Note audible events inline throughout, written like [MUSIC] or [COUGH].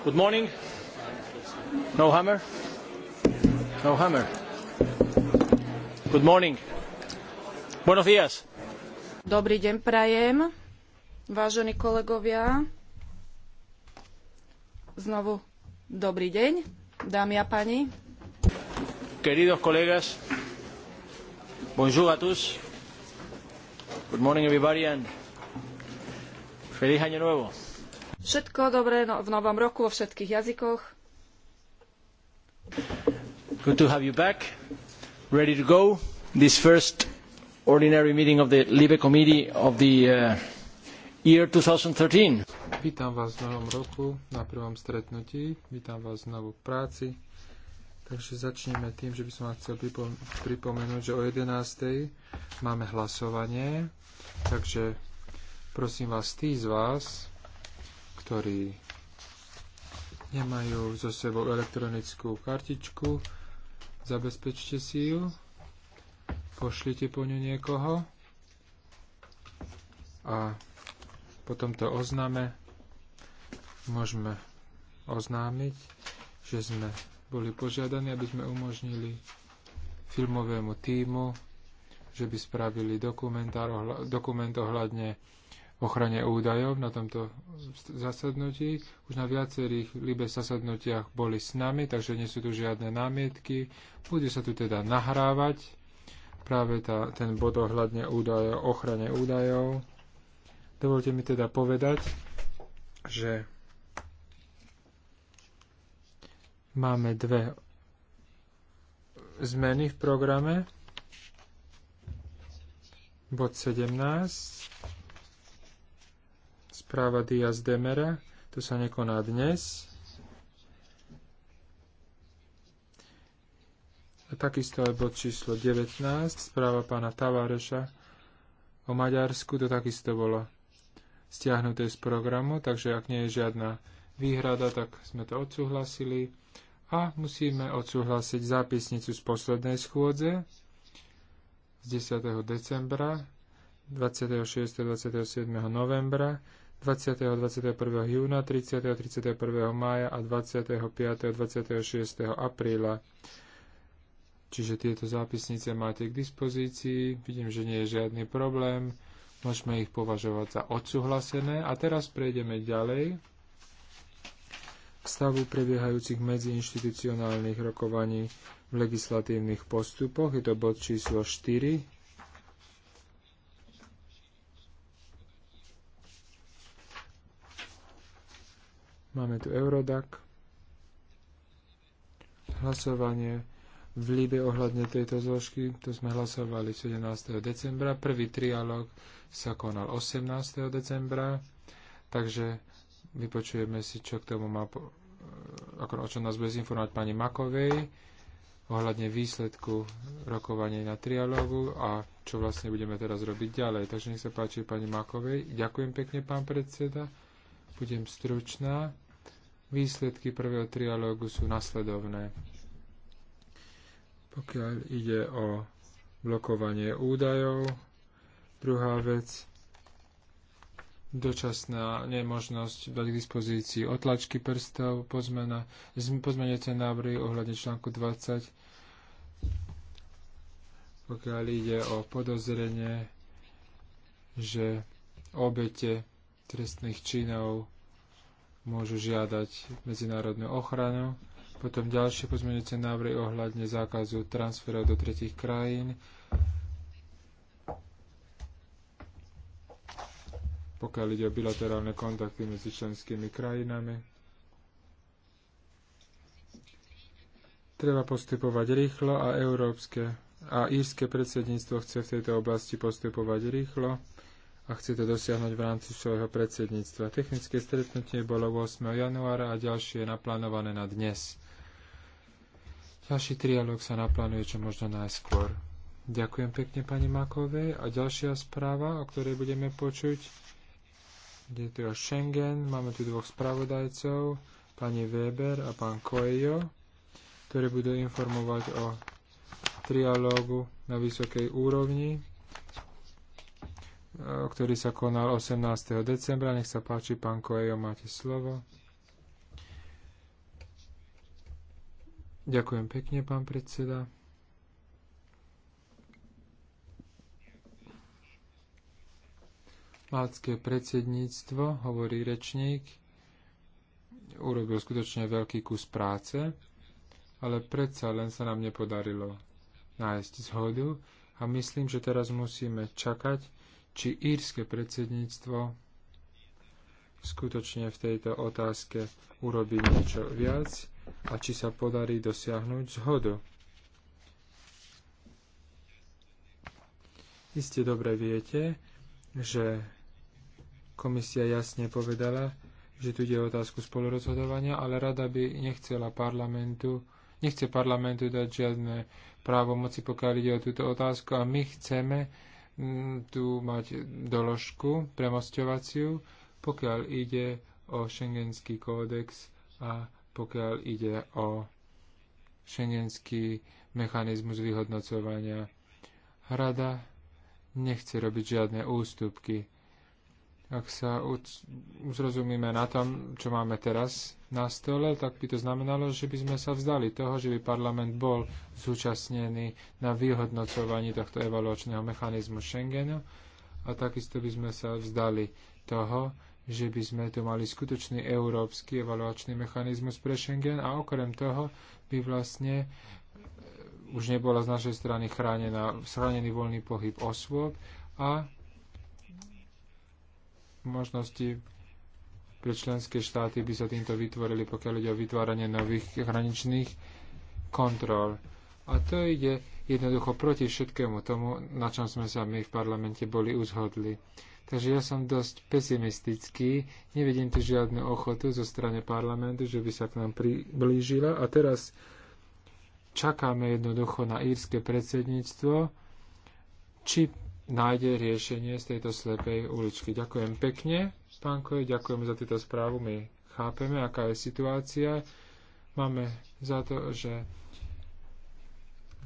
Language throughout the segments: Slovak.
Good morning. No hammer? No hammer. Good morning. Buenos días. Dobrý deň prajem, vážení kolegovia. Znovu dobrý deň, dámy a páni Queridos colegas, bonjour a tous. Good morning everybody and feliz año nuevo. Všetko dobré no, v novom roku vo všetkých jazykoch. Good to have you back. Ready to go. This first ordinary meeting of the Libe Committee of the uh, year 2013. Vítam vás v novom roku na prvom stretnutí. Vítam vás znovu v práci. Takže začneme tým, že by som vám chcel pripom- pripomenúť, že o 11. máme hlasovanie. Takže prosím vás, tí z vás, ktorí nemajú zo sebou elektronickú kartičku, zabezpečte si ju, pošlite po ňu niekoho a po tomto oznáme, môžeme oznámiť, že sme boli požiadaní, aby sme umožnili filmovému týmu, že by spravili dokument ohľadne ochrane údajov na tomto zasadnutí. Už na viacerých Libe zasadnutiach boli s nami, takže nie sú tu žiadne námietky. Bude sa tu teda nahrávať práve tá, ten bod ohľadne údajov, ochrane údajov. Dovolte mi teda povedať, že máme dve zmeny v programe. Bod 17 Správa Diaz Demera, to sa nekoná dnes. A takisto aj bod číslo 19, správa pána Tavareša o Maďarsku, to takisto bolo stiahnuté z programu, takže ak nie je žiadna výhrada, tak sme to odsúhlasili. A musíme odsúhlasiť zápisnicu z poslednej schôdze z 10. decembra, 26. a 27. novembra. 20. a 21. júna, 30. a 31. mája a 25. a 26. apríla. Čiže tieto zápisnice máte k dispozícii. Vidím, že nie je žiadny problém. Môžeme ich považovať za odsúhlasené. A teraz prejdeme ďalej k stavu prebiehajúcich medziinštitucionálnych rokovaní v legislatívnych postupoch. Je to bod číslo 4 Máme tu Eurodac. Hlasovanie v Líbe ohľadne tejto zložky, to sme hlasovali 17. decembra. Prvý trialog sa konal 18. decembra, takže vypočujeme si, čo k tomu má, ako, o čo nás bude informovať pani Makovej ohľadne výsledku rokovania na trialógu a čo vlastne budeme teraz robiť ďalej. Takže nech sa páči pani Makovej. Ďakujem pekne, pán predseda. Budem stručná. Výsledky prvého trialógu sú nasledovné. Pokiaľ ide o blokovanie údajov, druhá vec, dočasná nemožnosť dať k dispozícii otlačky prstov, pozmena, pozmenujúce návrhy ohľadne článku 20, pokiaľ ide o podozrenie, že obete trestných činov môžu žiadať medzinárodnú ochranu. Potom ďalšie pozmeňujúce návrhy ohľadne zákazu transferov do tretich krajín. pokiaľ ide o bilaterálne kontakty medzi členskými krajinami. Treba postupovať rýchlo a európske a írske predsedníctvo chce v tejto oblasti postupovať rýchlo a chce to dosiahnuť v rámci svojho predsedníctva. Technické stretnutie bolo 8. januára a ďalšie je naplánované na dnes. Ďalší trialog sa naplánuje čo možno najskôr. Ďakujem pekne pani Makovej a ďalšia správa, o ktorej budeme počuť, je tu o Schengen. Máme tu dvoch spravodajcov, pani Weber a pán Coelho, ktorí budú informovať o trialógu na vysokej úrovni Eh, ktorý sa konal 18. decembra. Nech sa páči, pán Koejo, máte slovo. Ďakujem pekne, pán predseda. Malcké predsedníctvo, hovorí rečník, urobil skutočne veľký kus práce, ale predsa len sa nám nepodarilo nájsť zhodu a myslím, že teraz musíme čakať či írske predsedníctvo skutočne v tejto otázke urobí niečo viac a či sa podarí dosiahnuť zhodu. Iste dobre viete, že komisia jasne povedala, že tu ide o otázku spolurozhodovania, ale rada by nechcela parlamentu, nechce parlamentu dať žiadne moci, pokiaľ ide o túto otázku a my chceme, Mm, tu mať doložku premostovaciu, pokiaľ ide o šengenský kódex a pokiaľ ide o šengenský mechanizmus vyhodnocovania. Rada nechce robiť žiadne ústupky ak sa uzrozumíme na tom, čo máme teraz na stole, tak by to znamenalo, že by sme sa vzdali toho, že by parlament bol zúčastnený na vyhodnocovaní tohto evaluačného mechanizmu Schengenu a takisto by sme sa vzdali toho, že by sme tu mali skutočný európsky evaluačný mechanizmus pre Schengen a okrem toho by vlastne e, už nebola z našej strany chránená, chránený voľný pohyb osôb a možnosti pre členské štáty by sa týmto vytvorili, pokiaľ ide o vytváranie nových hraničných kontrol. A to ide jednoducho proti všetkému tomu, na čom sme sa my v parlamente boli uzhodli. Takže ja som dosť pesimistický, nevidím tu žiadnu ochotu zo strany parlamentu, že by sa k nám priblížila. A teraz čakáme jednoducho na írske predsedníctvo, či nájde riešenie z tejto slepej uličky. Ďakujem pekne, pánko, ďakujem za túto správu. My chápeme, aká je situácia. Máme za to, že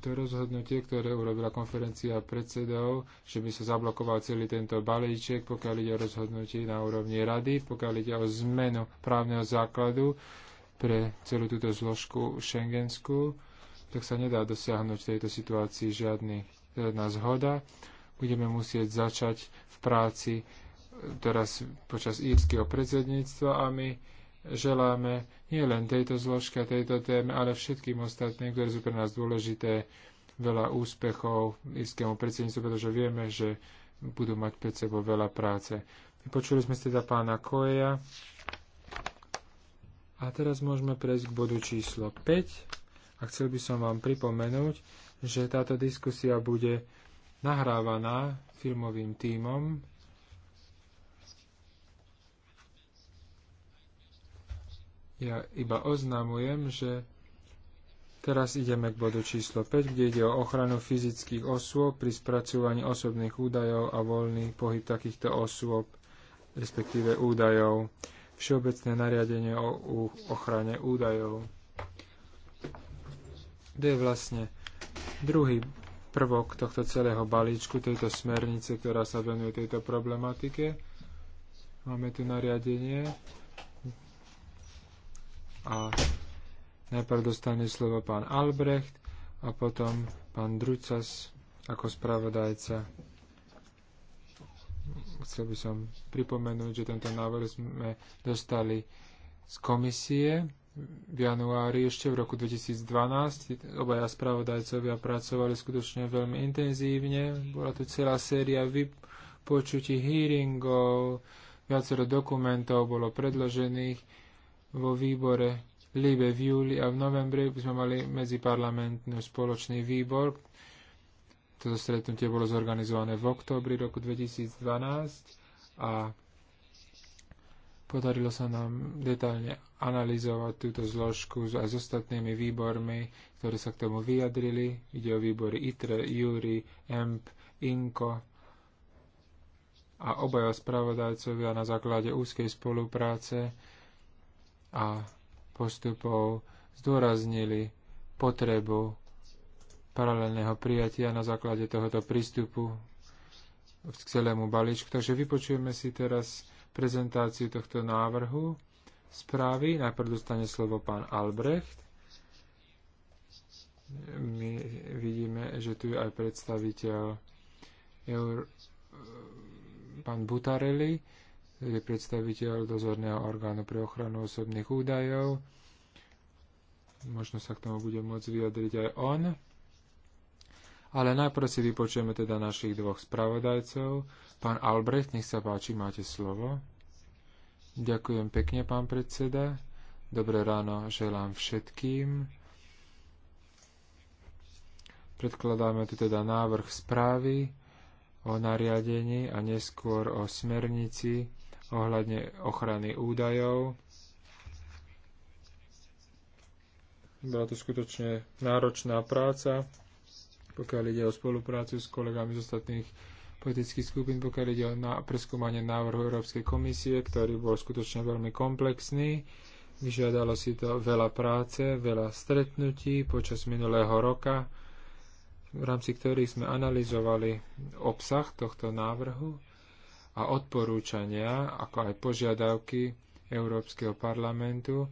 to rozhodnutie, ktoré urobila konferencia predsedov, že by sa zablokoval celý tento balíček, pokiaľ ide o rozhodnutie na úrovni rady, pokiaľ ide o zmenu právneho základu pre celú túto zložku Schengensku, tak sa nedá dosiahnuť v tejto situácii žiadny, žiadna zhoda budeme musieť začať v práci e, teraz počas írskeho predsedníctva a my želáme nielen tejto zložke, tejto téme, ale všetkým ostatným, ktoré sú pre nás dôležité, veľa úspechov írskému predsedníctvu, pretože vieme, že budú mať pred sebou veľa práce. Počuli sme teda pána Koeja. A teraz môžeme prejsť k bodu číslo 5. A chcel by som vám pripomenúť, že táto diskusia bude nahrávaná filmovým tímom. Ja iba oznamujem, že Teraz ideme k bodu číslo 5, kde ide o ochranu fyzických osôb pri spracovaní osobných údajov a voľný pohyb takýchto osôb, respektíve údajov. Všeobecné nariadenie o ochrane údajov. To je vlastne druhý prvok tohto celého balíčku, tejto smernice, ktorá sa venuje tejto problematike. Máme tu nariadenie a najprv dostane slovo pán Albrecht a potom pán Drucas ako spravodajca. Chcel by som pripomenúť, že tento návrh sme dostali z komisie v januári ešte v roku 2012. Obaja spravodajcovia pracovali skutočne veľmi intenzívne. Bola tu celá séria vypočutí hearingov, viacero dokumentov bolo predložených vo výbore Libe v júli a v novembri sme mali medziparlamentný spoločný výbor. Toto stretnutie bolo zorganizované v oktobri roku 2012 a Podarilo sa nám detálne analyzovať túto zložku aj s ostatnými výbormi, ktoré sa k tomu vyjadrili. Ide o výbory ITRE, JURI, EMP, INKO a obaja spravodajcovia na základe úzkej spolupráce a postupov zdôraznili potrebu paralelného prijatia na základe tohoto prístupu k celému balíčku. Takže vypočujeme si teraz prezentáciu tohto návrhu správy. Najprv dostane slovo pán Albrecht. My vidíme, že tu je aj predstaviteľ Eur... pán Butarelli, je predstaviteľ dozorného orgánu pre ochranu osobných údajov. Možno sa k tomu bude môcť vyjadriť aj on. Ale najprv si vypočujeme teda našich dvoch spravodajcov. Pán Albrecht, nech sa páči, máte slovo. Ďakujem pekne, pán predseda. Dobré ráno želám všetkým. Predkladáme tu teda návrh správy o nariadení a neskôr o smernici ohľadne ochrany údajov. Bola to skutočne náročná práca pokiaľ ide o spoluprácu s kolegami z ostatných politických skupín, pokiaľ ide o na preskúmanie návrhu Európskej komisie, ktorý bol skutočne veľmi komplexný. Vyžiadalo si to veľa práce, veľa stretnutí počas minulého roka, v rámci ktorých sme analyzovali obsah tohto návrhu a odporúčania, ako aj požiadavky Európskeho parlamentu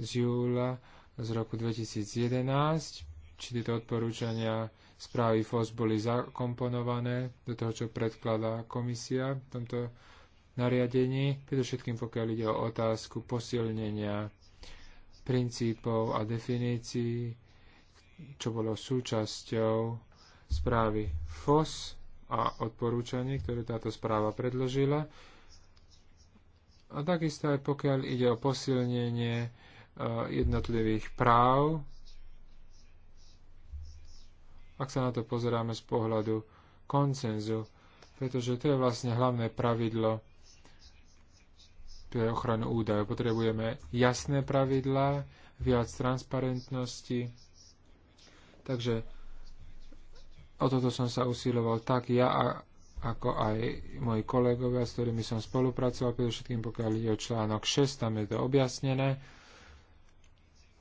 z júla z roku 2011, či tieto odporúčania správy FOS boli zakomponované do toho, čo predkladá komisia v tomto nariadení, predovšetkým pokiaľ ide o otázku posilnenia princípov a definícií, čo bolo súčasťou správy FOS a odporúčaní, ktoré táto správa predložila. A takisto aj pokiaľ ide o posilnenie eh, jednotlivých práv ak sa na to pozeráme z pohľadu koncenzu, pretože to je vlastne hlavné pravidlo pre ochranu údajov. Potrebujeme jasné pravidlá, viac transparentnosti. Takže o toto som sa usiloval tak ja, a, ako aj moji kolegovia, s ktorými som spolupracoval, všetkým, pokiaľ ide o článok 6, tam je to objasnené.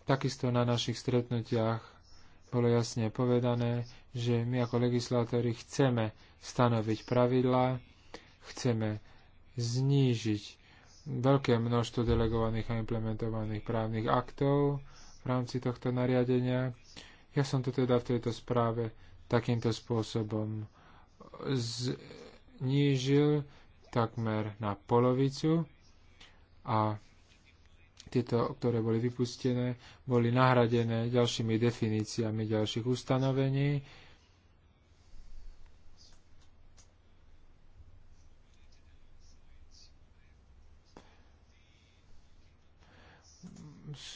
Takisto na našich stretnutiach bolo jasne povedané, že my ako legislátori chceme stanoviť pravidlá, chceme znížiť veľké množstvo delegovaných a implementovaných právnych aktov v rámci tohto nariadenia. Ja som to teda v tejto správe takýmto spôsobom znížil takmer na polovicu a tieto, ktoré boli vypustené, boli nahradené ďalšími definíciami ďalších ustanovení.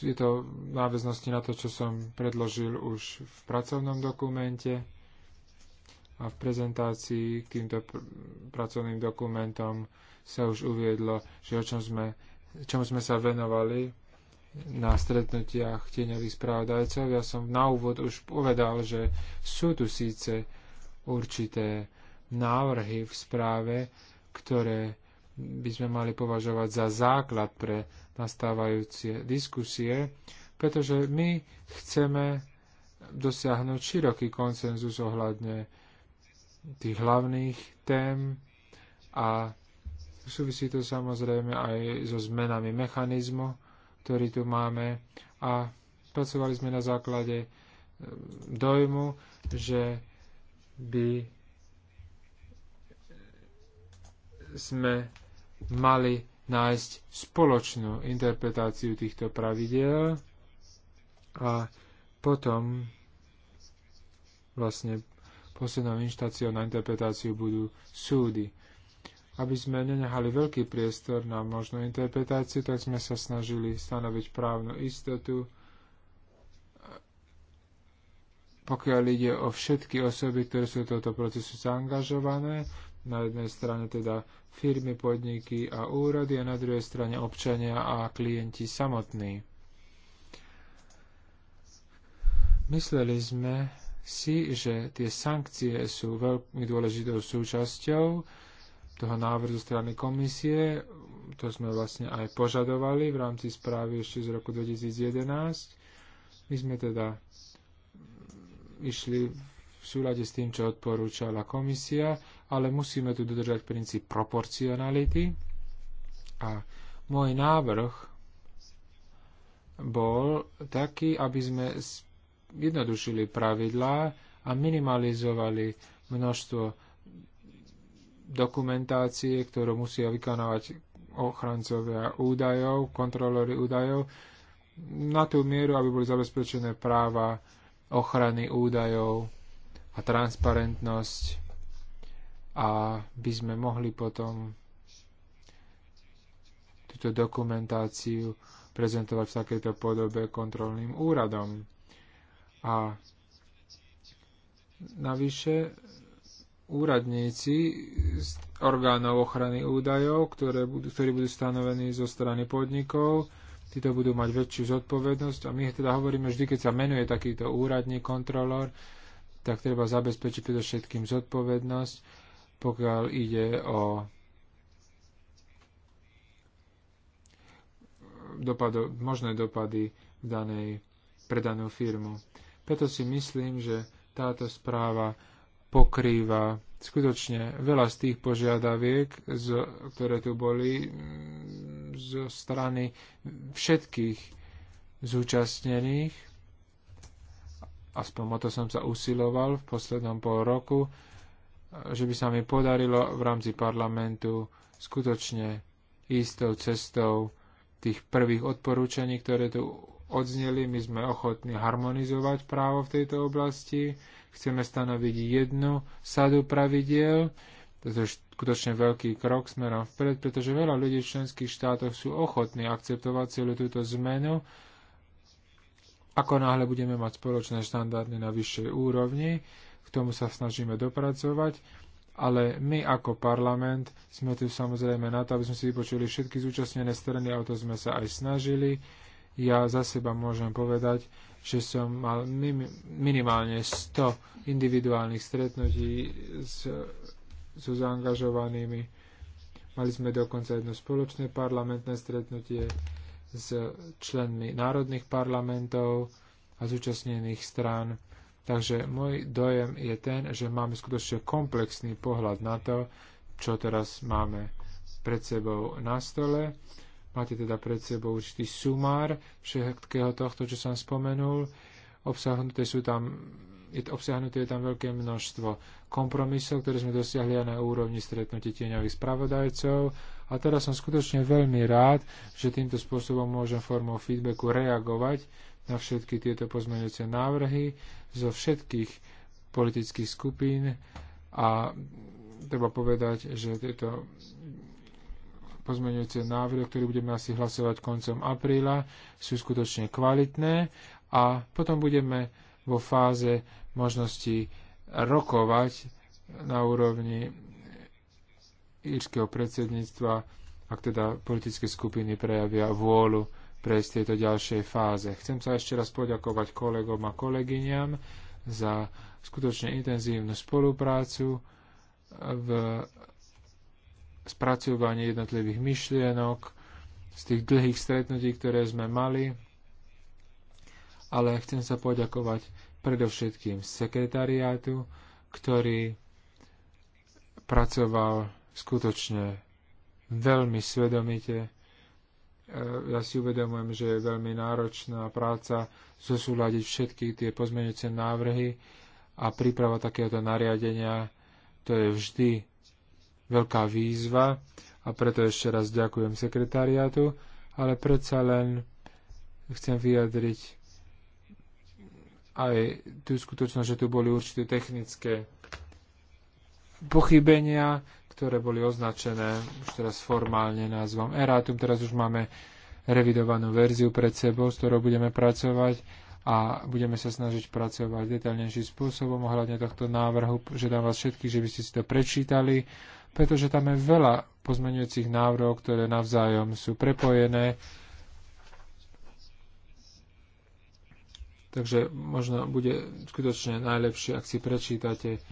je to v náväznosti na to, čo som predložil už v pracovnom dokumente a v prezentácii k týmto pr- pracovným dokumentom sa už uviedlo, že o čom sme čomu sme sa venovali na stretnutiach tieňových správodajcov. Ja som na úvod už povedal, že sú tu síce určité návrhy v správe, ktoré by sme mali považovať za základ pre nastávajúce diskusie, pretože my chceme dosiahnuť široký konsenzus ohľadne tých hlavných tém a Súvisí to samozrejme aj so zmenami mechanizmu, ktorý tu máme a pracovali sme na základe e, dojmu, že by sme mali nájsť spoločnú interpretáciu týchto pravidel a potom vlastne poslednou inštáciou na interpretáciu budú súdy aby sme nenehali veľký priestor na možnú interpretáciu, tak sme sa snažili stanoviť právnu istotu, pokiaľ ide o všetky osoby, ktoré sú v tohto procesu zaangažované, na jednej strane teda firmy, podniky a úrady a na druhej strane občania a klienti samotní. Mysleli sme si, že tie sankcie sú veľmi dôležitou súčasťou toho návrhu strany komisie. To sme vlastne aj požadovali v rámci správy ešte z roku 2011. My sme teda išli v súlade s tým, čo odporúčala komisia, ale musíme tu dodržať princíp proporcionality. A môj návrh bol taký, aby sme jednodušili pravidlá a minimalizovali množstvo dokumentácie, ktorú musia vykonávať ochrancovia údajov, kontrolóri údajov, na tú mieru, aby boli zabezpečené práva ochrany údajov a transparentnosť a by sme mohli potom túto dokumentáciu prezentovať v takejto podobe kontrolným úradom. A navyše úradníci z orgánov ochrany údajov, ktoré budú, ktorí budú stanovení zo strany podnikov, títo budú mať väčšiu zodpovednosť a my teda hovoríme vždy, keď sa menuje takýto úradník, kontrolór, tak treba zabezpečiť predovšetkým zodpovednosť, pokiaľ ide o dopado, možné dopady v danej, predanú firmu. Preto si myslím, že táto správa pokrýva skutočne veľa z tých požiadaviek, z, ktoré tu boli mm, zo strany všetkých zúčastnených. Aspoň o to som sa usiloval v poslednom pol roku, že by sa mi podarilo v rámci parlamentu skutočne istou cestou tých prvých odporúčaní, ktoré tu odzneli. My sme ochotní harmonizovať právo v tejto oblasti, Chceme stanoviť jednu sadu pravidiel, to je skutočne veľký krok smerom vpred, pretože veľa ľudí v členských štátoch sú ochotní akceptovať celú túto zmenu, ako náhle budeme mať spoločné štandardy na vyššej úrovni, k tomu sa snažíme dopracovať, ale my ako parlament sme tu samozrejme na to, aby sme si vypočuli všetky zúčastnené strany a o to sme sa aj snažili. Ja za seba môžem povedať, že som mal minimálne 100 individuálnych stretnutí s, so zaangažovanými. Mali sme dokonca jedno spoločné parlamentné stretnutie s členmi národných parlamentov a zúčastnených strán. Takže môj dojem je ten, že máme skutočne komplexný pohľad na to, čo teraz máme pred sebou na stole Máte teda pred sebou určitý sumár všetkého tohto, čo som spomenul. Obsahnuté sú tam, je, obsahnuté je tam veľké množstvo kompromisov, ktoré sme dosiahli aj na úrovni stretnutí tieňových spravodajcov. A teraz som skutočne veľmi rád, že týmto spôsobom môžem formou feedbacku reagovať na všetky tieto pozmeňujúce návrhy zo všetkých politických skupín a treba povedať, že tieto pozmeňujúce návrhy, o ktorých budeme asi hlasovať koncom apríla, sú skutočne kvalitné a potom budeme vo fáze možnosti rokovať na úrovni írskeho predsedníctva, ak teda politické skupiny prejavia vôľu prejsť tejto ďalšej fáze. Chcem sa ešte raz poďakovať kolegom a kolegyňam za skutočne intenzívnu spoluprácu v spracovanie jednotlivých myšlienok z tých dlhých stretnutí, ktoré sme mali. Ale chcem sa poďakovať predovšetkým sekretariátu, ktorý pracoval skutočne veľmi svedomite. E, ja si uvedomujem, že je veľmi náročná práca zosúľadiť všetky tie pozmeňujúce návrhy a príprava takéhoto nariadenia, to je vždy veľká výzva a preto ešte raz ďakujem sekretariátu, ale predsa len chcem vyjadriť aj tú skutočnosť, že tu boli určité technické pochybenia, ktoré boli označené už teraz formálne názvom Erátum. Teraz už máme revidovanú verziu pred sebou, s ktorou budeme pracovať a budeme sa snažiť pracovať detaľnejším spôsobom ohľadne tohto návrhu. Žiadam vás všetkých, že by ste si to prečítali pretože tam je veľa pozmeňujúcich návrhov, ktoré navzájom sú prepojené. Takže možno bude skutočne najlepšie, ak si prečítate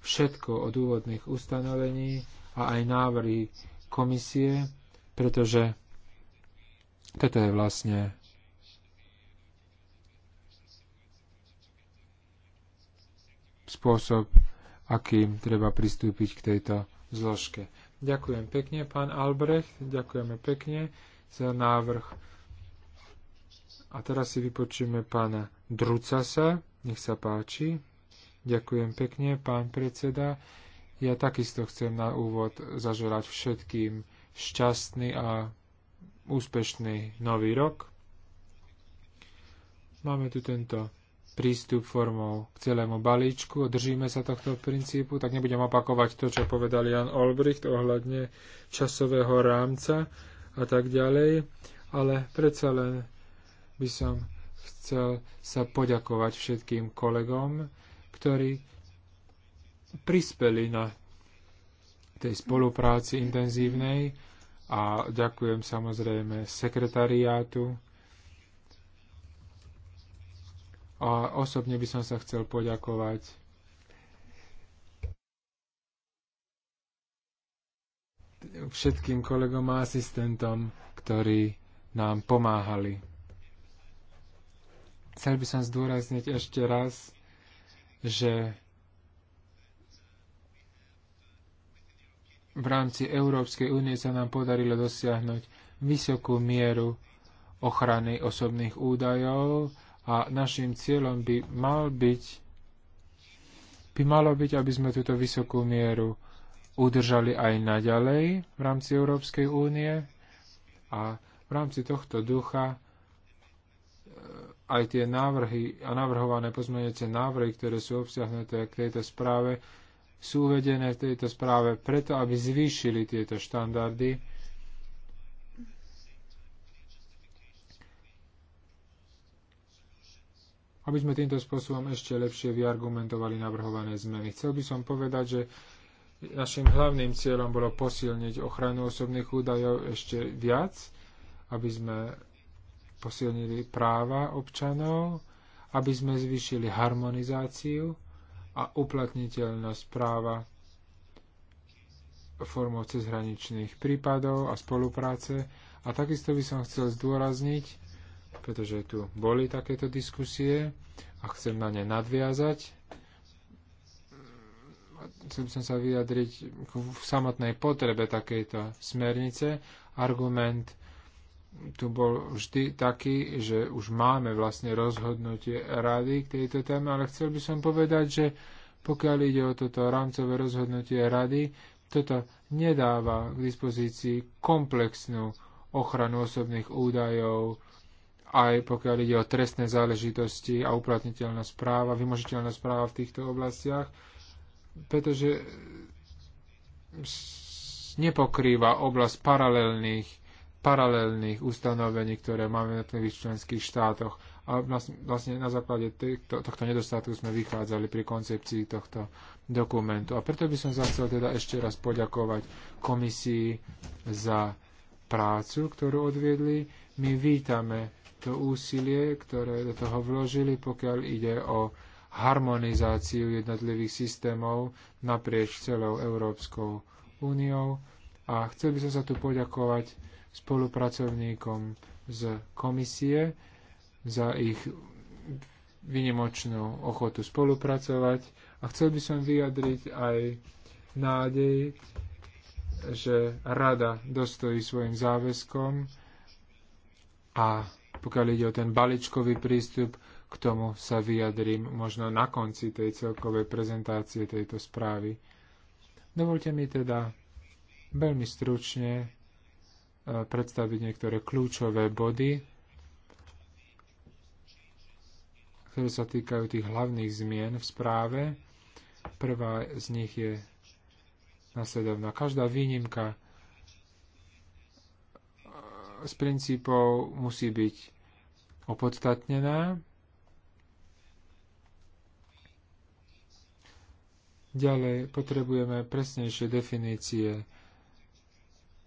všetko od úvodných ustanovení a aj návrhy komisie, pretože toto je vlastne spôsob, akým treba pristúpiť k tejto zložke. Ďakujem pekne, pán Albrecht, ďakujeme pekne za návrh. A teraz si vypočujeme pána Drucasa, nech sa páči. Ďakujem pekne, pán predseda. Ja takisto chcem na úvod zaželať všetkým šťastný a úspešný nový rok. Máme tu tento prístup formou k celému balíčku, držíme sa tohto princípu, tak nebudem opakovať to, čo povedal Jan Olbricht ohľadne časového rámca a tak ďalej, ale predsa len by som chcel sa poďakovať všetkým kolegom, ktorí prispeli na tej spolupráci intenzívnej a ďakujem samozrejme sekretariátu, a osobne by som sa chcel poďakovať všetkým kolegom a asistentom, ktorí nám pomáhali. Chcel by som zdôrazniť ešte raz, že v rámci Európskej únie sa nám podarilo dosiahnuť vysokú mieru ochrany osobných údajov a našim cieľom by mal byť by malo byť, aby sme túto vysokú mieru udržali aj naďalej v rámci Európskej únie a v rámci tohto ducha e, aj tie návrhy a navrhované pozmeňujúce návrhy, ktoré sú obsiahnuté k tejto správe, sú uvedené v tejto správe preto, aby zvýšili tieto štandardy aby sme týmto spôsobom ešte lepšie vyargumentovali navrhované zmeny. Chcel by som povedať, že našim hlavným cieľom bolo posilniť ochranu osobných údajov ešte viac, aby sme posilnili práva občanov, aby sme zvýšili harmonizáciu a uplatniteľnosť práva formou cezhraničných prípadov a spolupráce. A takisto by som chcel zdôrazniť, pretože tu boli takéto diskusie a chcem na ne nadviazať. Chcem som sa vyjadriť k samotnej potrebe takejto smernice. Argument tu bol vždy taký, že už máme vlastne rozhodnutie rady k tejto téme, ale chcel by som povedať, že pokiaľ ide o toto rámcové rozhodnutie rady, toto nedáva k dispozícii komplexnú ochranu osobných údajov, aj pokiaľ ide o trestné záležitosti a uplatniteľnosť práva, vymožiteľnosť práva v týchto oblastiach, pretože nepokrýva oblasť paralelných, paralelných ustanovení, ktoré máme v jednotlivých členských štátoch. A vlastne na základe týchto, tohto nedostatku sme vychádzali pri koncepcii tohto dokumentu. A preto by som sa chcel teda ešte raz poďakovať komisii za prácu, ktorú odviedli. My vítame to úsilie, ktoré do toho vložili, pokiaľ ide o harmonizáciu jednotlivých systémov naprieč celou Európskou úniou. A chcel by som sa tu poďakovať spolupracovníkom z komisie za ich vynimočnú ochotu spolupracovať a chcel by som vyjadriť aj nádej, že rada dostojí svojim záväzkom a pokiaľ ide o ten balíčkový prístup, k tomu sa vyjadrím možno na konci tej celkovej prezentácie tejto správy. Dovolte mi teda veľmi stručne e, predstaviť niektoré kľúčové body, ktoré sa týkajú tých hlavných zmien v správe. Prvá z nich je nasledovná. Každá výnimka z princípov musí byť opodstatnená. Ďalej potrebujeme presnejšie definície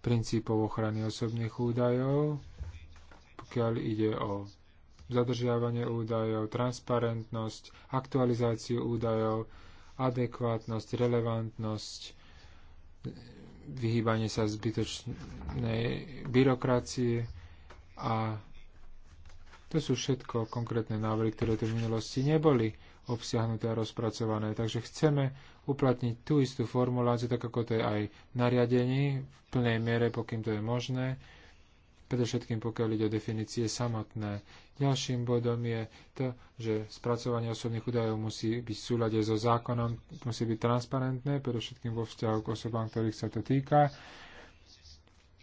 princípov ochrany osobných údajov, pokiaľ ide o zadržiavanie údajov, transparentnosť, aktualizáciu údajov, adekvátnosť, relevantnosť, vyhýbanie sa zbytočnej byrokracie a to sú všetko konkrétne návrhy, ktoré tu v minulosti neboli obsiahnuté a rozpracované. Takže chceme uplatniť tú istú formuláciu, tak ako to je aj nariadení, v plnej miere, pokým to je možné predovšetkým pokiaľ ide o definície samotné. Ďalším bodom je to, že spracovanie osobných údajov musí byť v súlade so zákonom, musí byť transparentné, predovšetkým vo vzťahu k osobám, ktorých sa to týka.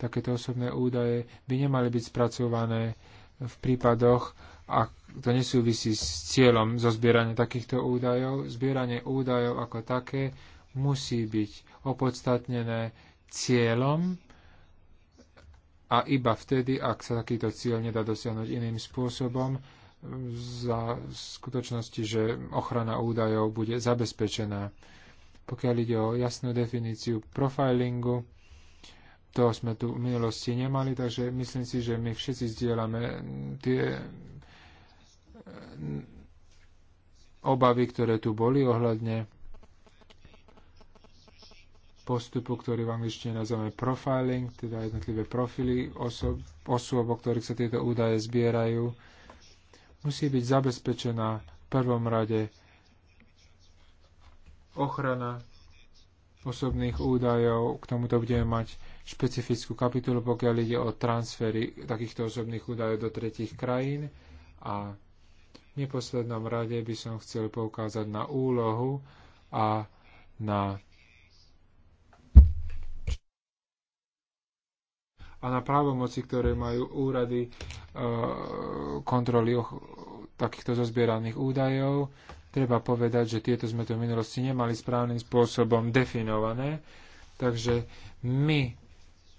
Takéto osobné údaje by nemali byť spracované v prípadoch, ak to nesúvisí s cieľom zo zbierania takýchto údajov. Zbieranie údajov ako také musí byť opodstatnené cieľom a iba vtedy, ak sa takýto cieľ nedá dosiahnuť iným spôsobom, za skutočnosti, že ochrana údajov bude zabezpečená. Pokiaľ ide o jasnú definíciu profilingu, to sme tu v minulosti nemali, takže myslím si, že my všetci zdieľame tie eh, obavy, ktoré tu boli ohľadne postupu, ktorý v angličtine nazývame profiling, teda jednotlivé profily osob, osôb, o ktorých sa tieto údaje zbierajú, musí byť zabezpečená v prvom rade ochrana osobných údajov. K tomuto budeme mať špecifickú kapitolu, pokiaľ ide o transfery takýchto osobných údajov do tretich krajín. A v neposlednom rade by som chcel poukázať na úlohu a na a na právomoci, ktoré majú úrady e, kontroly och, takýchto zozbieraných údajov. Treba povedať, že tieto sme tu v minulosti nemali správnym spôsobom definované, takže my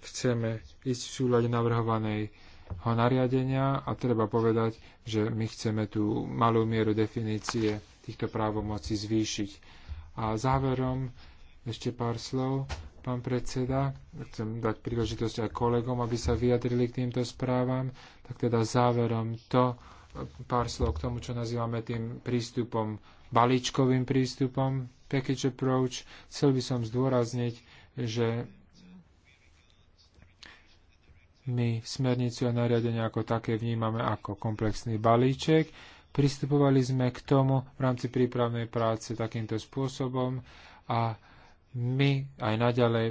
chceme ísť v súľade navrhovanej ho nariadenia a treba povedať, že my chceme tú malú mieru definície týchto právomocí zvýšiť. A záverom ešte pár slov pán predseda. Chcem dať príležitosť aj kolegom, aby sa vyjadrili k týmto správam. Tak teda záverom to, pár slov k tomu, čo nazývame tým prístupom, balíčkovým prístupom, package approach. Chcel by som zdôrazniť, že my smernicu a nariadenie ako také vnímame ako komplexný balíček. Pristupovali sme k tomu v rámci prípravnej práce takýmto spôsobom a my aj naďalej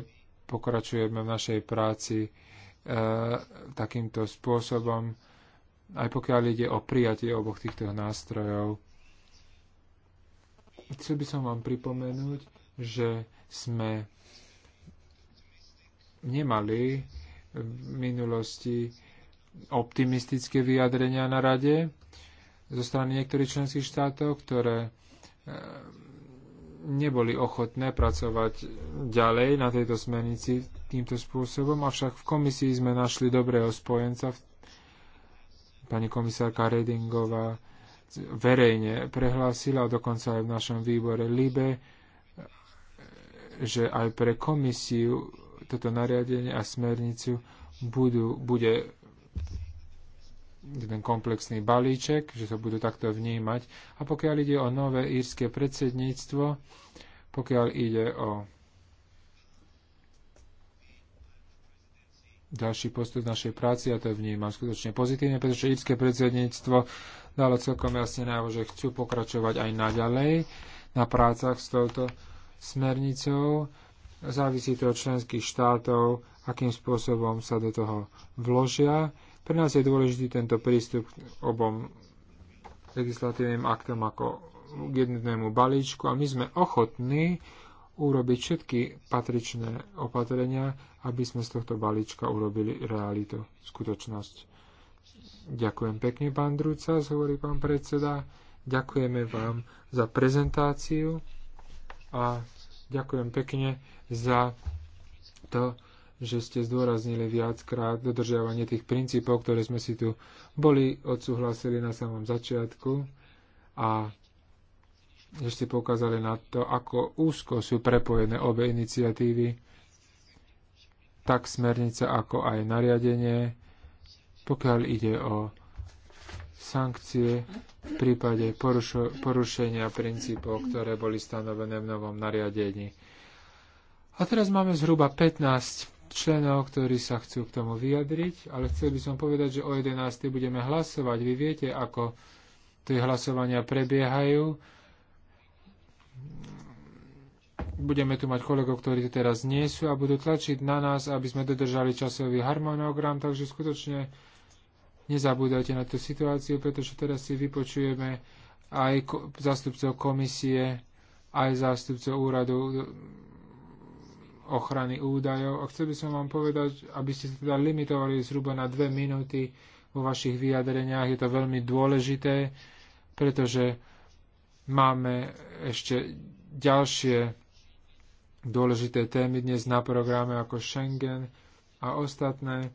pokračujeme v našej práci e, takýmto spôsobom, aj pokiaľ ide o prijatie oboch týchto nástrojov. Chcel by som vám pripomenúť, že sme nemali v minulosti optimistické vyjadrenia na rade zo strany niektorých členských štátov, ktoré e, neboli ochotné pracovať ďalej na tejto smernici týmto spôsobom, avšak v komisii sme našli dobrého spojenca. Pani komisárka Redingová verejne prehlásila, dokonca aj v našom výbore LIBE, že aj pre komisiu toto nariadenie a smernicu budú, bude ten komplexný balíček, že sa budú takto vnímať. A pokiaľ ide o nové írske predsedníctvo, pokiaľ ide o ďalší postup našej práci, ja to vnímam skutočne pozitívne, pretože írske predsedníctvo dalo celkom jasne najavo, že chcú pokračovať aj naďalej na prácach s touto smernicou. Závisí to od členských štátov, akým spôsobom sa do toho vložia. Pre nás je dôležitý tento prístup k obom legislatívnym aktom ako k jednotnému balíčku a my sme ochotní urobiť všetky patričné opatrenia, aby sme z tohto balíčka urobili realitu, skutočnosť. Ďakujem pekne, pán Druca, hovorí pán predseda. Ďakujeme vám za prezentáciu a ďakujem pekne za to, že ste zdôraznili viackrát dodržiavanie tých princípov, ktoré sme si tu boli odsúhlasili na samom začiatku a že ste poukázali na to, ako úzko sú prepojené obe iniciatívy, tak smernica ako aj nariadenie, pokiaľ ide o sankcie v prípade porušo- porušenia princípov, ktoré boli stanovené v novom nariadení. A teraz máme zhruba 15 členov, ktorí sa chcú k tomu vyjadriť, ale chcel by som povedať, že o 11. budeme hlasovať. Vy viete, ako tie hlasovania prebiehajú. Budeme tu mať kolegov, ktorí tu teraz nie sú a budú tlačiť na nás, aby sme dodržali časový harmonogram, takže skutočne nezabúdajte na tú situáciu, pretože teraz si vypočujeme aj zástupcov komisie, aj zástupcov úradu ochrany údajov. A chcel by som vám povedať, aby ste sa teda limitovali zhruba na dve minúty vo vašich vyjadreniach. Je to veľmi dôležité, pretože máme ešte ďalšie dôležité témy dnes na programe ako Schengen a ostatné.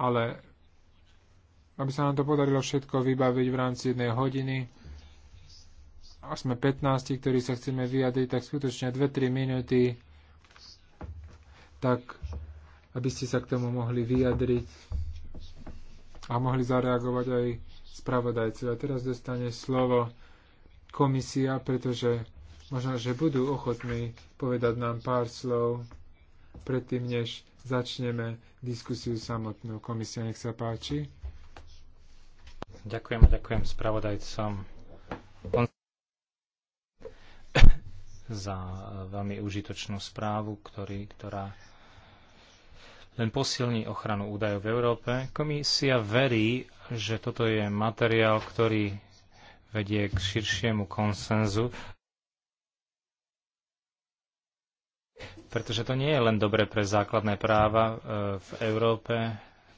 Ale aby sa nám to podarilo všetko vybaviť v rámci jednej hodiny, a sme 15, ktorí sa chceme vyjadriť, tak skutočne 2-3 minúty, tak aby ste sa k tomu mohli vyjadriť a mohli zareagovať aj spravodajci. A teraz dostane slovo komisia, pretože možno, že budú ochotní povedať nám pár slov predtým, než začneme diskusiu samotnú. Komisia, nech sa páči. Ďakujem, ďakujem spravodajcom za eh, veľmi užitočnú správu, ktorý, ktorá len posilní ochranu údajov v Európe. Komisia verí, že toto je materiál, ktorý vedie k širšiemu konsenzu, pretože to nie je len dobre pre základné práva eh, v Európe,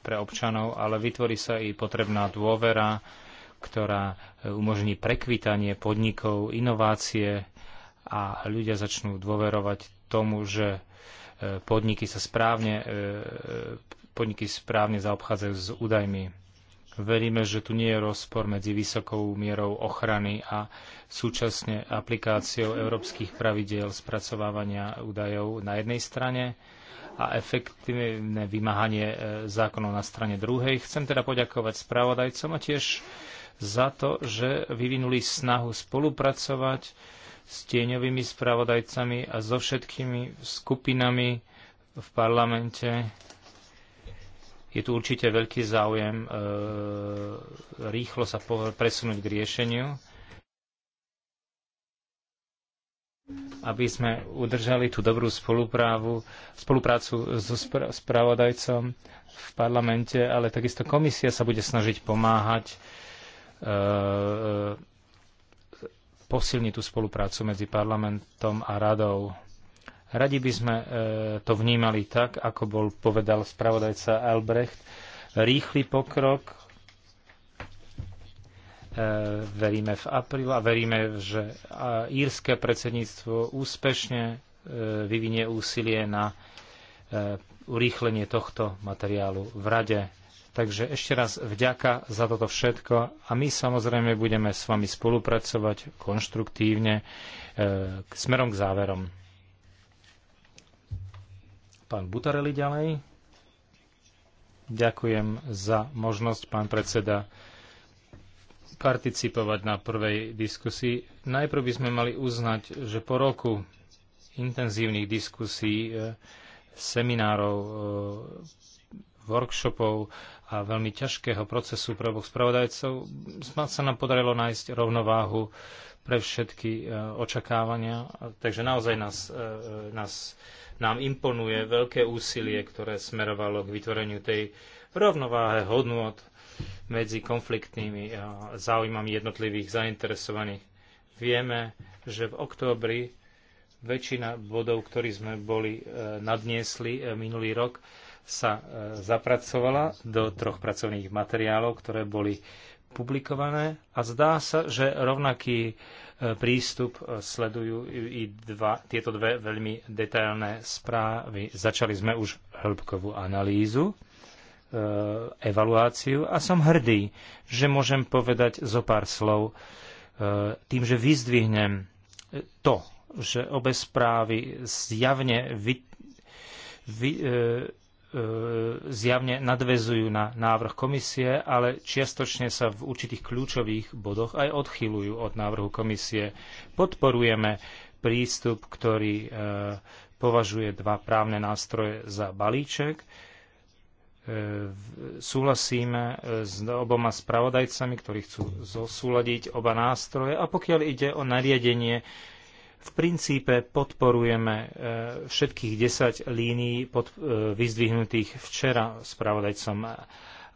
pre občanov, ale vytvorí sa i potrebná dôvera, ktorá eh, umožní prekvitanie podnikov, inovácie, a ľudia začnú dôverovať tomu, že e, podniky sa správne, e, e, podniky správne zaobchádzajú s údajmi. Veríme, že tu nie je rozpor medzi vysokou mierou ochrany a súčasne aplikáciou európskych pravidiel spracovávania údajov na jednej strane a efektívne vymáhanie zákonov na strane druhej. Chcem teda poďakovať spravodajcom a tiež za to, že vyvinuli snahu spolupracovať s tieňovými spravodajcami a so všetkými skupinami v parlamente. Je tu určite veľký záujem e, rýchlo sa presunúť k riešeniu, aby sme udržali tú dobrú spoluprávu, spoluprácu so spra- spravodajcom v parlamente, ale takisto komisia sa bude snažiť pomáhať e, e posilní tú spoluprácu medzi parlamentom a radou. Radi by sme e, to vnímali tak, ako bol povedal spravodajca Albrecht, rýchly pokrok, e, veríme v apríl a veríme, že írske predsedníctvo úspešne e, vyvinie úsilie na urýchlenie tohto materiálu v rade. Takže ešte raz vďaka za toto všetko a my samozrejme budeme s vami spolupracovať konštruktívne e, smerom k záverom. Pán Butareli ďalej. Ďakujem za možnosť, pán predseda, participovať na prvej diskusii. Najprv by sme mali uznať, že po roku intenzívnych diskusí, e, seminárov, e, workshopov a veľmi ťažkého procesu pre oboch spravodajcov sa nám podarilo nájsť rovnováhu pre všetky e, očakávania. Takže naozaj nás, e, e, nás, nám imponuje veľké úsilie, ktoré smerovalo k vytvoreniu tej rovnováhe hodnot medzi konfliktnými záujmami jednotlivých zainteresovaných. Vieme, že v októbri väčšina bodov, ktorí sme boli nadniesli minulý rok, sa e, zapracovala do troch pracovných materiálov, ktoré boli publikované a zdá sa, že rovnaký e, prístup e, sledujú i dva, tieto dve veľmi detailné správy. Začali sme už hĺbkovú analýzu, evaluáciu a som hrdý, že môžem povedať zo pár slov tým, že vyzdvihnem to, že obe správy zjavne vy, vy, E, zjavne nadvezujú na návrh komisie, ale čiastočne sa v určitých kľúčových bodoch aj odchyľujú od návrhu komisie. Podporujeme prístup, ktorý e, považuje dva právne nástroje za balíček. E, súhlasíme s oboma spravodajcami, ktorí chcú zosúľadiť oba nástroje. A pokiaľ ide o nariadenie, v princípe podporujeme e, všetkých 10 línií pod, e, vyzdvihnutých včera spravodajcom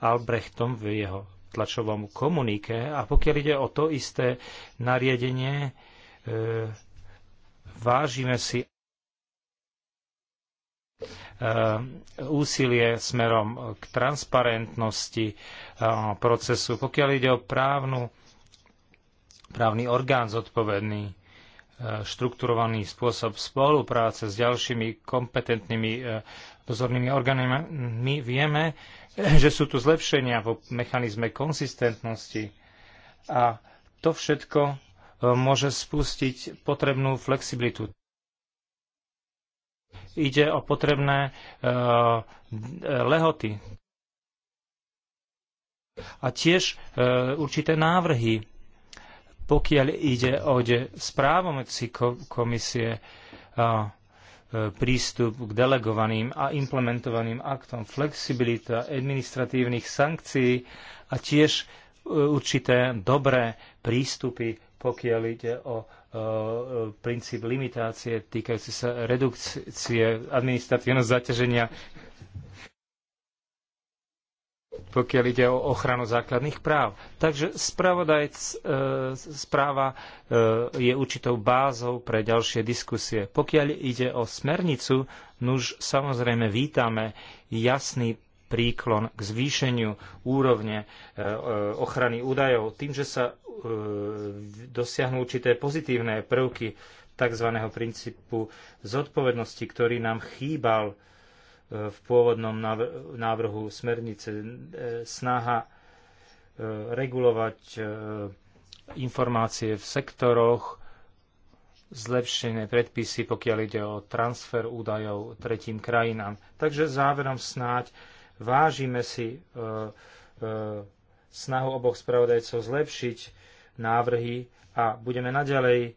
Albrechtom v jeho tlačovom komunike. A pokiaľ ide o to isté nariadenie, e, vážime si úsilie smerom k transparentnosti procesu. Pokiaľ ide o právnu, právny orgán zodpovedný, štrukturovaný spôsob spolupráce s ďalšími kompetentnými dozornými e, orgánmi, my vieme, že sú tu zlepšenia vo mechanizme konsistentnosti a to všetko e, môže spustiť potrebnú flexibilitu. Ide o potrebné e, lehoty a tiež určité návrhy pokiaľ ide o správomoci komisie, e, prístup k delegovaným a implementovaným aktom, flexibilita administratívnych sankcií a tiež e, určité dobré prístupy, pokiaľ ide o e, princíp limitácie týkajúci sa redukcie administratívneho zaťaženia pokiaľ ide o ochranu základných práv. Takže spravodajc, e, správa e, je určitou bázou pre ďalšie diskusie. Pokiaľ ide o smernicu, nuž samozrejme vítame jasný príklon k zvýšeniu úrovne e, ochrany údajov tým, že sa dosiahnu určité pozitívne prvky tzv. princípu zodpovednosti, ktorý nám chýbal v pôvodnom návrhu smernice e, snaha e, regulovať e, informácie v sektoroch, zlepšené predpisy, pokiaľ ide o transfer údajov tretím krajinám. Takže záverom snáď vážime si snahu oboch spravodajcov zlepšiť návrhy a budeme naďalej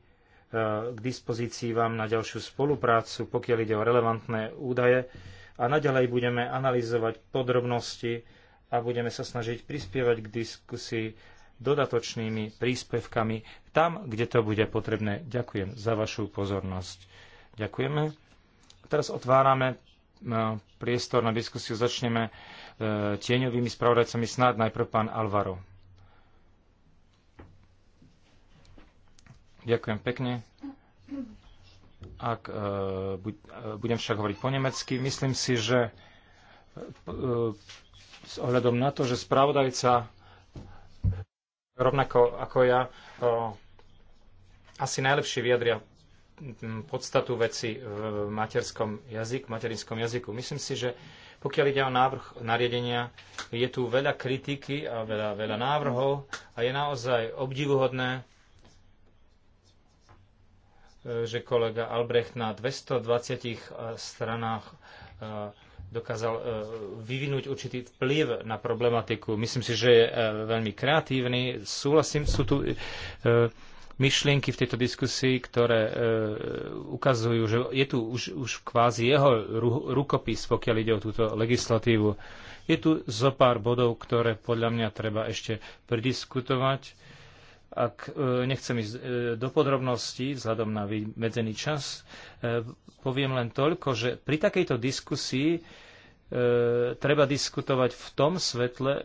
k dispozícii vám na ďalšiu spoluprácu, pokiaľ ide o relevantné údaje a naďalej budeme analyzovať podrobnosti a budeme sa snažiť prispievať k diskusii dodatočnými príspevkami tam, kde to bude potrebné. Ďakujem za vašu pozornosť. Ďakujeme. Teraz otvárame e, priestor na diskusiu. Začneme e, tieňovými spravodajcami. Snáď najprv pán Alvaro. Ďakujem pekne. Ak e, e, budem však hovoriť po nemecky, myslím si, že e, s ohľadom na to, že spravodajca rovnako ako ja asi najlepšie vyjadria podstatu veci v materskom jazyku, materinskom jazyku. Myslím si, že pokiaľ ide o návrh nariadenia, je tu veľa kritiky a veľa, veľa návrhov a je naozaj obdivuhodné, že kolega Albrecht na 220 eh, stranách eh, dokázal eh, vyvinúť určitý vplyv na problematiku. Myslím si, že je veľmi kreatívny. Súhlasím, sú tu myšlienky v tejto diskusii, ktoré ukazujú, že je tu už, už kvázi jeho rukopis, pokiaľ ide o túto legislatívu. Je tu zo pár bodov, ktoré podľa mňa treba ešte prediskutovať ak e, nechcem ísť e, do podrobností, vzhľadom na vymedzený čas, e, poviem len toľko, že pri takejto diskusii E, treba diskutovať v tom svetle,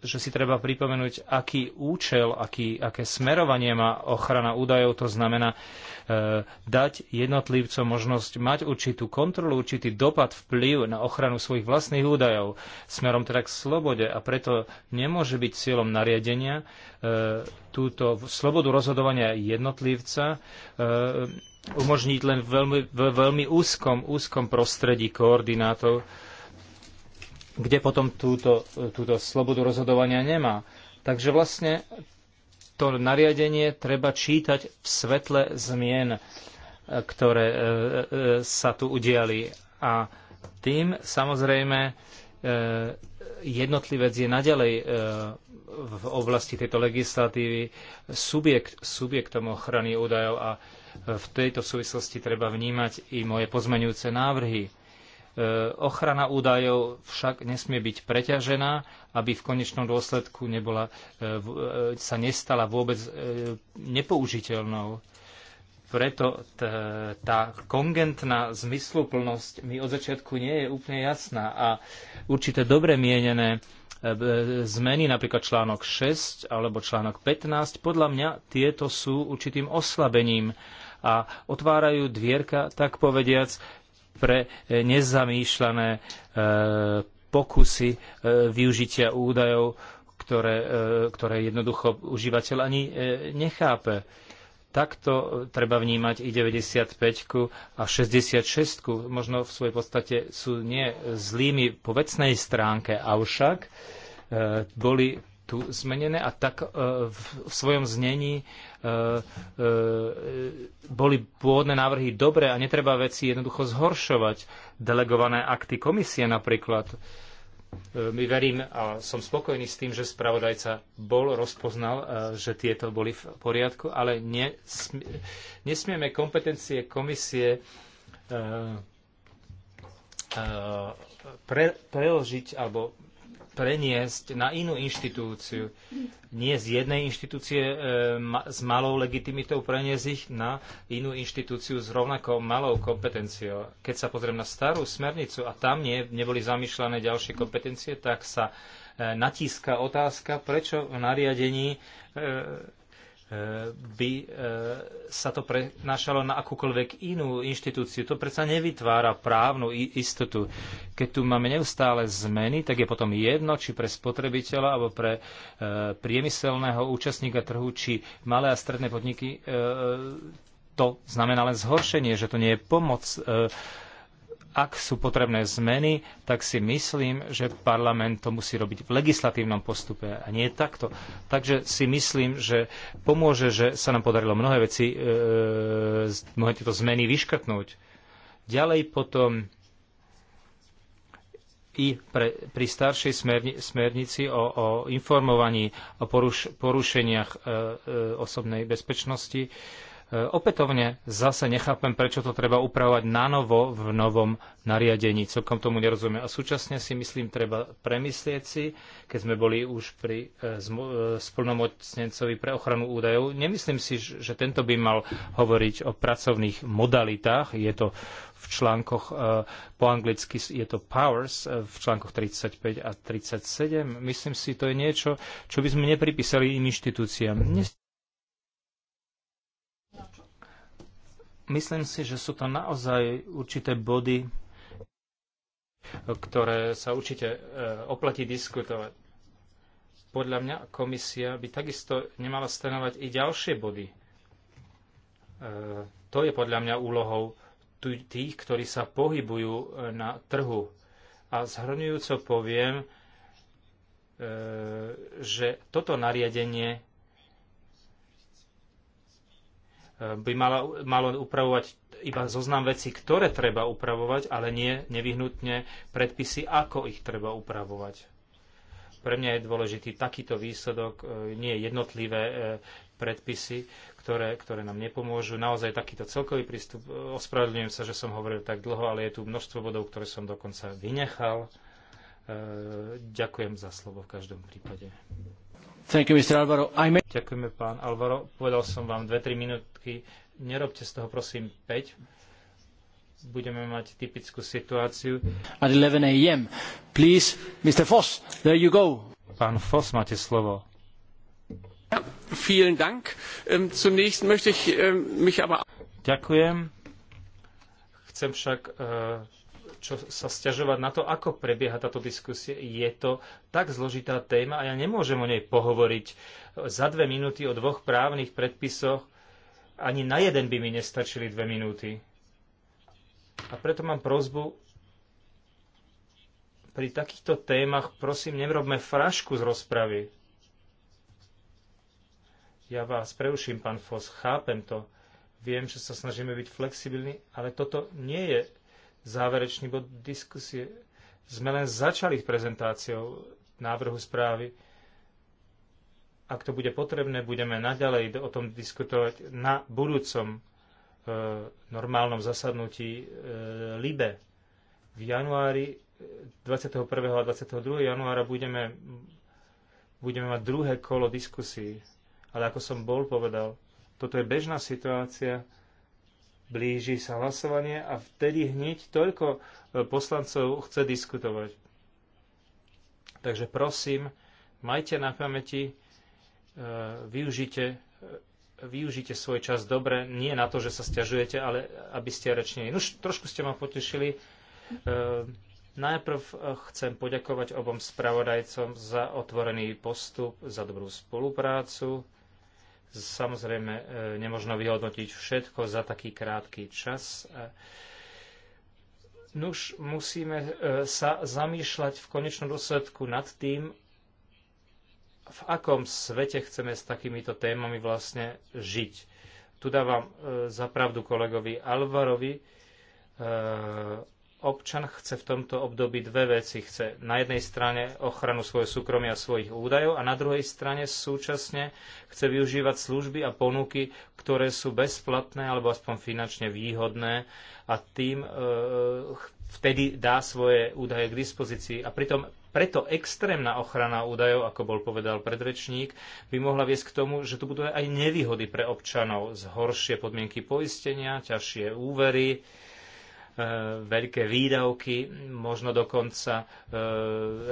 že si treba pripomenúť, aký účel, aký, aké smerovanie má ochrana údajov. To znamená e, dať jednotlivcom možnosť mať určitú kontrolu, určitý dopad, vplyv na ochranu svojich vlastných údajov smerom teda k slobode. A preto nemôže byť cieľom nariadenia e, túto slobodu rozhodovania jednotlivca umožniť len v veľmi, v veľmi úzkom, úzkom prostredí koordinátov kde potom túto, túto slobodu rozhodovania nemá. Takže vlastne to nariadenie treba čítať v svetle zmien, ktoré e, e, sa tu udiali. A tým samozrejme e, jednotlivec je naďalej v oblasti tejto legislatívy subjekt, subjektom ochrany údajov a v tejto súvislosti treba vnímať i moje pozmeňujúce návrhy. E, ochrana údajov však nesmie byť preťažená, aby v konečnom dôsledku nebola, e, e, sa nestala vôbec nepoužiteľnou. Preto tá kongentná zmysluplnosť mi od začiatku nie je úplne jasná a určité dobre mienené zmeny, napríklad článok 6 alebo článok 15, podľa mňa tieto sú určitým oslabením a otvárajú dvierka, tak povediac, pre e, nezamýšľané e, pokusy e, využitia údajov, ktoré, ktoré jednoducho užívateľ ani nechápe. Takto treba vnímať i 95 a 66 možno v svojej podstate sú nie zlými po vecnej stránke, avšak boli tu zmenené a tak e, v svojom znení e, e, boli pôvodné návrhy dobré a netreba veci jednoducho zhoršovať. Delegované akty komisie napríklad. My verím a som spokojný s tým, že spravodajca bol, rozpoznal, že tieto boli v poriadku, ale nesmieme kompetencie komisie preložiť alebo preniesť na inú inštitúciu. Nie z jednej inštitúcie e, ma, s malou legitimitou preniesť ich na inú inštitúciu s rovnakou malou kompetenciou. Keď sa pozriem na starú smernicu a tam nie, neboli zamýšľané ďalšie kompetencie, tak sa e, natíska otázka, prečo v nariadení e, Eh, by eh, sa to prenášalo na akúkoľvek inú inštitúciu. To predsa nevytvára právnu istotu. Keď tu máme neustále zmeny, tak je potom jedno, či pre spotrebiteľa alebo pre eh, priemyselného účastníka trhu, či malé a stredné podniky to znamená len zhoršenie, že to nie je pomoc ak sú potrebné zmeny, tak si myslím, že parlament to musí robiť v legislatívnom postupe a nie takto. Takže si myslím, že pomôže, že sa nám podarilo mnohé veci, e, e mnohé tieto zmeny vyškrtnúť. Ďalej potom i pre, pri staršej smerni, smernici o, o, informovaní o poruš, porušeniach e, e, osobnej bezpečnosti E, opätovne zase nechápem, prečo to treba upravovať na novo v novom nariadení. Celkom tomu nerozumiem. A súčasne si myslím, treba premyslieť si, keď sme boli už pri e, e, splnomocnencovi pre ochranu údajov, nemyslím si, že tento by mal hovoriť o pracovných modalitách. Je to v článkoch po anglicky je to powers v článkoch 35 a 37. Myslím si, to je niečo, čo by sme nepripísali iným inštitúciám. Myslím si, že sú to naozaj určité body, ktoré sa určite e, oplatí diskutovať. Podľa mňa komisia by takisto nemala stanovať i ďalšie body. E, to je podľa mňa úlohou tých, ktorí sa pohybujú e, na trhu. A zhrňujúco poviem, že toto nariadenie by malo upravovať iba zoznam vecí, ktoré treba upravovať, ale nie nevyhnutne predpisy, ako ich treba upravovať. Pre mňa je dôležitý takýto výsledok, e, nie jednotlivé e, predpisy, ktoré, ktoré nám nepomôžu. Naozaj takýto celkový prístup. E, ospravedlňujem sa, že som hovoril tak dlho, ale je tu množstvo bodov, ktoré som dokonca vynechal. Ďakujem za slovo v každom prípade. Thank you, Mr. Alvaro. I may... Ďakujeme, pán Alvaro. Povedal som vám 2-3 minútky. Nerobte z toho, prosím, 5. Budeme mať typickú situáciu. At 11 a.m. Please, Mr. Foss, there you go. Pán Foss, máte slovo. vielen Dank. Ähm, zunächst möchte ich ähm, mich aber... Ďakujem. Chcem však uh, čo sa stiažovať na to, ako prebieha táto diskusia. Je to tak zložitá téma a ja nemôžem o nej pohovoriť za dve minúty o dvoch právnych predpisoch. Ani na jeden by mi nestačili dve minúty. A preto mám prozbu, pri takýchto témach prosím nerobme frašku z rozpravy. Ja vás preuším, pán Fos, chápem to. Viem, že sa snažíme byť flexibilní, ale toto nie je záverečný bod diskusie. Sme len začali s prezentáciou návrhu správy. Ak to bude potrebné, budeme naďalej o tom diskutovať na budúcom e, normálnom zasadnutí e, LIBE. V januári 21. E, a 22. januára budeme, budeme mať druhé kolo diskusí. Ale ako som bol povedal, toto je bežná situácia blíži sa hlasovanie a vtedy hneď toľko e, poslancov chce diskutovať. Takže prosím, majte na pamäti, e, využite, e, využite svoj čas dobre, nie na to, že sa stiažujete, ale aby ste rečnili. Už trošku ste ma potešili. Najprv chcem poďakovať obom spravodajcom za otvorený postup, za dobrú spoluprácu Samozrejme, e, nemožno vyhodnotiť všetko za taký krátky čas. E, nuž musíme e, sa zamýšľať v konečnom dôsledku nad tým, v akom svete chceme s takýmito témami vlastne žiť. Tu dávam zapravdu kolegovi Alvarovi, občan chce v tomto období dve veci. Chce na jednej strane ochranu svojho súkromia a svojich údajov a na druhej strane súčasne chce využívať služby a ponuky, ktoré sú bezplatné alebo aspoň finančne výhodné a tým e, vtedy dá svoje údaje k dispozícii. A pritom preto extrémna ochrana údajov, ako bol povedal predrečník, by mohla viesť k tomu, že tu budú aj nevýhody pre občanov, zhoršie podmienky poistenia, ťažšie úvery, E, veľké výdavky, možno dokonca e,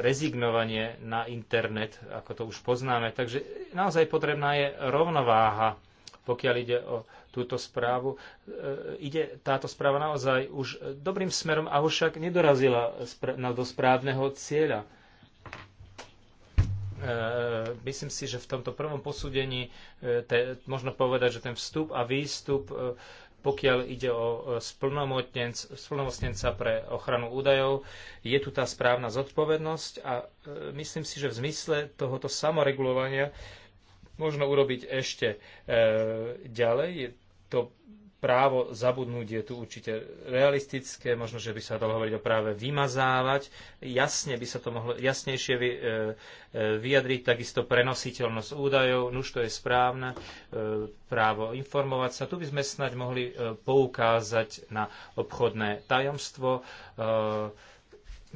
rezignovanie na internet, ako to už poznáme. Takže naozaj potrebná je rovnováha, pokiaľ ide o túto správu. E, ide táto správa naozaj už dobrým smerom, a však nedorazila do správneho cieľa. E, myslím si, že v tomto prvom posúdení e, te, možno povedať, že ten vstup a výstup pokiaľ ide o e, splnomocnenca pre ochranu údajov, je tu tá správna zodpovednosť a e, myslím si, že v zmysle tohoto samoregulovania možno urobiť ešte e, ďalej. Je to právo zabudnúť je tu určite realistické, možno, že by sa dalo hovoriť o práve vymazávať, jasne by sa to mohlo jasnejšie vy, e, e vyjadriť, takisto prenositeľnosť údajov, nuž to je správne, e, právo informovať sa. Tu by sme snáď mohli e, poukázať na obchodné tajomstvo, e,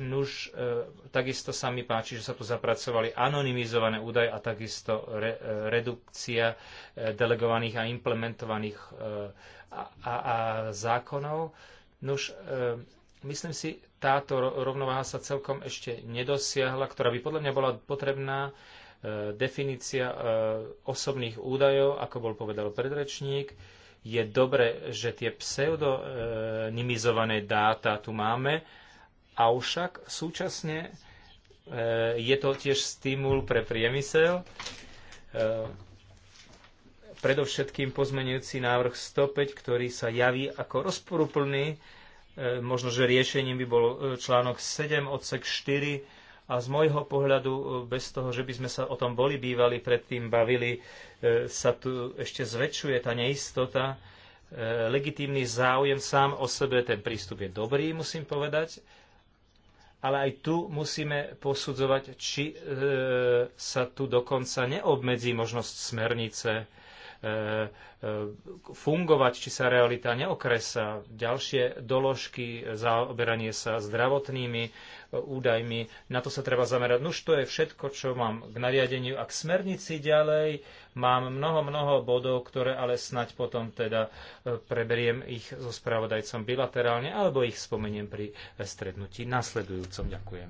Nuž, e, takisto sa mi páči, že sa tu zapracovali anonymizované údaje a takisto re, e, redukcia e, delegovaných a implementovaných e, a, a, zákonov. Nuž, e, myslím si, táto rovnováha sa celkom ešte nedosiahla, ktorá by podľa mňa bola potrebná. E, definícia e, osobných údajov, ako bol povedal predrečník, je dobre, že tie pseudonymizované dáta tu máme, avšak súčasne e, je to tiež stimul pre priemysel e, predovšetkým pozmenujúci návrh 105, ktorý sa javí ako rozporuplný. E, možno, že riešením by bol e, článok 7, odsek 4, a z môjho pohľadu, e, bez toho, že by sme sa o tom boli bývali, predtým bavili, sa tu ešte zväčšuje tá neistota. Legitímny záujem sám o sebe, ten prístup je dobrý, musím povedať, ale aj tu musíme posudzovať, či sa tu dokonca neobmedzí možnosť smernice E, e, fungovať, či sa realita neokresa. Ďalšie doložky, zaoberanie sa zdravotnými e, údajmi, na to sa treba zamerať. Nuž to je všetko, čo mám k nariadeniu a k smernici ďalej. Mám mnoho, mnoho bodov, ktoré ale snať potom teda preberiem ich so spravodajcom bilaterálne alebo ich spomeniem pri stretnutí nasledujúcom. Ďakujem.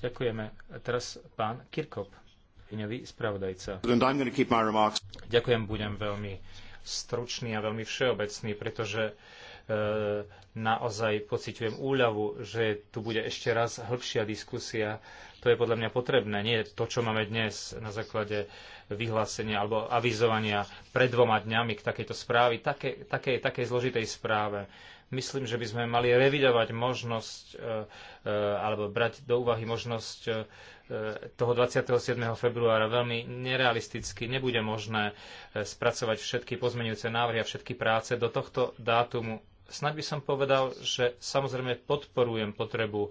Ďakujeme. Teraz pán Kirkop tieňový spravodajca. Ďakujem, budem veľmi stručný a veľmi všeobecný, pretože e, naozaj pociťujem úľavu, že tu bude ešte raz hĺbšia diskusia. To je podľa mňa potrebné. Nie to, čo máme dnes na základe vyhlásenia alebo avizovania pred dvoma dňami k takejto správy, také, také, takej zložitej správe. Myslím, že by sme mali revidovať možnosť e, e, alebo brať do úvahy možnosť E, toho 27. februára veľmi nerealisticky. Nebude možné e, spracovať všetky pozmenujúce návrhy a všetky práce do tohto dátumu. Snaď by som povedal, že samozrejme podporujem potrebu e,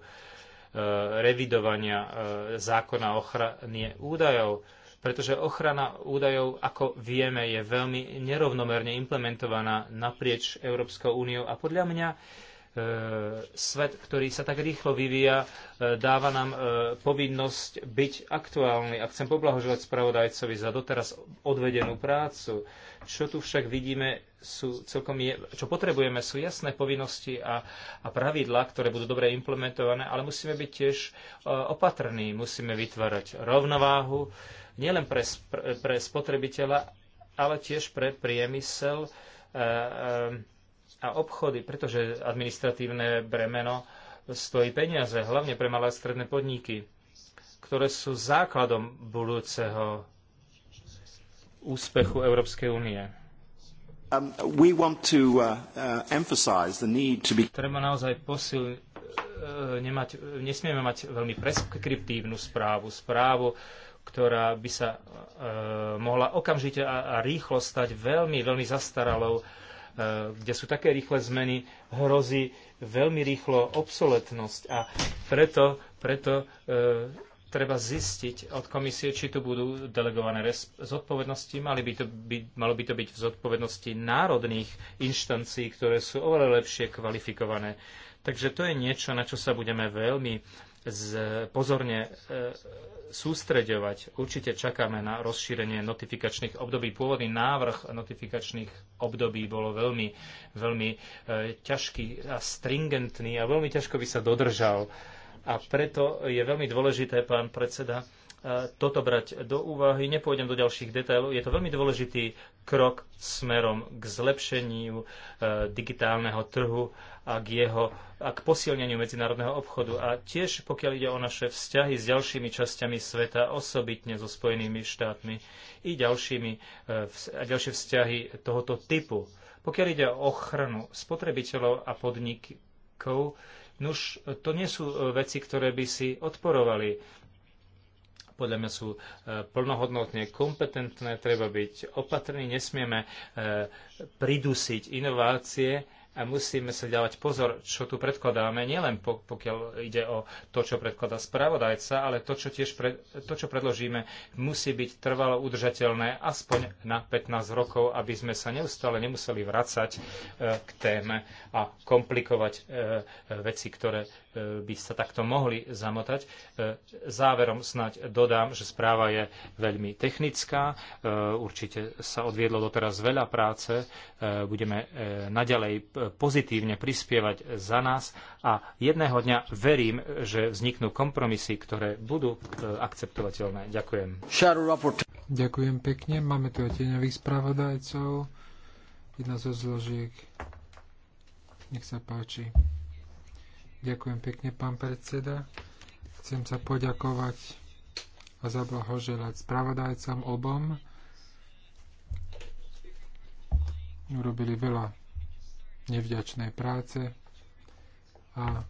revidovania zákona o ochrane údajov, pretože ochrana údajov, ako vieme, je veľmi nerovnomerne implementovaná naprieč Európskou úniou a podľa mňa E, svet, ktorý sa tak rýchlo vyvíja, e, dáva nám e, povinnosť byť aktuálny. A chcem poblahoželať spravodajcovi za doteraz odvedenú prácu. Čo tu však vidíme, sú celkom je, čo potrebujeme, sú jasné povinnosti a, a pravidlá, ktoré budú dobre implementované, ale musíme byť tiež opatrní. Musíme vytvárať rovnováhu nielen pre, pre spotrebiteľa, ale tiež pre priemysel a obchody, pretože administratívne bremeno stojí peniaze, hlavne pre malé a stredné podniky, ktoré sú základom budúceho úspechu Európskej únie. Um, uh, uh, Treba naozaj posil, e, nemať, nesmieme mať veľmi preskriptívnu správu, správu, ktorá by sa e, mohla okamžite a, a rýchlo stať veľmi, veľmi zastaralou Eh, kde sú také rýchle zmeny, hrozí veľmi rýchlo obsoletnosť a preto, preto e, treba zistiť od komisie, či tu budú delegované zodpovednosti. Mali by to malo by to byť v zodpovednosti národných inštancií, ktoré sú oveľa lepšie kvalifikované. Takže to je niečo, na čo sa budeme veľmi z, pozorne e, sústreďovať. Určite čakáme na rozšírenie notifikačných období. Pôvodný návrh notifikačných období bolo veľmi, veľmi e, ťažký a stringentný a veľmi ťažko by sa dodržal. A preto je veľmi dôležité, pán predseda, e, toto brať do úvahy. Nepôjdem do ďalších detailov. Je to veľmi dôležitý krok smerom k zlepšeniu e, digitálneho trhu a k jeho a k posilneniu medzinárodného obchodu. A tiež pokiaľ ide o naše vzťahy s ďalšími časťami sveta, osobitne so Spojenými štátmi i ďalšími, e, a ďalšie vzťahy tohoto typu. Pokiaľ ide o ochranu spotrebiteľov a podnikov, nuž to nie sú e, veci, ktoré by si odporovali. Podľa mňa sú e, plnohodnotne kompetentné, treba byť opatrný, nesmieme pridusiť inovácie, a musíme sa dávať pozor, čo tu predkladáme, nielen pokiaľ ide o to, čo predkladá spravodajca, ale to, čo, tiež to, čo predložíme, musí byť trvalo udržateľné aspoň na 15 rokov, aby sme sa neustále nemuseli vracať e, k téme a komplikovať e, e, veci, ktoré by sa takto mohli zamotať. Záverom snáď dodám, že správa je veľmi technická, určite sa odviedlo doteraz veľa práce, budeme naďalej pozitívne prispievať za nás a jedného dňa verím, že vzniknú kompromisy, ktoré budú e, akceptovateľné. Ďakujem. Ďakujem pekne. Máme tu aj tieňových spravodajcov. Jedna zo zložiek. Nech sa páči. Ďakujem pekne, pán predseda. Chcem sa poďakovať a zablahoželať spravodajcom obom. Urobili veľa nevďačnej práce a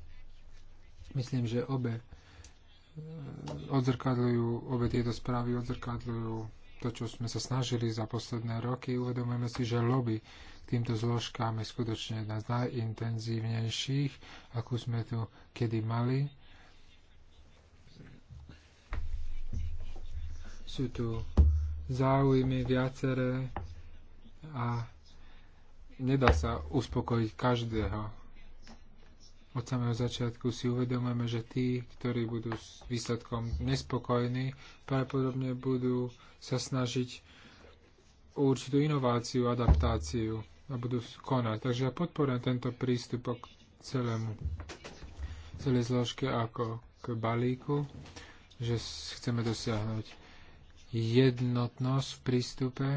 myslím, že obe e, odzrkadľujú, obe tieto správy odzrkadľujú to, čo sme sa snažili za posledné roky. Uvedomujeme si, že lobby k týmto zložkám je skutočne jedna z najintenzívnejších, akú sme tu kedy mali. Sú tu záujmy viaceré a nedá sa uspokojiť každého. Od samého začiatku si uvedomujeme, že tí, ktorí budú s výsledkom nespokojní, pravdepodobne budú sa snažiť o určitú inováciu, adaptáciu a budú konať. Takže ja podporujem tento prístup k celému, celej zložke ako k balíku, že chceme dosiahnuť jednotnosť v prístupe.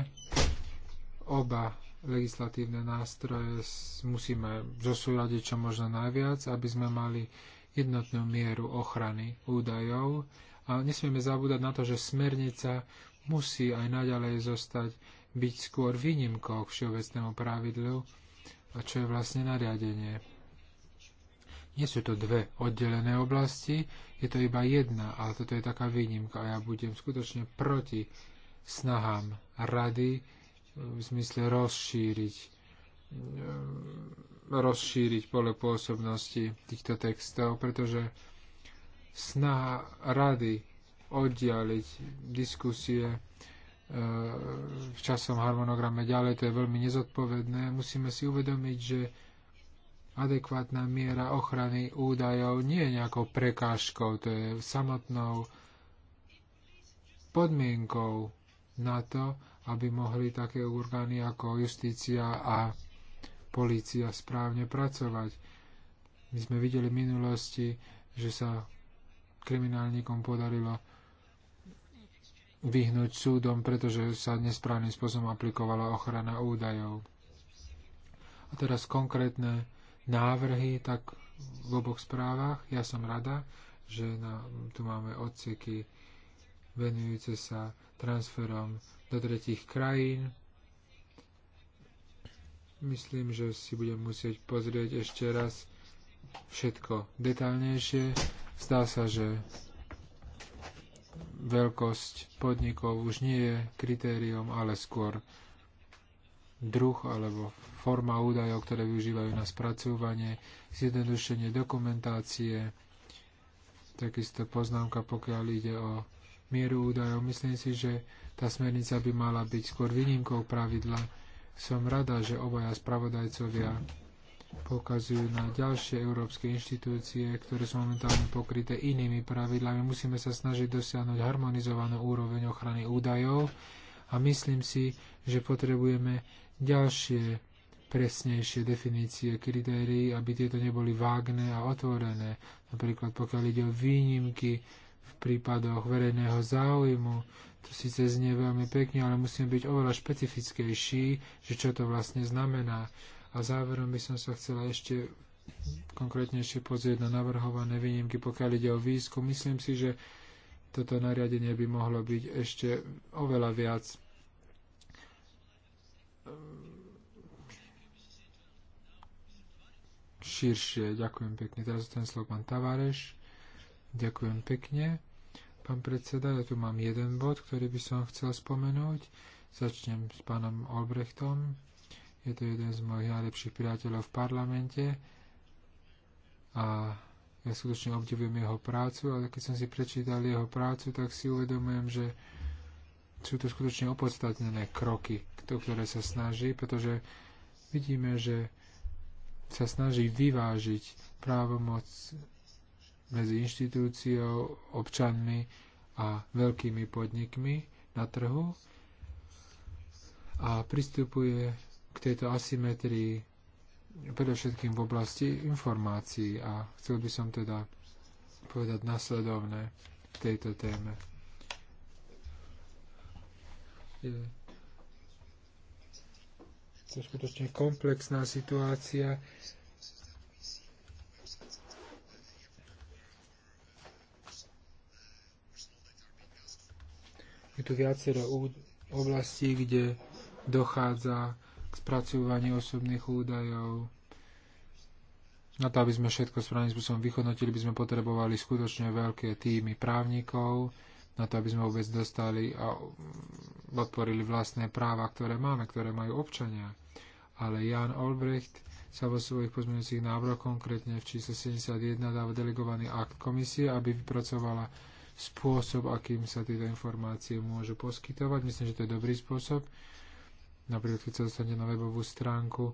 Oba legislatívne nástroje musíme zosúľadiť čo možno najviac, aby sme mali jednotnú mieru ochrany údajov a nesmieme zabúdať na to, že smernica musí aj naďalej zostať byť skôr výnimkou k všeobecnému pravidlu, a čo je vlastne nariadenie. Nie sú to dve oddelené oblasti, je to iba jedna, ale toto je taká výnimka a ja budem skutočne proti snahám rady v zmysle rozšíriť, ehm, rozšíriť pole pôsobnosti týchto textov, pretože snaha rady oddialiť diskusie ehm, v časom harmonograme ďalej, to je veľmi nezodpovedné. Musíme si uvedomiť, že adekvátna miera ochrany údajov nie je nejakou prekážkou, to je samotnou podmienkou na to, aby mohli také orgány ako justícia a polícia správne pracovať. My sme videli v minulosti, že sa kriminálnikom podarilo vyhnúť súdom, pretože sa nesprávnym spôsobom aplikovala ochrana údajov. A teraz konkrétne návrhy, tak v oboch správach. Ja som rada, že na, tu máme odseky venujúce sa transferom do tretich krajín. Myslím, že si budem musieť pozrieť ešte raz všetko detálnejšie. Zdá sa, že veľkosť podnikov už nie je kritériom, ale skôr druh alebo forma údajov, ktoré využívajú na spracúvanie, zjednodušenie dokumentácie, takisto poznámka, pokiaľ ide o mieru údajov. Myslím si, že tá smernica by mala byť skôr výnimkou pravidla. Som rada, že obaja spravodajcovia pokazujú na ďalšie európske inštitúcie, ktoré sú momentálne pokryté inými pravidlami. Musíme sa snažiť dosiahnuť harmonizovanú úroveň ochrany údajov a myslím si, že potrebujeme ďalšie presnejšie definície kritérií, aby tieto neboli vágne a otvorené. Napríklad pokiaľ ide o výnimky v prípadoch verejného záujmu. To síce znie veľmi pekne, ale musíme byť oveľa špecifickejší, že čo to vlastne znamená. A záverom by som sa chcela ešte konkrétnejšie pozrieť na navrhované výnimky, pokiaľ ide o výskum. Myslím si, že toto nariadenie by mohlo byť ešte oveľa viac širšie. Ďakujem pekne. Teraz ten slogan Tavareš. Ďakujem pekne. Pán predseda, ja tu mám jeden bod, ktorý by som chcel spomenúť. Začnem s pánom Olbrechtom. Je to jeden z mojich najlepších priateľov v parlamente a ja skutočne obdivujem jeho prácu, ale keď som si prečítal jeho prácu, tak si uvedomujem, že sú to skutočne opodstatnené kroky, to, ktoré sa snaží, pretože vidíme, že sa snaží vyvážiť právomoc medzi inštitúciou, občanmi a veľkými podnikmi na trhu a pristupuje k tejto asymetrii predovšetkým v oblasti informácií a chcel by som teda povedať nasledovné k tejto téme. Je to skutočne komplexná situácia, Je tu viacero oblastí, kde dochádza k spracovaniu osobných údajov. Na to, aby sme všetko správnym spôsobom vyhodnotili, by sme potrebovali skutočne veľké týmy právnikov, na to, aby sme vôbec dostali a podporili vlastné práva, ktoré máme, ktoré majú občania. Ale Jan Olbrecht sa vo svojich pozmeňujúcich návrhoch, konkrétne v čísle 71, dáva delegovaný akt komisie, aby vypracovala spôsob, akým sa tieto informácie môžu poskytovať. Myslím, že to je dobrý spôsob. Napríklad, keď sa dostane na webovú stránku,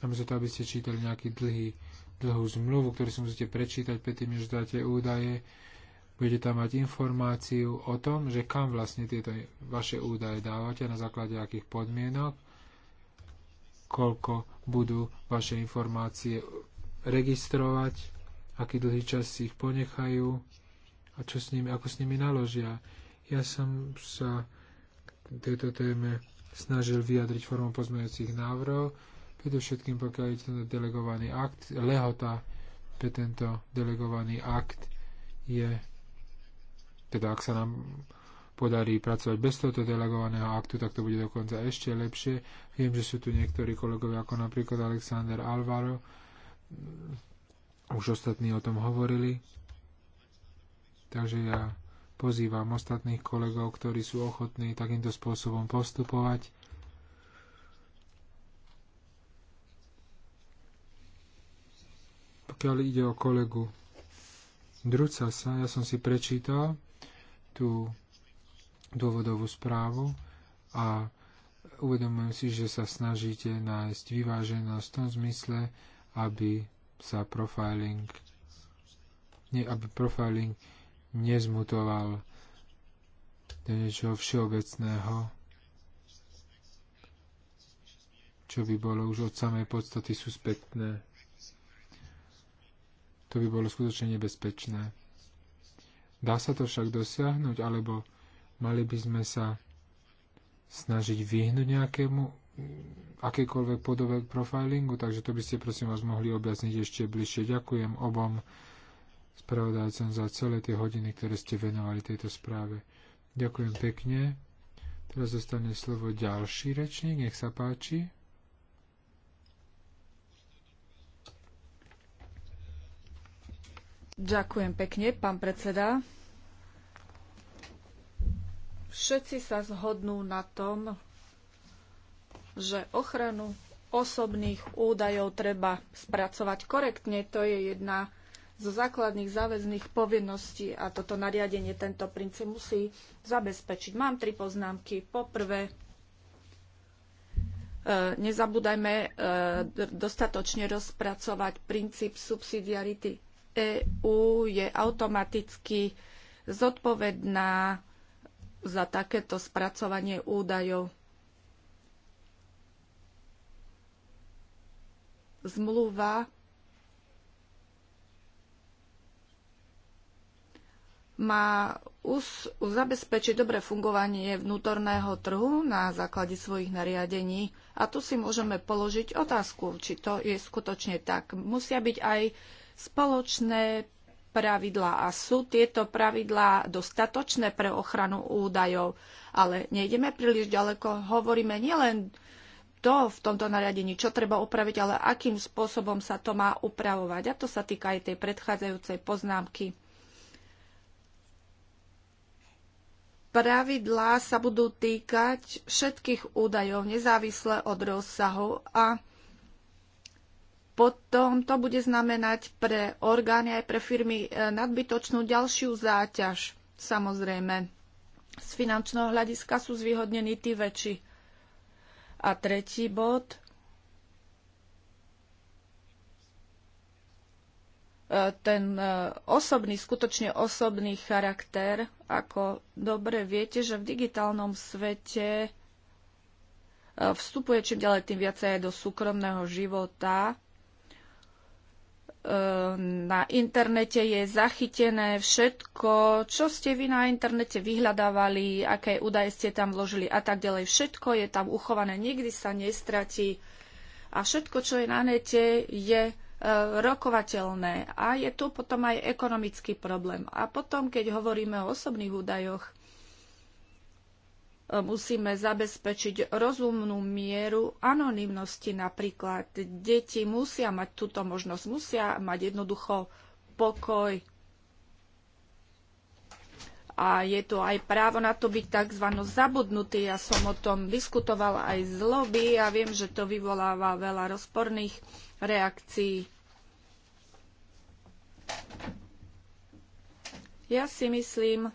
namiesto toho, aby ste čítali nejaký dlhý, dlhú zmluvu, ktorú si musíte prečítať predtým, než dáte údaje, budete tam mať informáciu o tom, že kam vlastne tieto vaše údaje dávate, na základe akých podmienok, koľko budú vaše informácie registrovať, aký dlhý čas si ich ponechajú a čo s nimi, ako s nimi naložia. Ja som sa k tejto téme snažil vyjadriť formou pozmeňujúcich návrhov, predovšetkým pokiaľ je tento delegovaný akt, lehota pre tento delegovaný akt je, teda ak sa nám podarí pracovať bez tohto delegovaného aktu, tak to bude dokonca ešte lepšie. Viem, že sú tu niektorí kolegovia, ako napríklad Alexander Alvaro, už ostatní o tom hovorili. Takže ja pozývam ostatných kolegov, ktorí sú ochotní takýmto spôsobom postupovať. Pokiaľ ide o kolegu Druca sa, ja som si prečítal tú dôvodovú správu a uvedomujem si, že sa snažíte nájsť vyváženosť v tom zmysle, aby sa profiling, nie, aby profiling nezmutoval do niečoho všeobecného, čo by bolo už od samej podstaty suspektné. To by bolo skutočne nebezpečné. Dá sa to však dosiahnuť, alebo mali by sme sa snažiť vyhnúť nejakému akýkoľvek podobe profilingu, takže to by ste prosím vás mohli objasniť ešte bližšie. Ďakujem obom spravodajcom za celé tie hodiny, ktoré ste venovali tejto správe. Ďakujem pekne. Teraz zostane slovo ďalší rečník, nech sa páči. Ďakujem pekne, pán predseda. Všetci sa zhodnú na tom, že ochranu osobných údajov treba spracovať korektne. To je jedna zo základných záväzných povinností a toto nariadenie tento princíp musí zabezpečiť. Mám tri poznámky. Poprvé, e, nezabúdajme e, dostatočne rozpracovať princíp subsidiarity. EÚ je automaticky zodpovedná za takéto spracovanie údajov. zmluva má uz, zabezpečiť dobré fungovanie vnútorného trhu na základe svojich nariadení. A tu si môžeme položiť otázku, či to je skutočne tak. Musia byť aj spoločné pravidlá a sú tieto pravidlá dostatočné pre ochranu údajov, ale nejdeme príliš ďaleko. Hovoríme nielen kto v tomto nariadení, čo treba upraviť, ale akým spôsobom sa to má upravovať. A to sa týka aj tej predchádzajúcej poznámky. Pravidlá sa budú týkať všetkých údajov, nezávisle od rozsahu a potom to bude znamenať pre orgány aj pre firmy e, nadbytočnú ďalšiu záťaž. Samozrejme, z finančného hľadiska sú zvýhodnení tí väčší. A tretí bod. E, ten e, osobný, skutočne osobný charakter, ako dobre viete, že v digitálnom svete e, vstupuje čím ďalej tým viacej aj do súkromného života na internete je zachytené všetko, čo ste vy na internete vyhľadávali, aké údaje ste tam vložili a tak ďalej. Všetko je tam uchované, nikdy sa nestratí. A všetko, čo je na nete, je e, rokovateľné. A je tu potom aj ekonomický problém. A potom, keď hovoríme o osobných údajoch, musíme zabezpečiť rozumnú mieru anonymnosti. Napríklad deti musia mať túto možnosť, musia mať jednoducho pokoj. A je tu aj právo na to byť tzv. zabudnutý. Ja som o tom diskutovala aj z lobby a viem, že to vyvoláva veľa rozporných reakcií. Ja si myslím,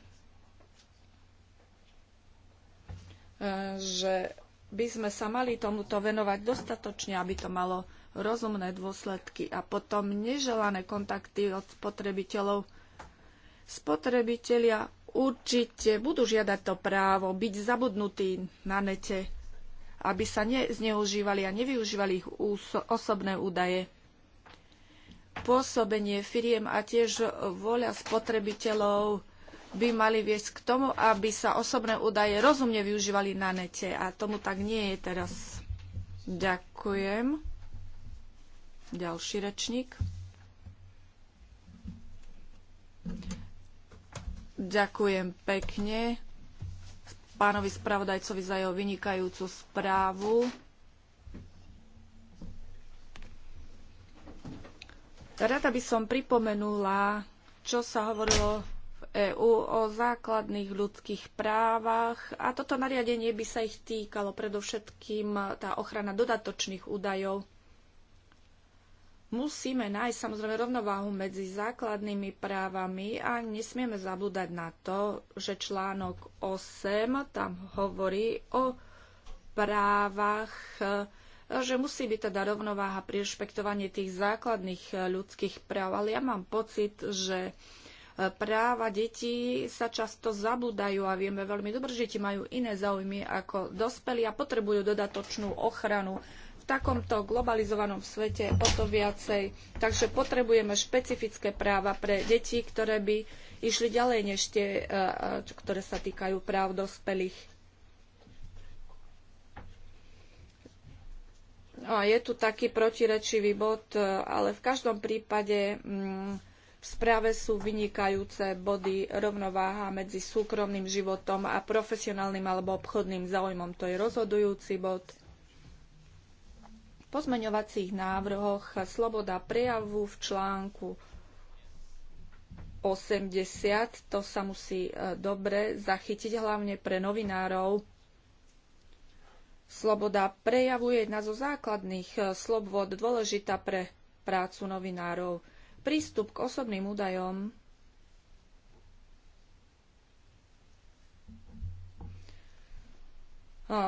že by sme sa mali tomuto venovať dostatočne, aby to malo rozumné dôsledky a potom neželané kontakty od spotrebiteľov. Spotrebitelia určite budú žiadať to právo byť zabudnutí na nete, aby sa nezneužívali a nevyužívali ich osobné údaje. Pôsobenie firiem a tiež voľa spotrebiteľov by mali viesť k tomu, aby sa osobné údaje rozumne využívali na nete. A tomu tak nie je teraz. Ďakujem. Ďalší rečník. Ďakujem pekne pánovi spravodajcovi za jeho vynikajúcu správu. Rada by som pripomenula, čo sa hovorilo EÚ o základných ľudských právach a toto nariadenie by sa ich týkalo predovšetkým tá ochrana dodatočných údajov. Musíme nájsť samozrejme rovnováhu medzi základnými právami a nesmieme zabúdať na to, že článok 8 tam hovorí o právach že musí byť teda rovnováha pri rešpektovaní tých základných ľudských práv, ale ja mám pocit, že práva detí sa často zabúdajú a vieme veľmi dobre, že deti majú iné záujmy ako dospelí a potrebujú dodatočnú ochranu v takomto globalizovanom svete o to viacej. Takže potrebujeme špecifické práva pre deti, ktoré by išli ďalej než tie, e, e, ktoré sa týkajú práv dospelých. No, je tu taký protirečivý bod, e, ale v každom prípade mm, v správe sú vynikajúce body rovnováha medzi súkromným životom a profesionálnym alebo obchodným záujmom. To je rozhodujúci bod. V pozmeňovacích návrhoch sloboda prejavu v článku 80, to sa musí e, dobre zachytiť, hlavne pre novinárov. Sloboda prejavu je jedna zo základných e, slobod dôležitá pre prácu novinárov prístup k osobným údajom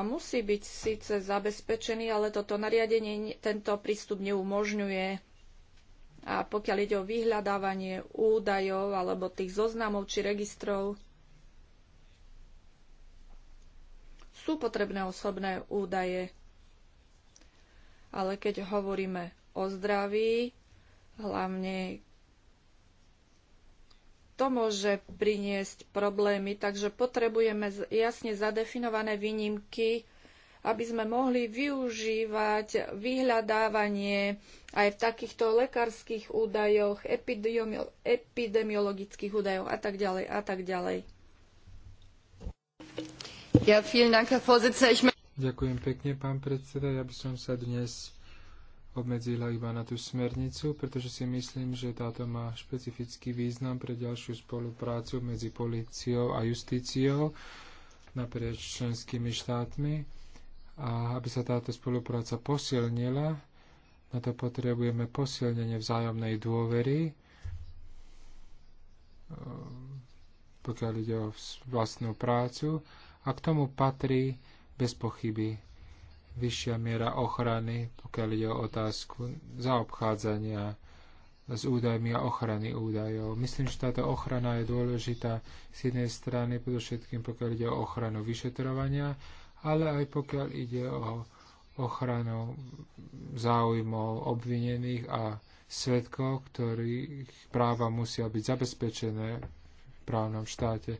musí byť síce zabezpečený, ale toto nariadenie tento prístup neumožňuje. A pokiaľ ide o vyhľadávanie údajov alebo tých zoznamov či registrov, sú potrebné osobné údaje. Ale keď hovoríme o zdraví, hlavne to môže priniesť problémy, takže potrebujeme jasne zadefinované výnimky, aby sme mohli využívať vyhľadávanie aj v takýchto lekárskych údajoch, epidemiologických údajoch a tak ďalej a tak ďalej. Ja, Dank, Ďakujem pekne, pán predseda. Ja by som sa dnes obmedzila iba na tú smernicu, pretože si myslím, že táto má špecifický význam pre ďalšiu spoluprácu medzi políciou a justíciou naprieč členskými štátmi. A aby sa táto spolupráca posilnila, na to potrebujeme posilnenie vzájomnej dôvery, pokiaľ ide o vlastnú prácu. A k tomu patrí bez pochyby vyššia miera ochrany, pokiaľ ide o otázku zaobchádzania s údajmi a ochrany údajov. Myslím, že táto ochrana je dôležitá z jednej strany, predovšetkým pokiaľ ide o ochranu vyšetrovania, ale aj pokiaľ ide o ochranu záujmov obvinených a svetkov, ktorých práva musia byť zabezpečené v právnom štáte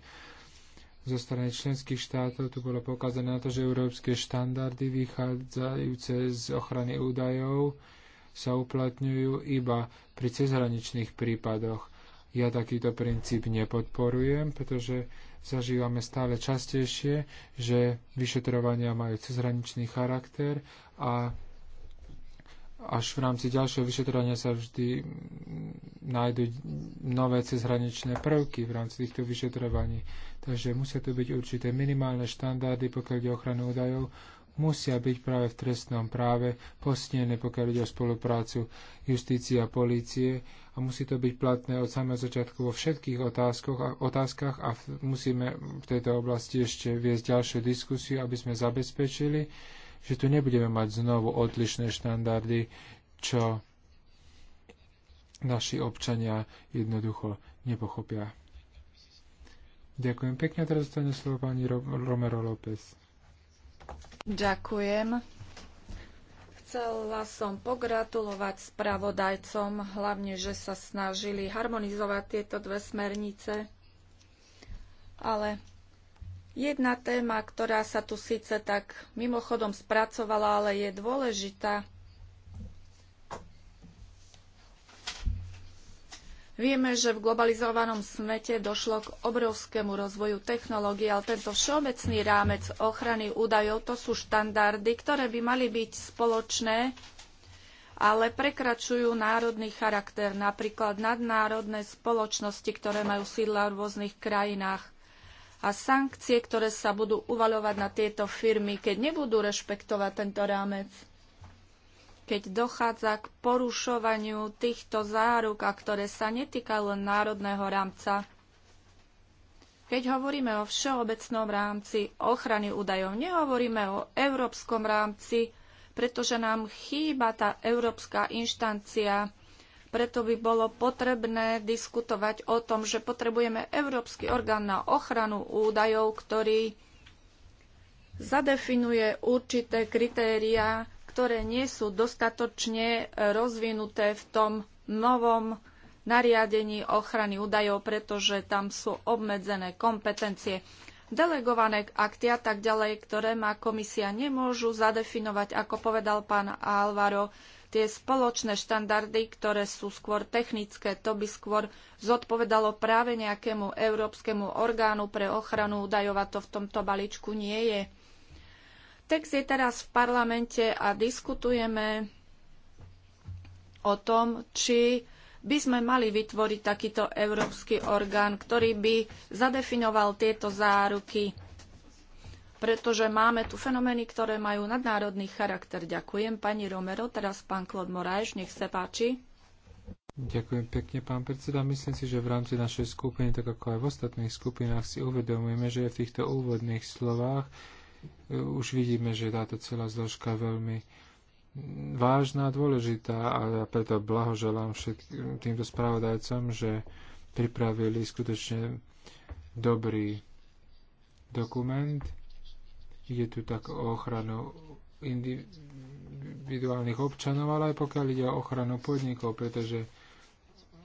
zo strany členských štátov. Tu bolo poukázané na to, že európske štandardy vychádzajúce z ochrany údajov sa uplatňujú iba pri cezhraničných prípadoch. Ja takýto princíp nepodporujem, pretože zažívame stále častejšie, že vyšetrovania majú cezhraničný charakter a až v rámci ďalšieho vyšetrovania sa vždy nájdú nové cezhraničné prvky v rámci týchto vyšetrovaní. Takže musia tu byť určité minimálne štandardy, pokiaľ ide ochranu údajov, musia byť práve v trestnom práve posnené, pokiaľ ide o spoluprácu justície a polície a musí to byť platné od samého začiatku vo všetkých otázkoch a, otázkach a v, musíme v tejto oblasti ešte viesť ďalšiu diskusiu, aby sme zabezpečili, že tu nebudeme mať znovu odlišné štandardy, čo naši občania jednoducho nepochopia. Ďakujem pekne, teraz dostane slovo pani Romero López. Ďakujem. Chcela som pogratulovať spravodajcom, hlavne, že sa snažili harmonizovať tieto dve smernice. Ale jedna téma, ktorá sa tu síce tak mimochodom spracovala, ale je dôležitá, Vieme, že v globalizovanom svete došlo k obrovskému rozvoju technológií, ale tento všeobecný rámec ochrany údajov to sú štandardy, ktoré by mali byť spoločné, ale prekračujú národný charakter, napríklad nadnárodné spoločnosti, ktoré majú sídla v rôznych krajinách a sankcie, ktoré sa budú uvaľovať na tieto firmy, keď nebudú rešpektovať tento rámec keď dochádza k porušovaniu týchto záruk, a ktoré sa netýkajú len národného rámca. Keď hovoríme o všeobecnom rámci ochrany údajov, nehovoríme o európskom rámci, pretože nám chýba tá európska inštancia. Preto by bolo potrebné diskutovať o tom, že potrebujeme európsky orgán na ochranu údajov, ktorý zadefinuje určité kritériá, ktoré nie sú dostatočne e, rozvinuté v tom novom nariadení ochrany údajov, pretože tam sú obmedzené kompetencie. Delegované akty a tak ďalej, ktoré má komisia, nemôžu zadefinovať, ako povedal pán Alvaro, tie spoločné štandardy, ktoré sú skôr technické. To by skôr zodpovedalo práve nejakému európskemu orgánu pre ochranu údajov a to v tomto balíčku nie je. Text je teraz v parlamente a diskutujeme o tom, či by sme mali vytvoriť takýto európsky orgán, ktorý by zadefinoval tieto záruky, pretože máme tu fenomény, ktoré majú nadnárodný charakter. Ďakujem pani Romero, teraz pán Klod Morajš, nech sa páči. Ďakujem pekne, pán predseda. Myslím si, že v rámci našej skupiny, tak ako aj v ostatných skupinách, si uvedomujeme, že v týchto úvodných slovách už vidíme, že táto celá zložka je veľmi vážna a dôležitá a ja preto blahoželám všetkým týmto spravodajcom, že pripravili skutočne dobrý dokument. Ide tu tak o ochranu individuálnych občanov, ale aj pokiaľ ide o ochranu podnikov, pretože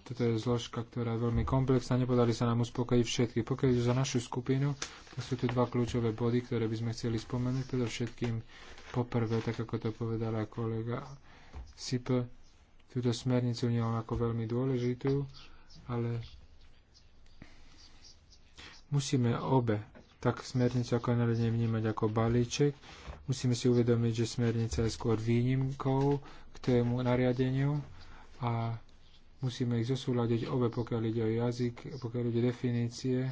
toto je zložka, ktorá je veľmi komplexná. Nepodali sa nám uspokojiť všetky. Pokiaľ ide za našu skupinu, to sú tu dva kľúčové body, ktoré by sme chceli spomenúť. Predovšetkým poprvé, tak ako to povedala kolega Sip, túto smernicu nemám ako veľmi dôležitú, ale musíme obe, tak smernicu ako nariadenie vnímať ako balíček. Musíme si uvedomiť, že smernica je skôr výnimkou k tému nariadeniu a Musíme ich zosúľadiť obe, pokiaľ ide o jazyk, pokiaľ ide o definície.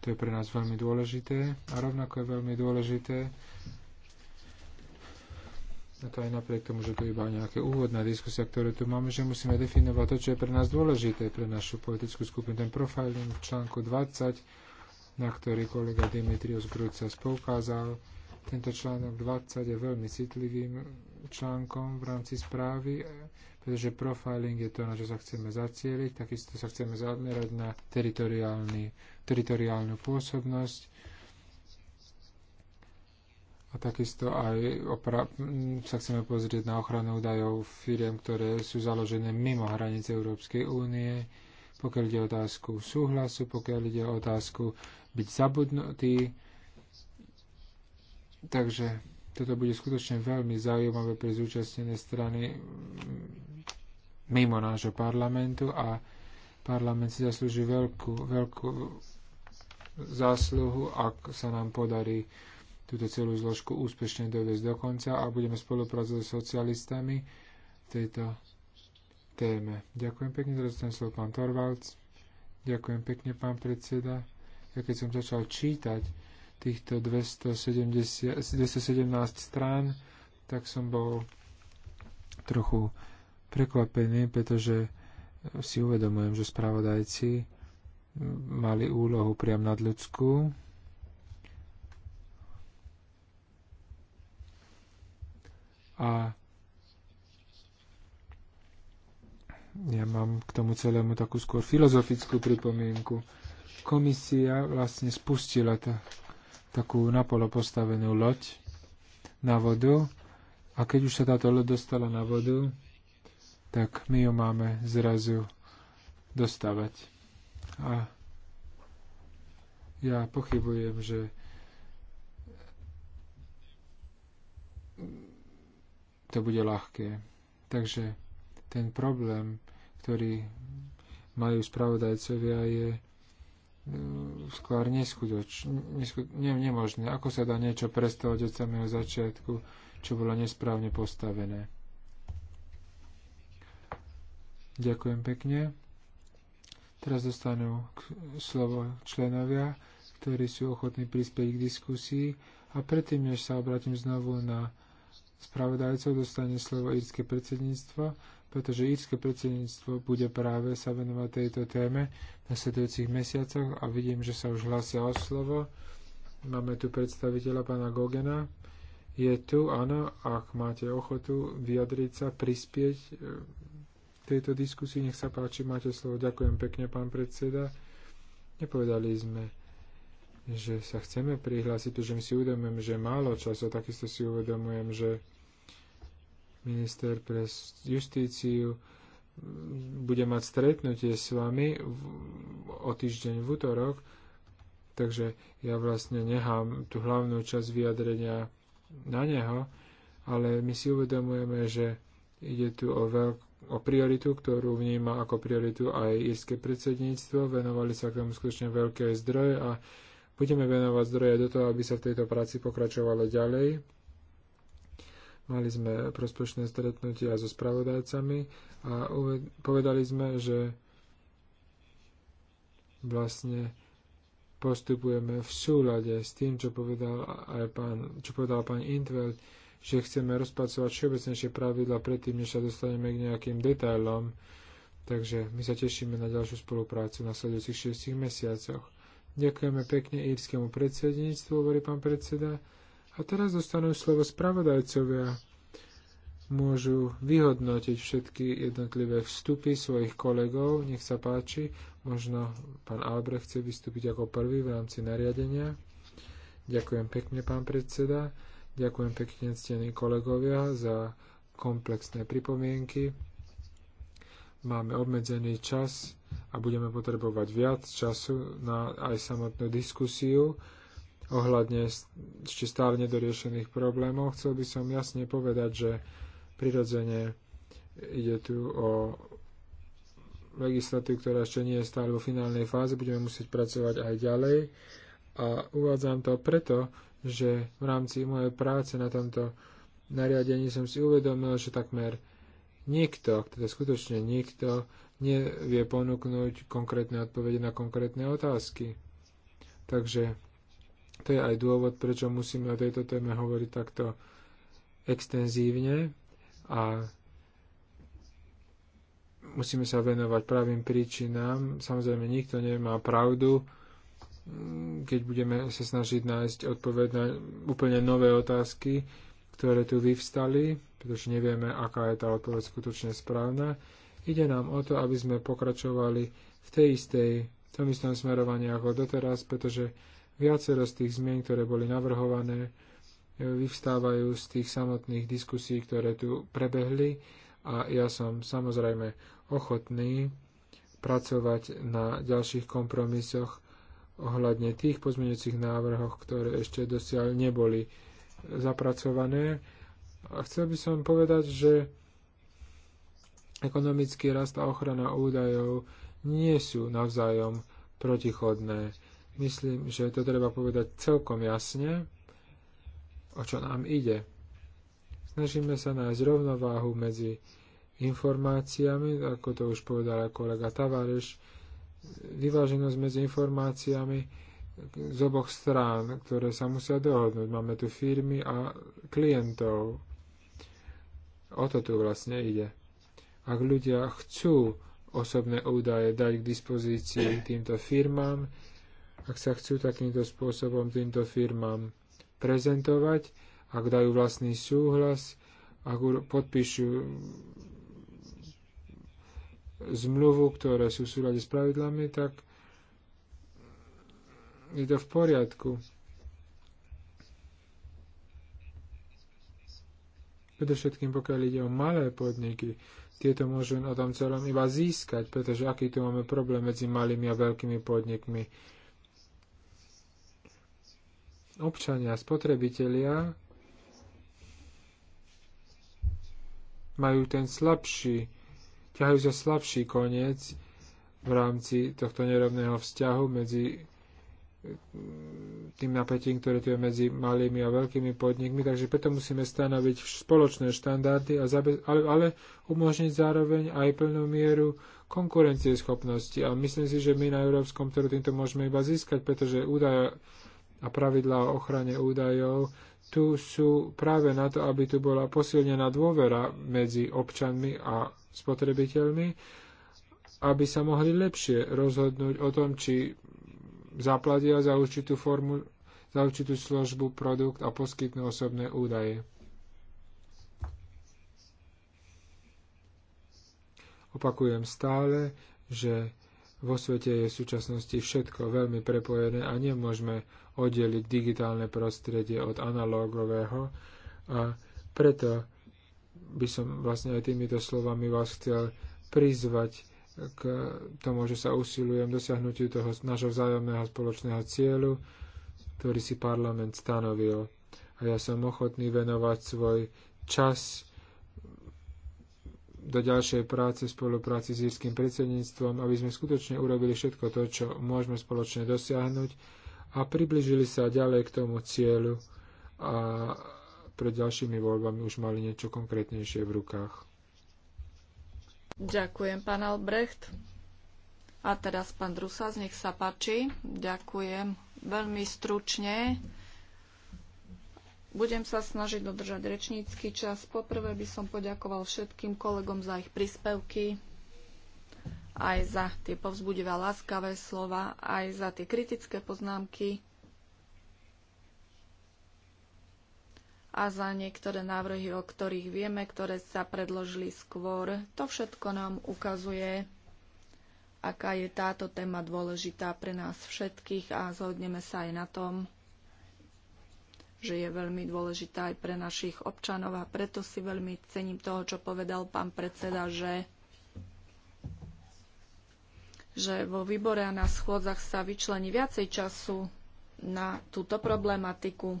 To je pre nás veľmi dôležité. A rovnako je veľmi dôležité, a to aj napriek tomu, že to je iba nejaká úvodná diskusia, ktorú tu máme, že musíme definovať to, čo je pre nás dôležité, pre našu politickú skupinu. Ten profiling v článku 20, na ktorý kolega Dimitrios Grúca spoukázal, tento článok 20 je veľmi citlivým článkom v rámci správy, pretože profiling je to, na čo sa chceme zacieliť, takisto sa chceme zamerať na teritoriálnu pôsobnosť a takisto aj opra- sa chceme pozrieť na ochranu údajov firiem, ktoré sú založené mimo hranice Európskej únie, pokiaľ ide o otázku súhlasu, pokiaľ ide o otázku byť zabudnutý, Takže toto bude skutočne veľmi zaujímavé pre zúčastnené strany mm, mimo nášho parlamentu a parlament si zaslúži veľkú, veľkú zásluhu, ak sa nám podarí túto celú zložku úspešne doviesť do konca a budeme spolupracovať s socialistami v tejto téme. Ďakujem pekne, teraz ten slovo pán Torvalds. Ďakujem pekne, pán predseda. Ja keď som začal čítať, týchto 270, 217 strán, tak som bol trochu prekvapený, pretože si uvedomujem, že spravodajci mali úlohu priam nad ľudskú. A ja mám k tomu celému takú skôr filozofickú pripomienku. Komisia vlastne spustila to, takú napolo postavenú loď na vodu a keď už sa táto loď dostala na vodu, tak my ju máme zrazu dostávať. A ja pochybujem, že to bude ľahké. Takže ten problém, ktorý majú spravodajcovia, je Mm, skôr neskutočné, ne, nemožné. Ako sa dá niečo prestovať od samého začiatku, čo bolo nesprávne postavené? Ďakujem pekne. Teraz dostanú slovo členovia, ktorí sú ochotní prispieť k diskusii. A predtým, než sa obratím znovu na spravodajcov dostane slovo írske predsedníctvo, pretože írske predsedníctvo bude práve sa venovať tejto téme v nasledujúcich mesiacoch a vidím, že sa už hlasia o slovo. Máme tu predstaviteľa pána Gogena. Je tu, áno, ak máte ochotu vyjadriť sa, prispieť e, tejto diskusii. Nech sa páči, máte slovo. Ďakujem pekne, pán predseda. Nepovedali sme že sa chceme prihlásiť, pretože my si uvedomujem, že málo času, takisto si uvedomujem, že minister pre justíciu bude mať stretnutie s vami o týždeň v útorok, takže ja vlastne nechám tú hlavnú časť vyjadrenia na neho, ale my si uvedomujeme, že ide tu o, veľk, o prioritu, ktorú vníma ako prioritu aj írske predsedníctvo. Venovali sa k tomu skutočne veľké zdroje a Budeme venovať zdroje do toho, aby sa v tejto práci pokračovalo ďalej. Mali sme prospešné stretnutia so spravodajcami a povedali sme, že vlastne postupujeme v súlade s tým, čo povedal, aj pán, čo povedal pán Intveld, že chceme rozpracovať všeobecnejšie pravidla predtým, než sa dostaneme k nejakým detailom. Takže my sa tešíme na ďalšiu spoluprácu na sledujúcich 6 mesiacoch. Ďakujeme pekne írskému predsedníctvu, hovorí pán predseda. A teraz dostanú slovo spravodajcovia. Môžu vyhodnotiť všetky jednotlivé vstupy svojich kolegov. Nech sa páči. Možno pán Albrecht chce vystúpiť ako prvý v rámci nariadenia. Ďakujem pekne, pán predseda. Ďakujem pekne, ctení kolegovia, za komplexné pripomienky. Máme obmedzený čas a budeme potrebovať viac času na aj samotnú diskusiu ohľadne ešte stále nedoriešených problémov. Chcel by som jasne povedať, že prirodzene ide tu o legislatívu, ktorá ešte nie je stále vo finálnej fáze, budeme musieť pracovať aj ďalej. A uvádzam to preto, že v rámci mojej práce na tomto nariadení som si uvedomil, že takmer nikto, teda skutočne nikto, nevie ponúknuť konkrétne odpovede na konkrétne otázky. Takže to je aj dôvod, prečo musíme o tejto téme hovoriť takto extenzívne a musíme sa venovať pravým príčinám. Samozrejme, nikto nemá pravdu, keď budeme sa snažiť nájsť odpoveď na úplne nové otázky, ktoré tu vyvstali, pretože nevieme, aká je tá odpoveď skutočne správna. Ide nám o to, aby sme pokračovali v tej istej, v tom istom smerovaní ako doteraz, pretože viacero z tých zmien, ktoré boli navrhované, vyvstávajú z tých samotných diskusí, ktoré tu prebehli a ja som samozrejme ochotný pracovať na ďalších kompromisoch ohľadne tých pozmeňujúcich návrhoch, ktoré ešte dosiaľ neboli zapracované. A chcel by som povedať, že ekonomický rast a ochrana údajov nie sú navzájom protichodné. Myslím, že to treba povedať celkom jasne, o čo nám ide. Snažíme sa nájsť rovnováhu medzi informáciami, ako to už povedal kolega Tavareš, vyváženosť medzi informáciami z oboch strán, ktoré sa musia dohodnúť. Máme tu firmy a klientov. O to tu vlastne ide. Ak ľudia chcú osobné údaje dať k dispozícii týmto firmám, ak sa chcú takýmto spôsobom týmto firmám prezentovať, ak dajú vlastný súhlas, ak podpíšu zmluvu, ktoré sú v súlade s pravidlami, tak je to v poriadku. Predovšetkým pokiaľ ide o malé podniky, tieto môžu o tom celom iba získať, pretože aký tu máme problém medzi malými a veľkými podnikmi. Občania, spotrebitelia majú ten slabší, ťahajú sa slabší koniec v rámci tohto nerovného vzťahu medzi tým napätím, ktoré tu je medzi malými a veľkými podnikmi, takže preto musíme stanoviť spoločné štandardy, a zabe- ale, ale umožniť zároveň aj plnú mieru konkurencieschopnosti. A myslím si, že my na európskom trhu týmto môžeme iba získať, pretože údaje a pravidlá o ochrane údajov tu sú práve na to, aby tu bola posilnená dôvera medzi občanmi a spotrebiteľmi, aby sa mohli lepšie rozhodnúť o tom, či zaplatia za určitú formu, za určitú službu, produkt a poskytnú osobné údaje. Opakujem stále, že vo svete je v súčasnosti všetko veľmi prepojené a nemôžeme oddeliť digitálne prostredie od analógového a preto by som vlastne aj týmito slovami vás chcel prizvať k e, tomu, že sa usilujem dosiahnutiu toho nášho vzájomného spoločného cieľu, ktorý si parlament stanovil. A ja som ochotný venovať svoj čas do ďalšej práce v spolupráci s írským predsedníctvom, aby sme skutočne urobili všetko to, čo môžeme spoločne dosiahnuť a približili sa ďalej k tomu cieľu a pred ďalšími voľbami už mali niečo konkrétnejšie v rukách. Ďakujem, pán Albrecht. A teraz pán z nech sa páči. Ďakujem veľmi stručne. Budem sa snažiť dodržať rečnícky čas. Poprvé by som poďakoval všetkým kolegom za ich príspevky, aj za tie povzbudivé láskavé slova, aj za tie kritické poznámky. a za niektoré návrhy, o ktorých vieme, ktoré sa predložili skôr. To všetko nám ukazuje, aká je táto téma dôležitá pre nás všetkých a zhodneme sa aj na tom, že je veľmi dôležitá aj pre našich občanov a preto si veľmi cením toho, čo povedal pán predseda, že že vo výbore a na schôdzach sa vyčlení viacej času na túto problematiku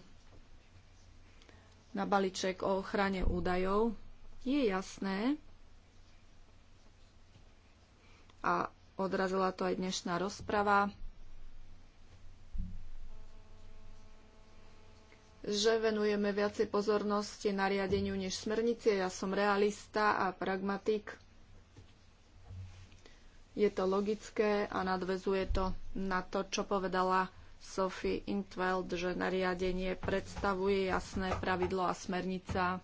na balíček o ochrane údajov, je jasné, a odrazila to aj dnešná rozprava, že venujeme viacej pozornosti nariadeniu než smernici. Ja som realista a pragmatik. Je to logické a nadvezuje to na to, čo povedala Sophie Intveld, že nariadenie predstavuje jasné pravidlo a smernica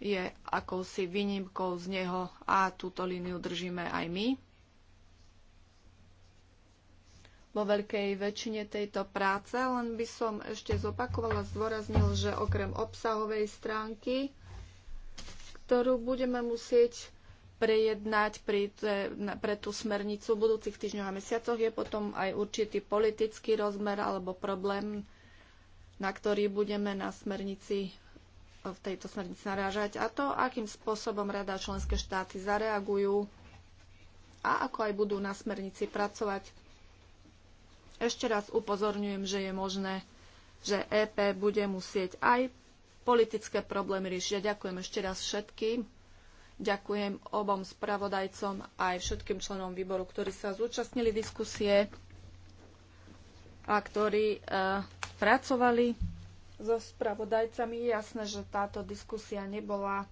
je akousi výnimkou z neho a túto líniu držíme aj my. Vo veľkej väčšine tejto práce len by som ešte zopakovala, zdôraznil, že okrem obsahovej stránky, ktorú budeme musieť prejednať pri, pre tú smernicu v budúcich týždňoch a mesiacoch. Je potom aj určitý politický rozmer alebo problém, na ktorý budeme na smernici v tejto smernici narážať a to, akým spôsobom rada členské štáty zareagujú a ako aj budú na smernici pracovať. Ešte raz upozorňujem, že je možné, že EP bude musieť aj politické problémy riešiť. Ďakujem ešte raz všetkým Ďakujem obom spravodajcom aj všetkým členom výboru, ktorí sa zúčastnili diskusie a ktorí e, pracovali so spravodajcami. Je jasné, že táto diskusia nebola e,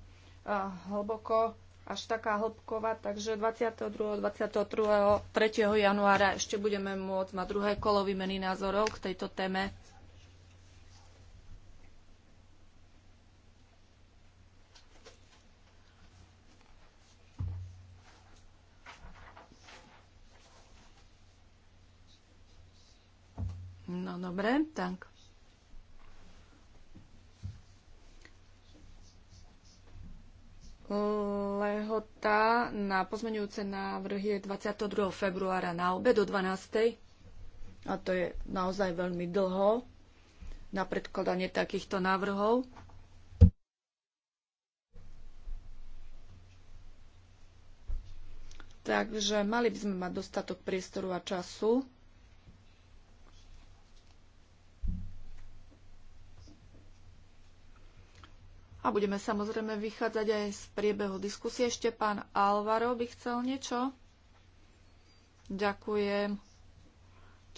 hlboko až taká hlbková, takže 22. 23. januára ešte budeme môcť mať druhé kolo výmeny názorov k tejto téme. No dobre, tak. Lehota na pozmeňujúce návrhy je 22. februára na obe do 12. A to je naozaj veľmi dlho na predkladanie takýchto návrhov. Takže mali by sme mať dostatok priestoru a času. A budeme samozrejme vychádzať aj z priebehu diskusie. Ešte pán Alvaro by chcel niečo? Ďakujem.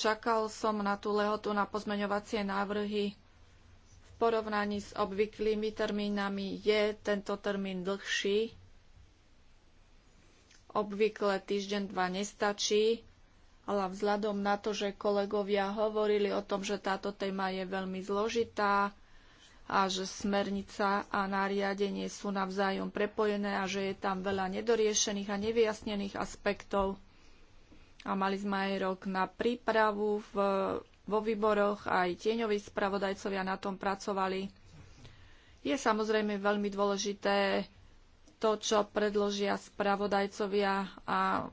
Čakal som na tú lehotu na pozmeňovacie návrhy. V porovnaní s obvyklými termínami je tento termín dlhší. Obvykle týždeň, dva nestačí, ale vzhľadom na to, že kolegovia hovorili o tom, že táto téma je veľmi zložitá, a že smernica a nariadenie sú navzájom prepojené a že je tam veľa nedoriešených a nevyjasnených aspektov. A mali sme aj rok na prípravu v, vo výboroch, aj tieňoví spravodajcovia na tom pracovali. Je samozrejme veľmi dôležité to, čo predložia spravodajcovia a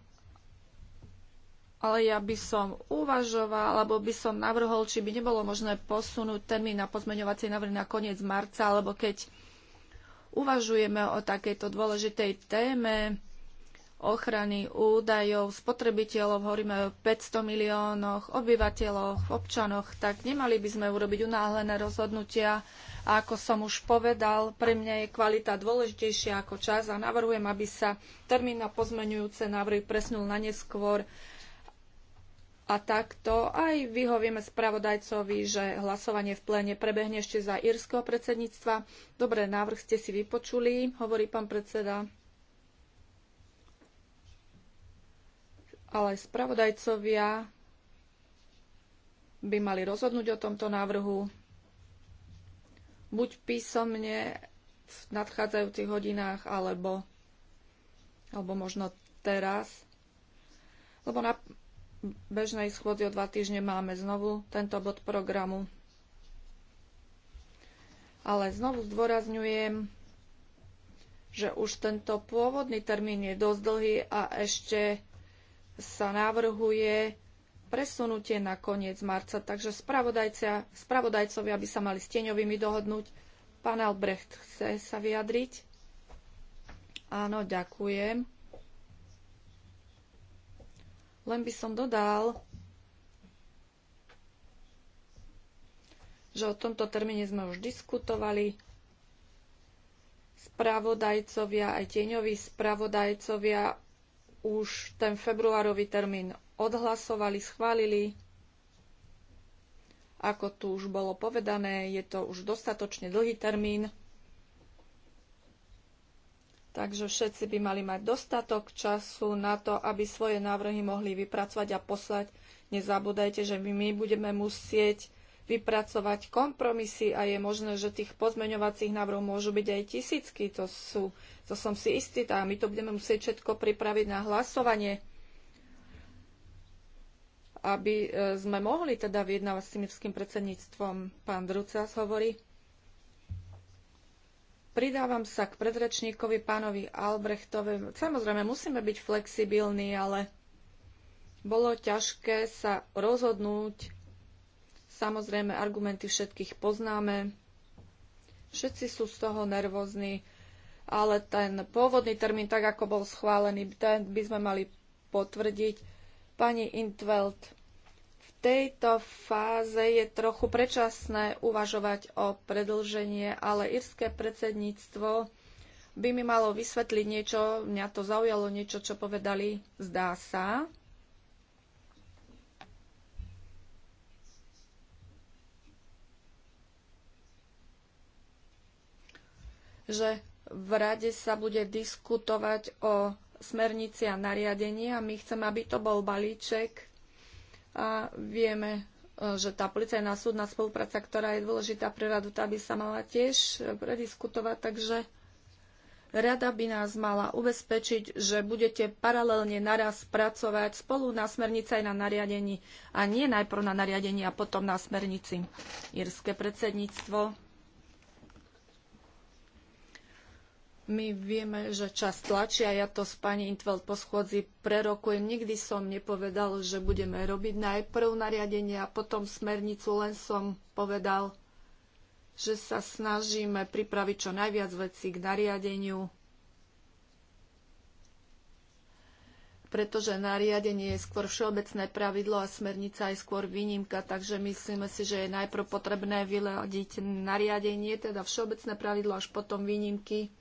ale ja by som uvažoval, alebo by som navrhol, či by nebolo možné posunúť termín na pozmeňovacie návrhy na koniec marca, alebo keď uvažujeme o takejto dôležitej téme ochrany údajov spotrebiteľov, hovoríme o 500 miliónoch obyvateľov, občanoch, tak nemali by sme urobiť unáhlené rozhodnutia. A ako som už povedal, pre mňa je kvalita dôležitejšia ako čas a navrhujem, aby sa termín na pozmeňujúce návrhy presnul na neskôr a takto aj vyhovieme spravodajcovi, že hlasovanie v pléne prebehne ešte za írskeho predsedníctva. Dobre, návrh ste si vypočuli, hovorí pán predseda. Ale spravodajcovia by mali rozhodnúť o tomto návrhu buď písomne v nadchádzajúcich hodinách, alebo, alebo možno teraz. Lebo na, bežnej schôdzi o dva týždne máme znovu tento bod programu. Ale znovu zdôrazňujem, že už tento pôvodný termín je dosť dlhý a ešte sa navrhuje presunutie na koniec marca. Takže spravodajcovia by sa mali s tieňovými dohodnúť. Pán Albrecht chce sa vyjadriť. Áno, ďakujem. Len by som dodal, že o tomto termíne sme už diskutovali. Spravodajcovia, aj tieňoví spravodajcovia už ten februárový termín odhlasovali, schválili. Ako tu už bolo povedané, je to už dostatočne dlhý termín. Takže všetci by mali mať dostatok času na to, aby svoje návrhy mohli vypracovať a poslať. Nezabúdajte, že my budeme musieť vypracovať kompromisy a je možné, že tých pozmeňovacích návrhov môžu byť aj tisícky. To, sú, to som si istý a my to budeme musieť všetko pripraviť na hlasovanie, aby e, sme mohli teda vyjednávať s tým predsedníctvom. Pán Drucas hovorí. Pridávam sa k predrečníkovi pánovi Albrechtovi. Samozrejme, musíme byť flexibilní, ale bolo ťažké sa rozhodnúť. Samozrejme, argumenty všetkých poznáme. Všetci sú z toho nervózni, ale ten pôvodný termín, tak ako bol schválený, ten by sme mali potvrdiť. Pani Intveld, tejto fáze je trochu predčasné uvažovať o predlženie, ale írske predsedníctvo by mi malo vysvetliť niečo, mňa to zaujalo niečo, čo povedali, zdá sa. že v rade sa bude diskutovať o smernici a nariadení a my chceme, aby to bol balíček a vieme, e, že tá policajná súdna spolupráca, ktorá je dôležitá pre radu, tá by sa mala tiež e, prediskutovať, takže rada by nás mala ubezpečiť, že budete paralelne naraz pracovať spolu na smernici aj na nariadení a nie najprv na nariadení a potom na smernici. Írske predsedníctvo My vieme, že čas tlačia, ja to s pani Intveld po schôdzi prerokujem. Nikdy som nepovedal, že budeme robiť najprv nariadenie a potom smernicu, len som povedal, že sa snažíme pripraviť čo najviac vecí k nariadeniu, pretože nariadenie je skôr všeobecné pravidlo a smernica je skôr výnimka, takže myslíme si, že je najprv potrebné vyladiť nariadenie, teda všeobecné pravidlo až potom výnimky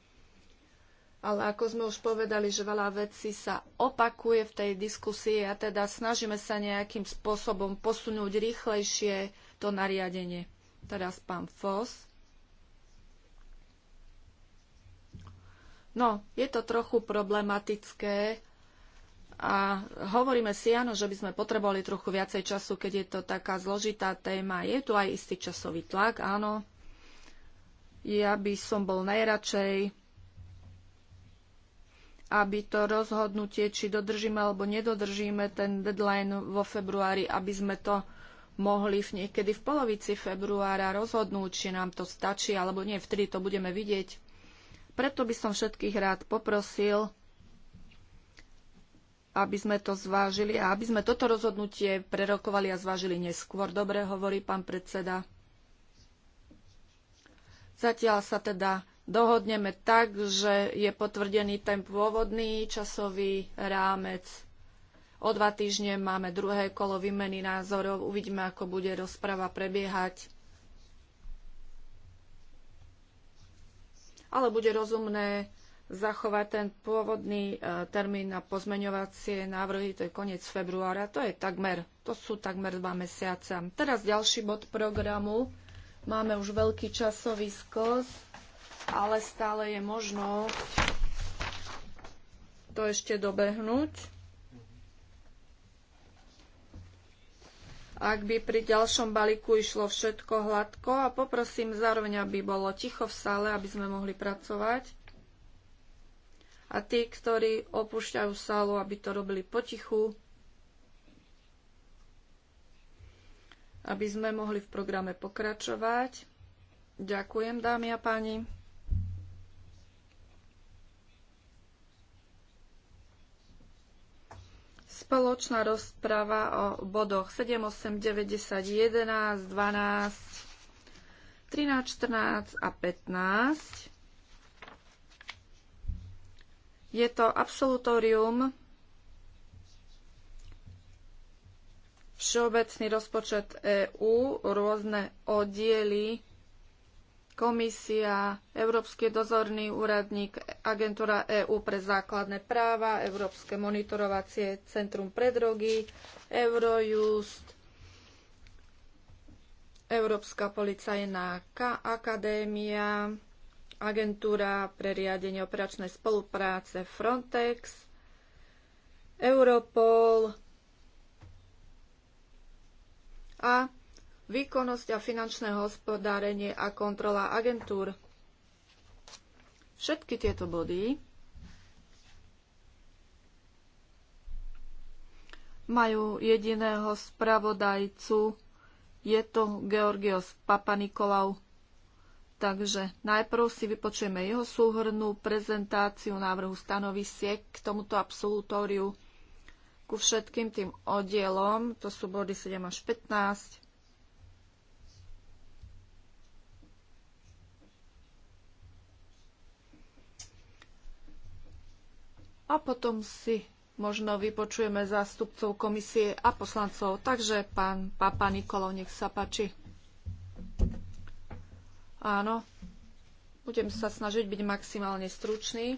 ale ako sme už povedali, že veľa vecí sa opakuje v tej diskusii a teda snažíme sa nejakým spôsobom posunúť rýchlejšie to nariadenie. Teraz pán Foss. No, je to trochu problematické a hovoríme si, áno, že by sme potrebovali trochu viacej času, keď je to taká zložitá téma. Je tu aj istý časový tlak, áno. Ja by som bol najradšej, aby to rozhodnutie, či dodržíme alebo nedodržíme ten deadline vo februári, aby sme to mohli v niekedy v polovici februára rozhodnúť, či nám to stačí alebo nie. Vtedy to budeme vidieť. Preto by som všetkých rád poprosil, aby sme to zvážili a aby sme toto rozhodnutie prerokovali a zvážili neskôr. Dobre hovorí pán predseda. Zatiaľ sa teda dohodneme tak, že je potvrdený ten pôvodný časový rámec. O dva týždne máme druhé kolo výmeny názorov. Uvidíme, ako bude rozprava prebiehať. Ale bude rozumné zachovať ten pôvodný e, termín na pozmeňovacie návrhy, to je koniec februára, to je takmer, to sú takmer dva mesiace. Teraz ďalší bod programu. Máme už veľký časový skos ale stále je možno to ešte dobehnúť. Ak by pri ďalšom balíku išlo všetko hladko a poprosím zároveň, aby bolo ticho v sále, aby sme mohli pracovať. A tí, ktorí opúšťajú sálu, aby to robili potichu, aby sme mohli v programe pokračovať. Ďakujem, dámy a páni. Spoločná rozprava o bodoch 7, 8, 10, 11, 12, 13, 14 a 15. Je to absolutorium. Všeobecný rozpočet EÚ, rôzne oddiely komisia, Európsky dozorný úradník, agentúra EÚ pre základné práva, Európske monitorovacie centrum pre drogy, Eurojust, Európska policajná akadémia, agentúra pre riadenie operačnej spolupráce Frontex, Europol a výkonnosť a finančné hospodárenie a kontrola agentúr. Všetky tieto body majú jediného spravodajcu, je to Georgios Papanikolaou. Takže najprv si vypočujeme jeho súhrnú prezentáciu návrhu stanovisiek k tomuto absolutóriu ku všetkým tým oddielom, to sú body 7 až 15. a potom si možno vypočujeme zástupcov komisie a poslancov. Takže pán Papa Nikolov, nech sa páči. Áno, budem sa snažiť byť maximálne stručný.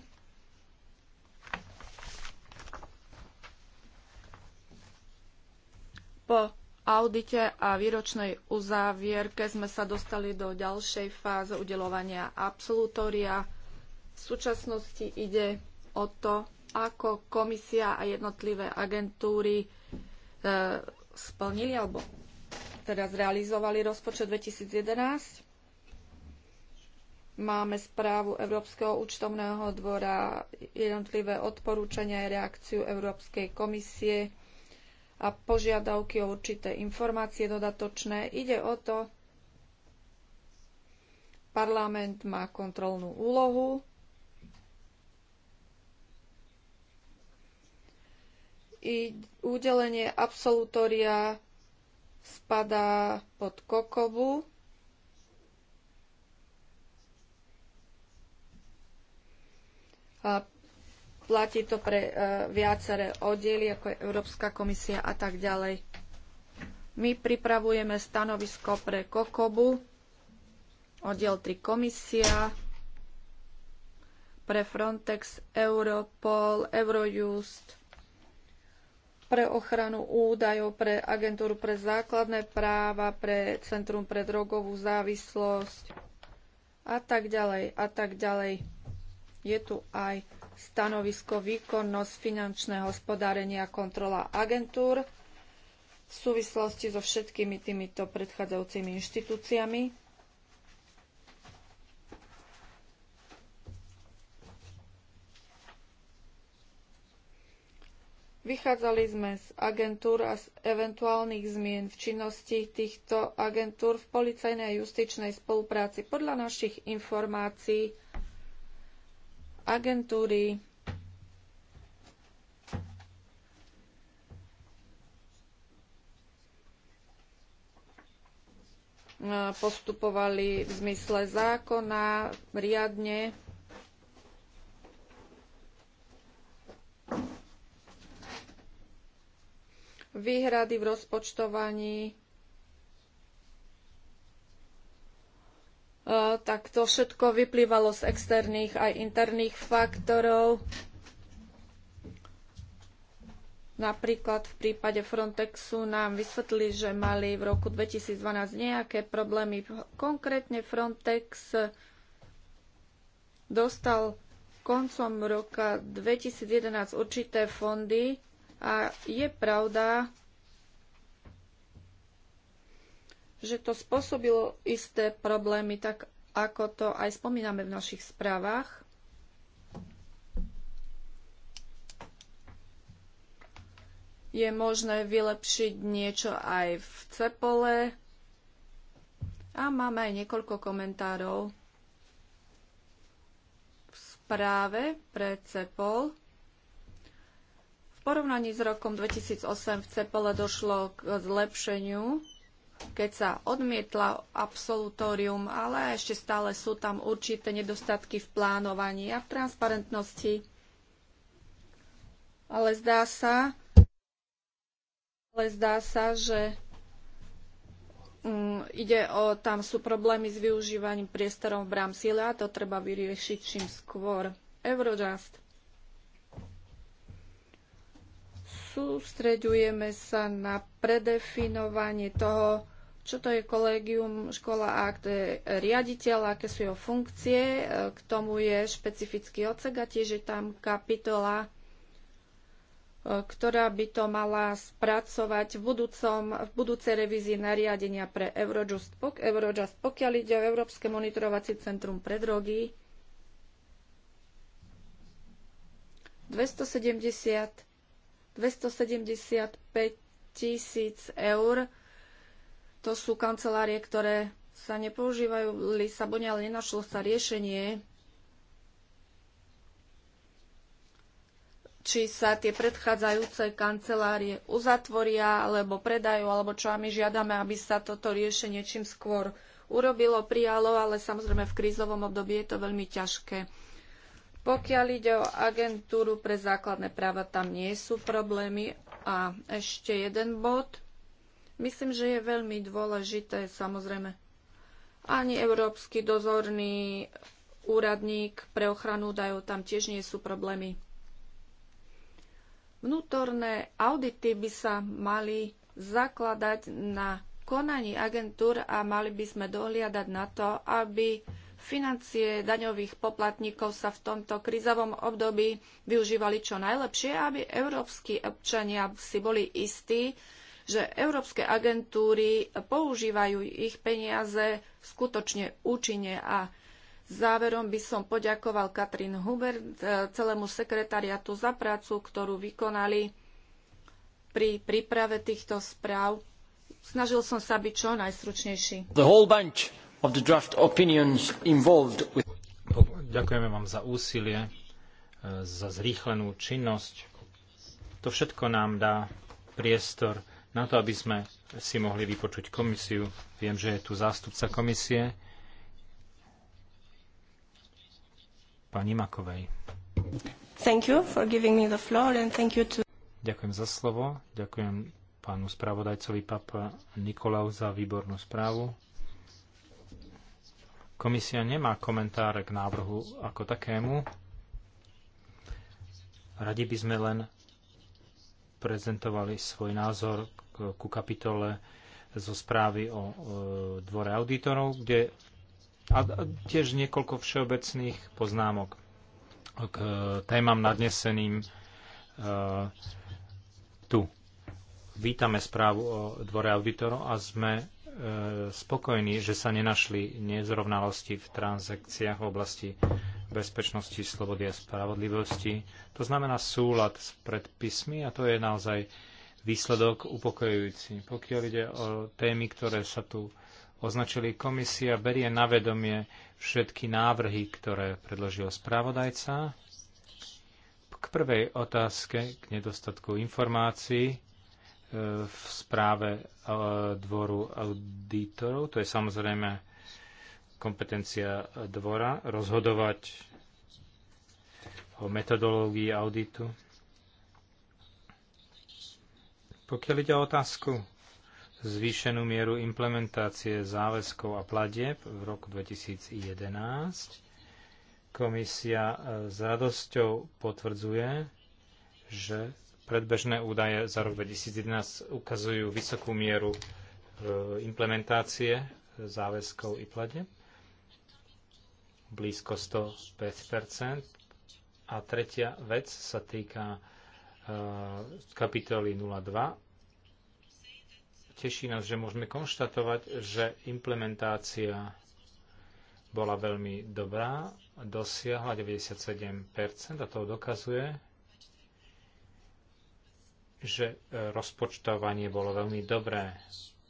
Po audite a výročnej uzávierke sme sa dostali do ďalšej fáze udelovania absolutória. V súčasnosti ide o to, ako komisia a jednotlivé agentúry e, splnili alebo teda zrealizovali rozpočet 2011. Máme správu Európskeho účtovného dvora, jednotlivé odporúčania a reakciu Európskej komisie a požiadavky o určité informácie dodatočné. Ide o to, parlament má kontrolnú úlohu i udelenie absolutória spadá pod Kokobu. A platí to pre e, viaceré oddiely, ako je Európska komisia a tak ďalej. My pripravujeme stanovisko pre Kokobu, oddiel 3 komisia, pre Frontex, Europol, Eurojust, pre ochranu údajov, pre agentúru pre základné práva, pre Centrum pre drogovú závislosť a tak ďalej a tak ďalej. Je tu aj stanovisko výkonnosť finančné hospodárenie a kontrola agentúr v súvislosti so všetkými týmito predchádzajúcimi inštitúciami. Vychádzali sme z agentúr a z eventuálnych zmien v činnosti týchto agentúr v policajnej a justičnej spolupráci. Podľa našich informácií agentúry postupovali v zmysle zákona riadne výhrady v rozpočtovaní, e, tak to všetko vyplývalo z externých aj interných faktorov. Napríklad v prípade Frontexu nám vysvetli, že mali v roku 2012 nejaké problémy. Konkrétne Frontex dostal koncom roka 2011 určité fondy a je pravda, že to spôsobilo isté problémy, tak ako to aj spomíname v našich správach. Je možné vylepšiť niečo aj v cepole. A máme aj niekoľko komentárov v správe pre cepol porovnaní s rokom 2008 v Cepele došlo k zlepšeniu, keď sa odmietla absolutórium, ale ešte stále sú tam určité nedostatky v plánovaní a v transparentnosti. Ale zdá sa, ale zdá sa, že um, ide o, tam sú problémy s využívaním priestorom v rámci e a to treba vyriešiť čím skôr. Eurojust. sústreďujeme sa na predefinovanie toho, čo to je kolégium, škola a kto je riaditeľ, aké sú jeho funkcie. K tomu je špecifický odsek a tiež je tam kapitola, e, ktorá by to mala spracovať v, budúcom, v budúcej revízii nariadenia pre Eurojust. Eurojust. Pokiaľ ide o Európske monitorovacie centrum pre drogy, 270 275 tisíc eur. To sú kancelárie, ktoré sa nepoužívajú v Lisabone, ale nenašlo sa riešenie, či sa tie predchádzajúce kancelárie uzatvoria, alebo predajú, alebo čo. A my žiadame, aby sa toto riešenie čím skôr urobilo, prijalo, ale samozrejme v krízovom období je to veľmi ťažké. Pokiaľ ide o agentúru pre základné práva, tam nie sú problémy. A ešte jeden bod. Myslím, že je veľmi dôležité, samozrejme, ani Európsky dozorný úradník pre ochranu údajov, tam tiež nie sú problémy. Vnútorné audity by sa mali zakladať na konaní agentúr a mali by sme dohliadať na to, aby financie daňových poplatníkov sa v tomto krízovom období využívali čo najlepšie, aby európsky občania si boli istí, že európske agentúry používajú ich peniaze skutočne účinne a Záverom by som poďakoval Katrin Huber, e, celému sekretariatu za prácu, ktorú vykonali pri príprave týchto správ. Snažil som sa byť čo najstručnejší. The whole bunch. Ďakujeme vám za úsilie, e, za zrýchlenú činnosť. To všetko nám dá priestor na to, aby sme si mohli vypočuť komisiu. Viem, že je tu zástupca komisie, pani Makovej. To... Ďakujem za slovo, ďakujem pánu spravodajcovi Papa Nikolau za výbornú správu. Komisia nemá komentáre k návrhu ako takému. Radi by sme len prezentovali svoj názor ku kapitole zo správy o dvore auditorov, kde a tiež niekoľko všeobecných poznámok k témam nadneseným e, tu. Vítame správu o dvore auditorov a sme E, spokojní, že sa nenašli nezrovnalosti v transakciách v oblasti bezpečnosti, slobody a spravodlivosti. To znamená súlad s predpismi a to je naozaj výsledok upokojujúci. Pokiaľ ide o témy, ktoré sa tu označili, komisia berie na vedomie všetky návrhy, ktoré predložil správodajca. K prvej otázke, k nedostatku informácií, v správe e, dvoru auditorov. To je samozrejme kompetencia dvora rozhodovať o metodológii auditu. Pokiaľ ide o otázku zvýšenú mieru implementácie záväzkov a platieb v roku 2011, komisia e, s radosťou potvrdzuje, že Predbežné údaje za rok 2011 ukazujú vysokú mieru e, implementácie e, záväzkov IPLADE, blízko 105 A tretia vec sa týka e, kapitoly 02. Teší nás, že môžeme konštatovať, že implementácia bola veľmi dobrá, dosiahla 97 a to dokazuje, že e, rozpočtovanie bolo veľmi dobré.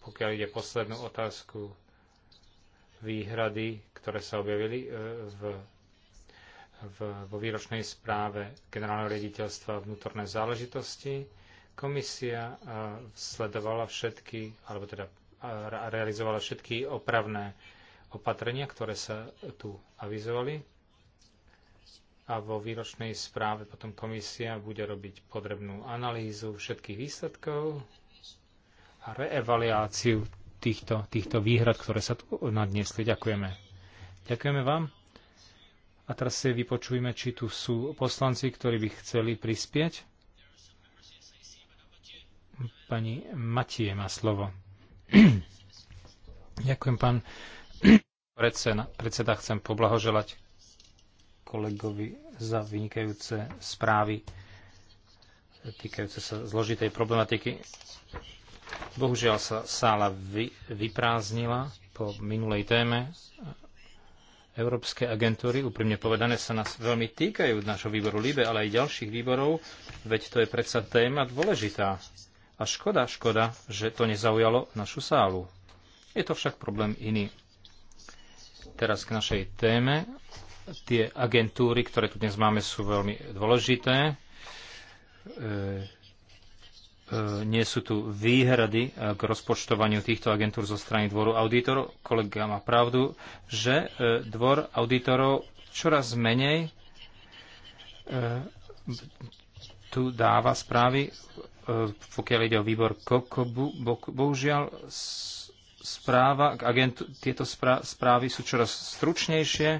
Pokiaľ ide poslednú otázku, výhrady, ktoré sa objavili e, v, v, vo výročnej správe Generálneho riaditeľstva vnútorné záležitosti, komisia e, sledovala všetky, alebo teda realizovala všetky opravné opatrenia, ktoré sa tu avizovali a vo výročnej správe potom komisia bude robiť podrebnú analýzu všetkých výsledkov a reevaliáciu týchto, týchto výhrad, ktoré sa tu nadniesli. Ďakujeme. Ďakujeme vám. A teraz si vypočujeme, či tu sú poslanci, ktorí by chceli prispieť. Pani Matie má slovo. [CLEARS THROAT] Ďakujem, pán [CLEARS THROAT] predseda. Chcem poblahoželať kolegovi za vynikajúce správy týkajúce sa zložitej problematiky. Bohužiaľ sa sála vy, vyprázdnila po minulej téme. Európske agentúry, úprimne povedané, sa nás veľmi týkajú nášho výboru LIBE, ale aj ďalších výborov, veď to je predsa téma dôležitá. A škoda, škoda, že to nezaujalo našu sálu. Je to však problém iný. Teraz k našej téme. Tie agentúry, ktoré tu dnes máme, sú veľmi dôležité. E, e, nie sú tu výhrady k rozpočtovaniu týchto agentúr zo strany dvoru auditorov. Kolega má pravdu, že e, dvor auditorov čoraz menej tu dáva správy, pokiaľ ide o výbor Kokobu. Bohužiaľ, správa, tieto správy sú čoraz stručnejšie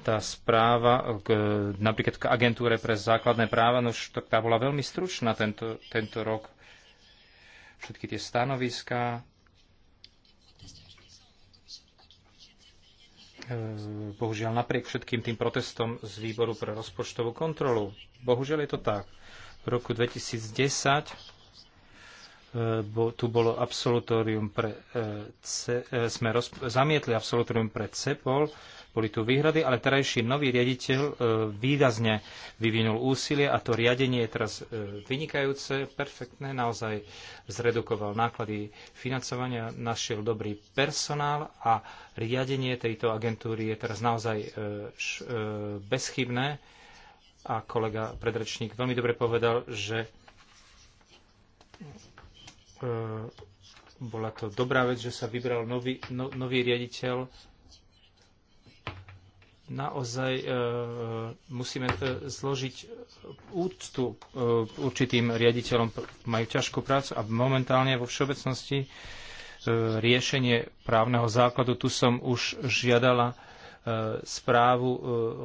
tá správa k, napríklad k agentúre pre základné práva, no tak tá bola veľmi stručná tento, tento rok. Všetky tie stanoviská. E, bohužiaľ, napriek všetkým tým protestom z výboru pre rozpočtovú kontrolu. Bohužiaľ je to tak. V roku 2010 e, tu bolo absolutórium pre, e, C, sme roz, zamietli absolutórium pre CEPOL, boli tu výhrady, ale terajší nový riaditeľ e, výrazne vyvinul úsilie a to riadenie je teraz e, vynikajúce, perfektné, naozaj zredukoval náklady financovania, našiel dobrý personál a riadenie tejto agentúry je teraz naozaj e, bezchybné a kolega predrečník veľmi dobre povedal, že bola to dobrá vec, že sa vybral nový, no, nový riaditeľ naozaj e, e musíme e, zložiť úctu e, určitým riaditeľom, majú ťažkú prácu a momentálne vo všeobecnosti e, riešenie právneho základu, tu som už žiadala e, správu e,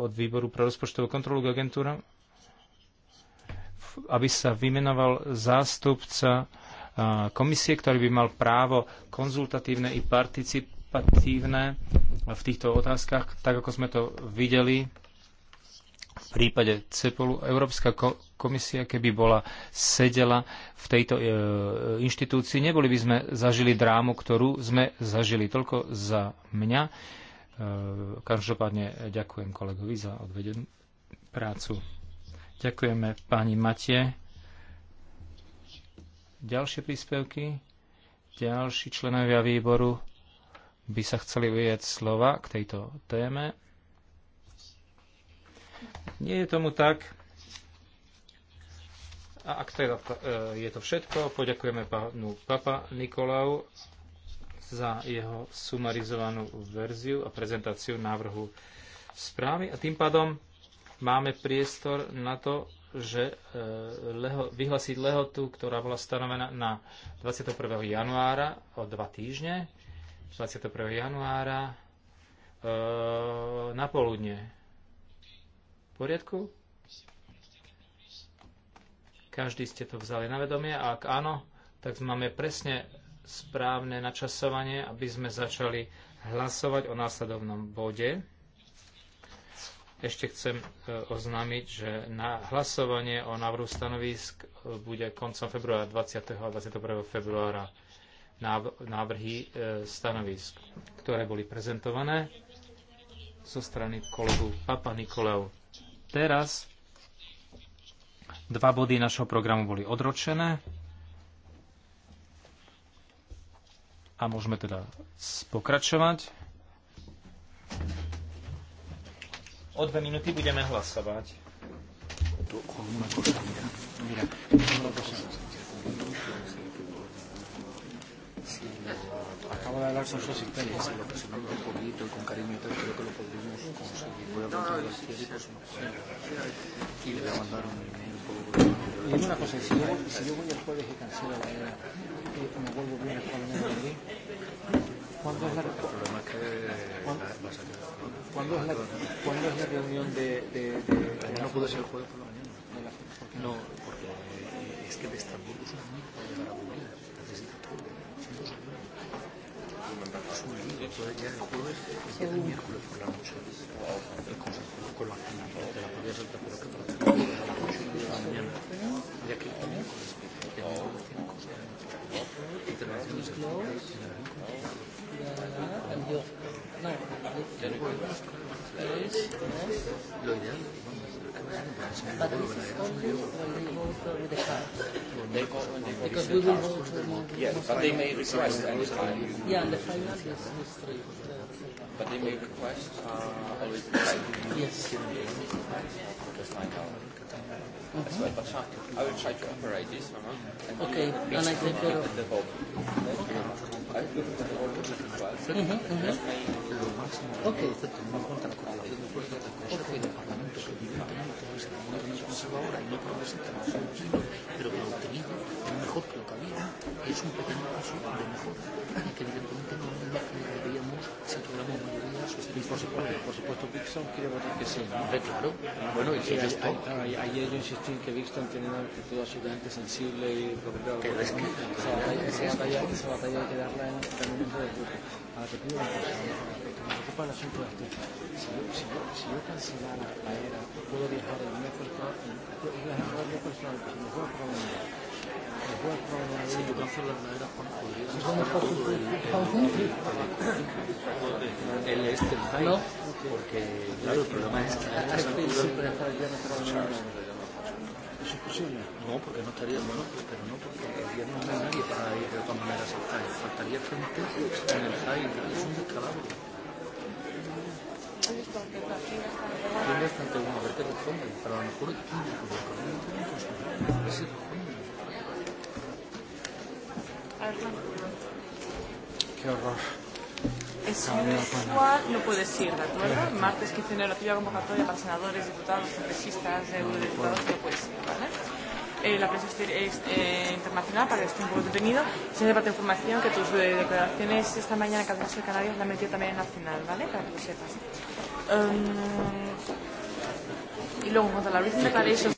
od výboru pre rozpočtovú kontrolu k agentúram, aby sa vymenoval zástupca e, komisie, ktorý by mal právo konzultatívne i participatívne v týchto otázkach, tak ako sme to videli v prípade CEPOLu. Európska komisia, keby bola sedela v tejto e, inštitúcii, neboli by sme zažili drámu, ktorú sme zažili. Toľko za mňa. E, každopádne ďakujem kolegovi za odvedenú prácu. Ďakujeme pani Matie. Ďalšie príspevky? Ďalší členovia výboru? by sa chceli ujať slova k tejto téme. Nie je tomu tak. A ak teda e, je to všetko, poďakujeme pánu Papa Nikolau za jeho sumarizovanú verziu a prezentáciu návrhu správy. A tým pádom máme priestor na to, že e, leho, vyhlasiť lehotu, ktorá bola stanovená na 21. januára o dva týždne, 21. januára e, na poludne. V poriadku? Každý ste to vzali na vedomie a ak áno, tak máme presne správne načasovanie, aby sme začali hlasovať o následovnom bode. Ešte chcem e, oznámiť, že na hlasovanie o návrhu stanovisk e, bude koncom februára 20. a 21. februára návrhy e, stanovisk, ktoré boli prezentované zo strany kolegu Papa Nikoleu. Teraz dva body našho programu boli odročené a môžeme teda pokračovať. O dve minúty budeme hlasovať. Mira, Sí, acabo de hablar con Sosi Pérez y lo presentamos un poquito y con cariño y tal, creo que lo podríamos conseguir. Voy a hablar con García y pues no sé. Y le voy a mandar un email un poco. Y dime una cosa, si yo, si yo voy el jueves y cancelo la manera, eh, ¿me vuelvo bien hasta la mañana de Madrid? ¿Cuándo es la El problema ¿Cuándo, es la, ¿cuándo es la reunión de, de, de, de No puede ser el jueves por la mañana. No? no, porque eh, es que de Estambul es un amigo llegar la Bulgaria. Lo ideal But this is only when the card. Because we will vote. Yes, but they may request any time. Yeah, and the final is this three. But they may request uh, always the time. Yes. Just find out. That's right, but I will try to operate this. Uh-huh. Okay, and I take care of the vote. Mm-hmm, mm-hmm. Okay. okay ahora y no, no progresista en los años pero que lo obtenido es mejor que lo que había, es un pequeño paso de mejor, y que evidentemente no es lo no que deberíamos si tuviéramos mayor Y por supuesto, por supuesto Bixon quiere votar que sí, ¿no? claro. Bueno, y si ellos ahí, Ayer yo insistí en que Bixton tiene una actitud absolutamente sensible y preocupada. Que es que esa batalla, esa, batalla, esa batalla hay que darla en el momento de grupo. Ahora te pido una cosa, ¿no? me preocupa el asunto este. Si yo, si yo, si yo cancelara la era, puedo viajar el miércoles, ¿no? puedo viajar ¿no? el miércoles, me juego con el juego con el... Si yo cancelo la era, Él es del país, ¿No? porque claro, el problema es que es imposible. No, porque no estaría, bueno, pero no, porque el día no hay nadie para ir de otra manera al país. Faltaría frente en el país, es un descalabro. Tiene bastante bueno, a ver qué responden, pero a lo mejor... Qué horror. Es Ursula, no puedes ir, ¿de acuerdo? ¿Qué? Martes 15 de enero, activa convocatoria para senadores, diputados, congresistas, no, no eurodiputados, no puedes ir, ¿vale? eh, la prensa eh, internacional para que esté un poco detenido. Se hace parte de información que tus eh, declaraciones esta mañana que has de Canarias la metió también en Nacional, ¿vale? Para que lo sepas. Um, y luego, en cuanto a la Written Declaration.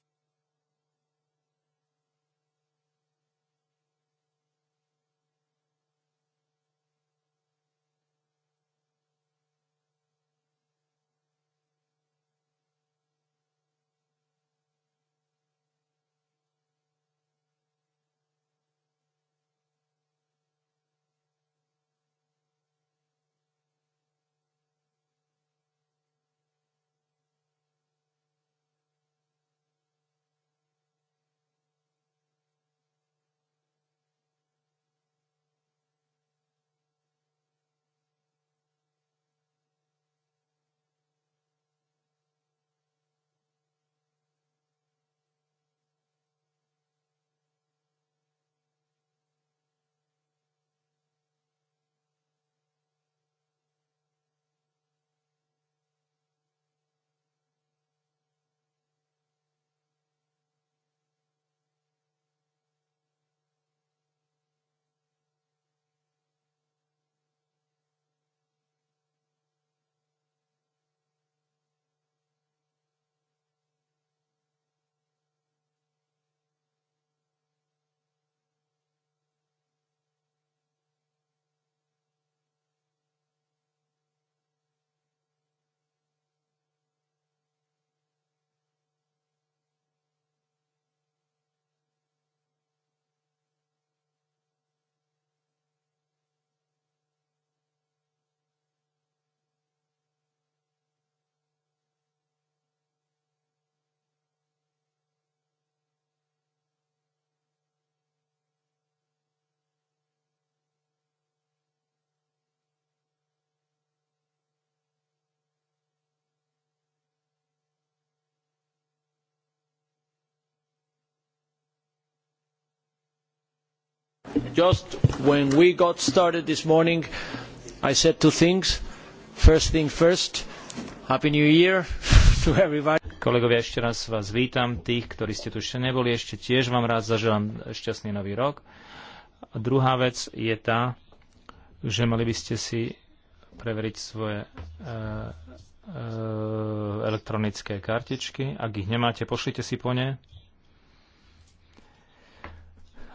Just when we got started this morning, I said two things. First thing first, Happy New Year [LAUGHS] to everybody. Kolegovia, ešte raz vás vítam. Tých, ktorí ste tu ešte neboli, ešte tiež vám rád zaželám šťastný nový rok. A druhá vec je tá, že mali by ste si preveriť svoje e, e, elektronické kartičky. Ak ich nemáte, pošlite si po ne.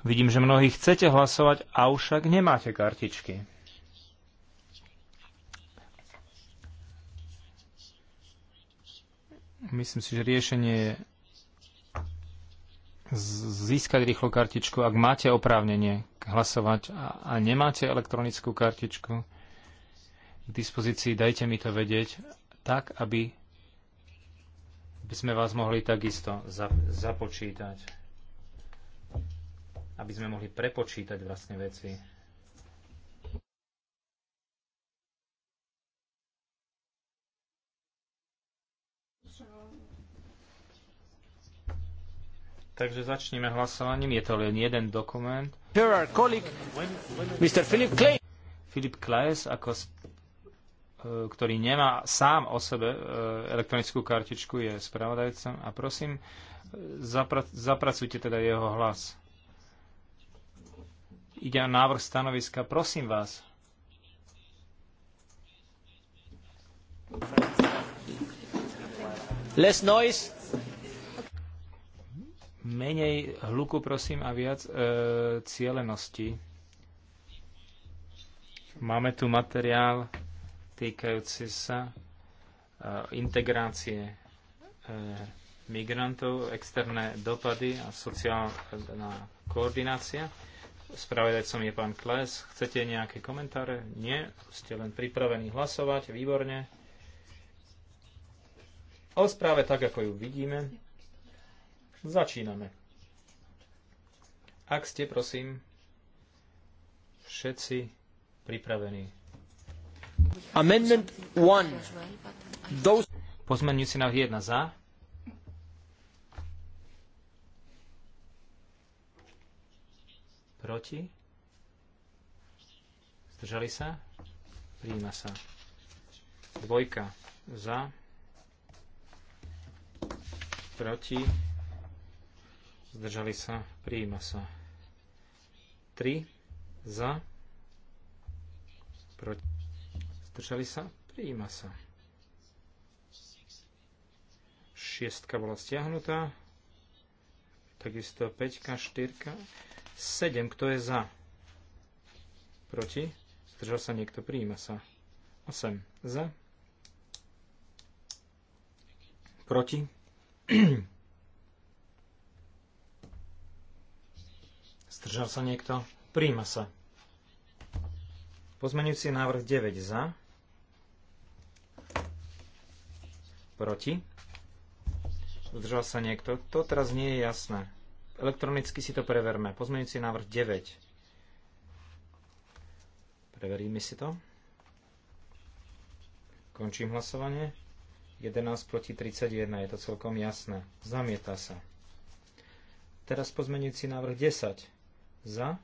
Vidím, že mnohí chcete hlasovať, a však nemáte kartičky. Myslím si, že riešenie je získať rýchlo kartičku, ak máte oprávnenie hlasovať a, nemáte elektronickú kartičku k dispozícii, dajte mi to vedieť tak, aby sme vás mohli takisto započítať aby sme mohli prepočítať vlastne veci. Takže začneme hlasovaním. Je to len jeden dokument. Mr. Philip Clay. Philip Claes, ako e, ktorý nemá sám o sebe e, elektronickú kartičku, je spravodajcom a prosím, zapra- zapracujte teda jeho hlas. Ide o návrh stanoviska. Prosím vás. Less noise. Menej hluku, prosím, a viac e, cielenosti. Máme tu materiál týkajúci sa e, integrácie e, migrantov, externé dopady a sociálna koordinácia. Spravedajcom je pán Kles. Chcete nejaké komentáre? Nie. Ste len pripravení hlasovať. Výborne. O správe tak, ako ju vidíme. Začíname. Ak ste, prosím, všetci pripravení. Amendment 1. Those... Pozmenujúci návrh 1 za Proti? Zdržali sa? Príjima sa. Dvojka za. Proti? Zdržali sa? Príjima sa. Tri. za. Proti? Zdržali sa? Príjima sa. Šiestka bola stiahnutá. Takisto 5, 4. 7. Kto je za? Proti? Zdržal sa niekto? Prijíma sa. 8. Za? Proti? [CLEARS THROAT] Zdržal sa niekto? Príjma sa. Pozmenujúci návrh 9 za. Proti. Zdržal sa niekto? To teraz nie je jasné. Elektronicky si to preverme. Pozmeňujúci návrh 9. Preveríme si to. Končím hlasovanie. 11 proti 31, je to celkom jasné. Zamieta sa. Teraz pozmeňujúci návrh 10. Za.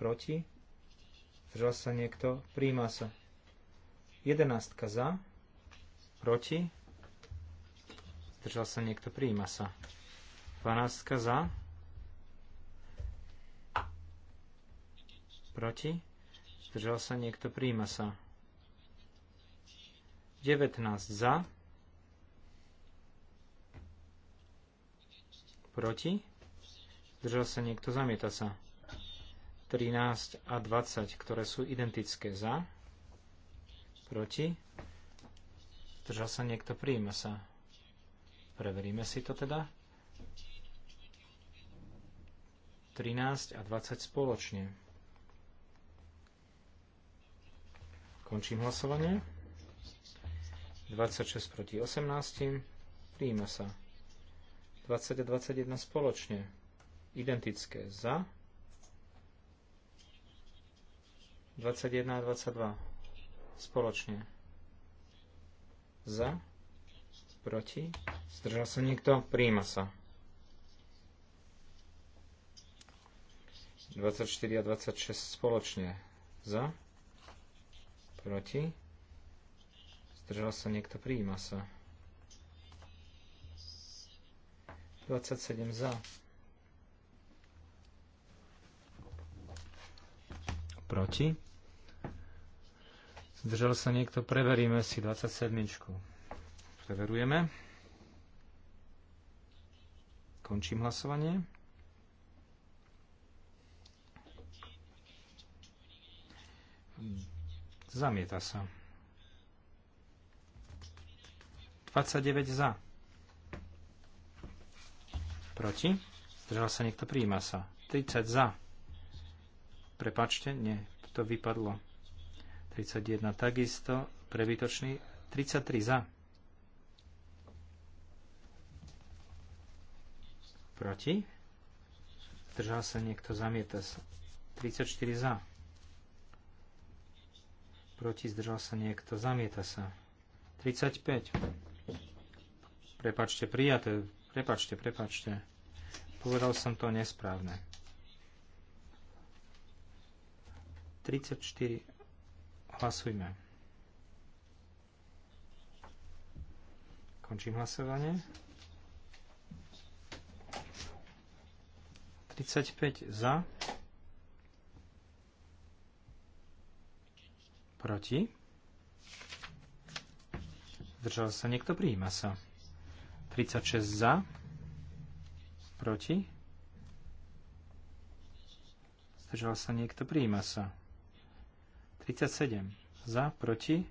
Proti. Zdržal sa niekto. Príjma sa. 11 za. Proti. Zdržal sa niekto. Príjma sa. 12 za. Proti. Zdržal sa niekto, príjma sa. 19 za. Proti. Zdržal sa niekto, zamieta sa. 13 a 20, ktoré sú identické za. Proti. Zdržal sa niekto, príjma sa. Preveríme si to teda. 13 a 20 spoločne. Končím hlasovanie. 26 proti 18. Príjima sa. 20 a 21 spoločne. Identické za. 21 a 22 spoločne. Za. Proti. Zdržal sa niekto? Príjima sa. 24 a 26 spoločne. Za? Proti? Zdržal sa niekto, prijíma sa. 27 za. Proti? Zdržal sa niekto, preveríme si 27. Preverujeme. Končím hlasovanie. Zamieta sa. 29 za. Proti. Zdržal sa niekto, príjma sa. 30 za. Prepačte, nie, to vypadlo. 31 takisto, prebytočný. 33 za. Proti. Zdržal sa niekto, zamieta sa. 34 za proti, zdržal sa niekto, zamieta sa. 35. Prepačte, prijaté, prepačte, prepačte. Povedal som to nesprávne. 34. Hlasujme. Končím hlasovanie. 35 za. Proti? Zdržal sa niekto? Prijíma sa. 36 za. Proti? Zdržal sa niekto? Prijíma sa. 37 za. Proti?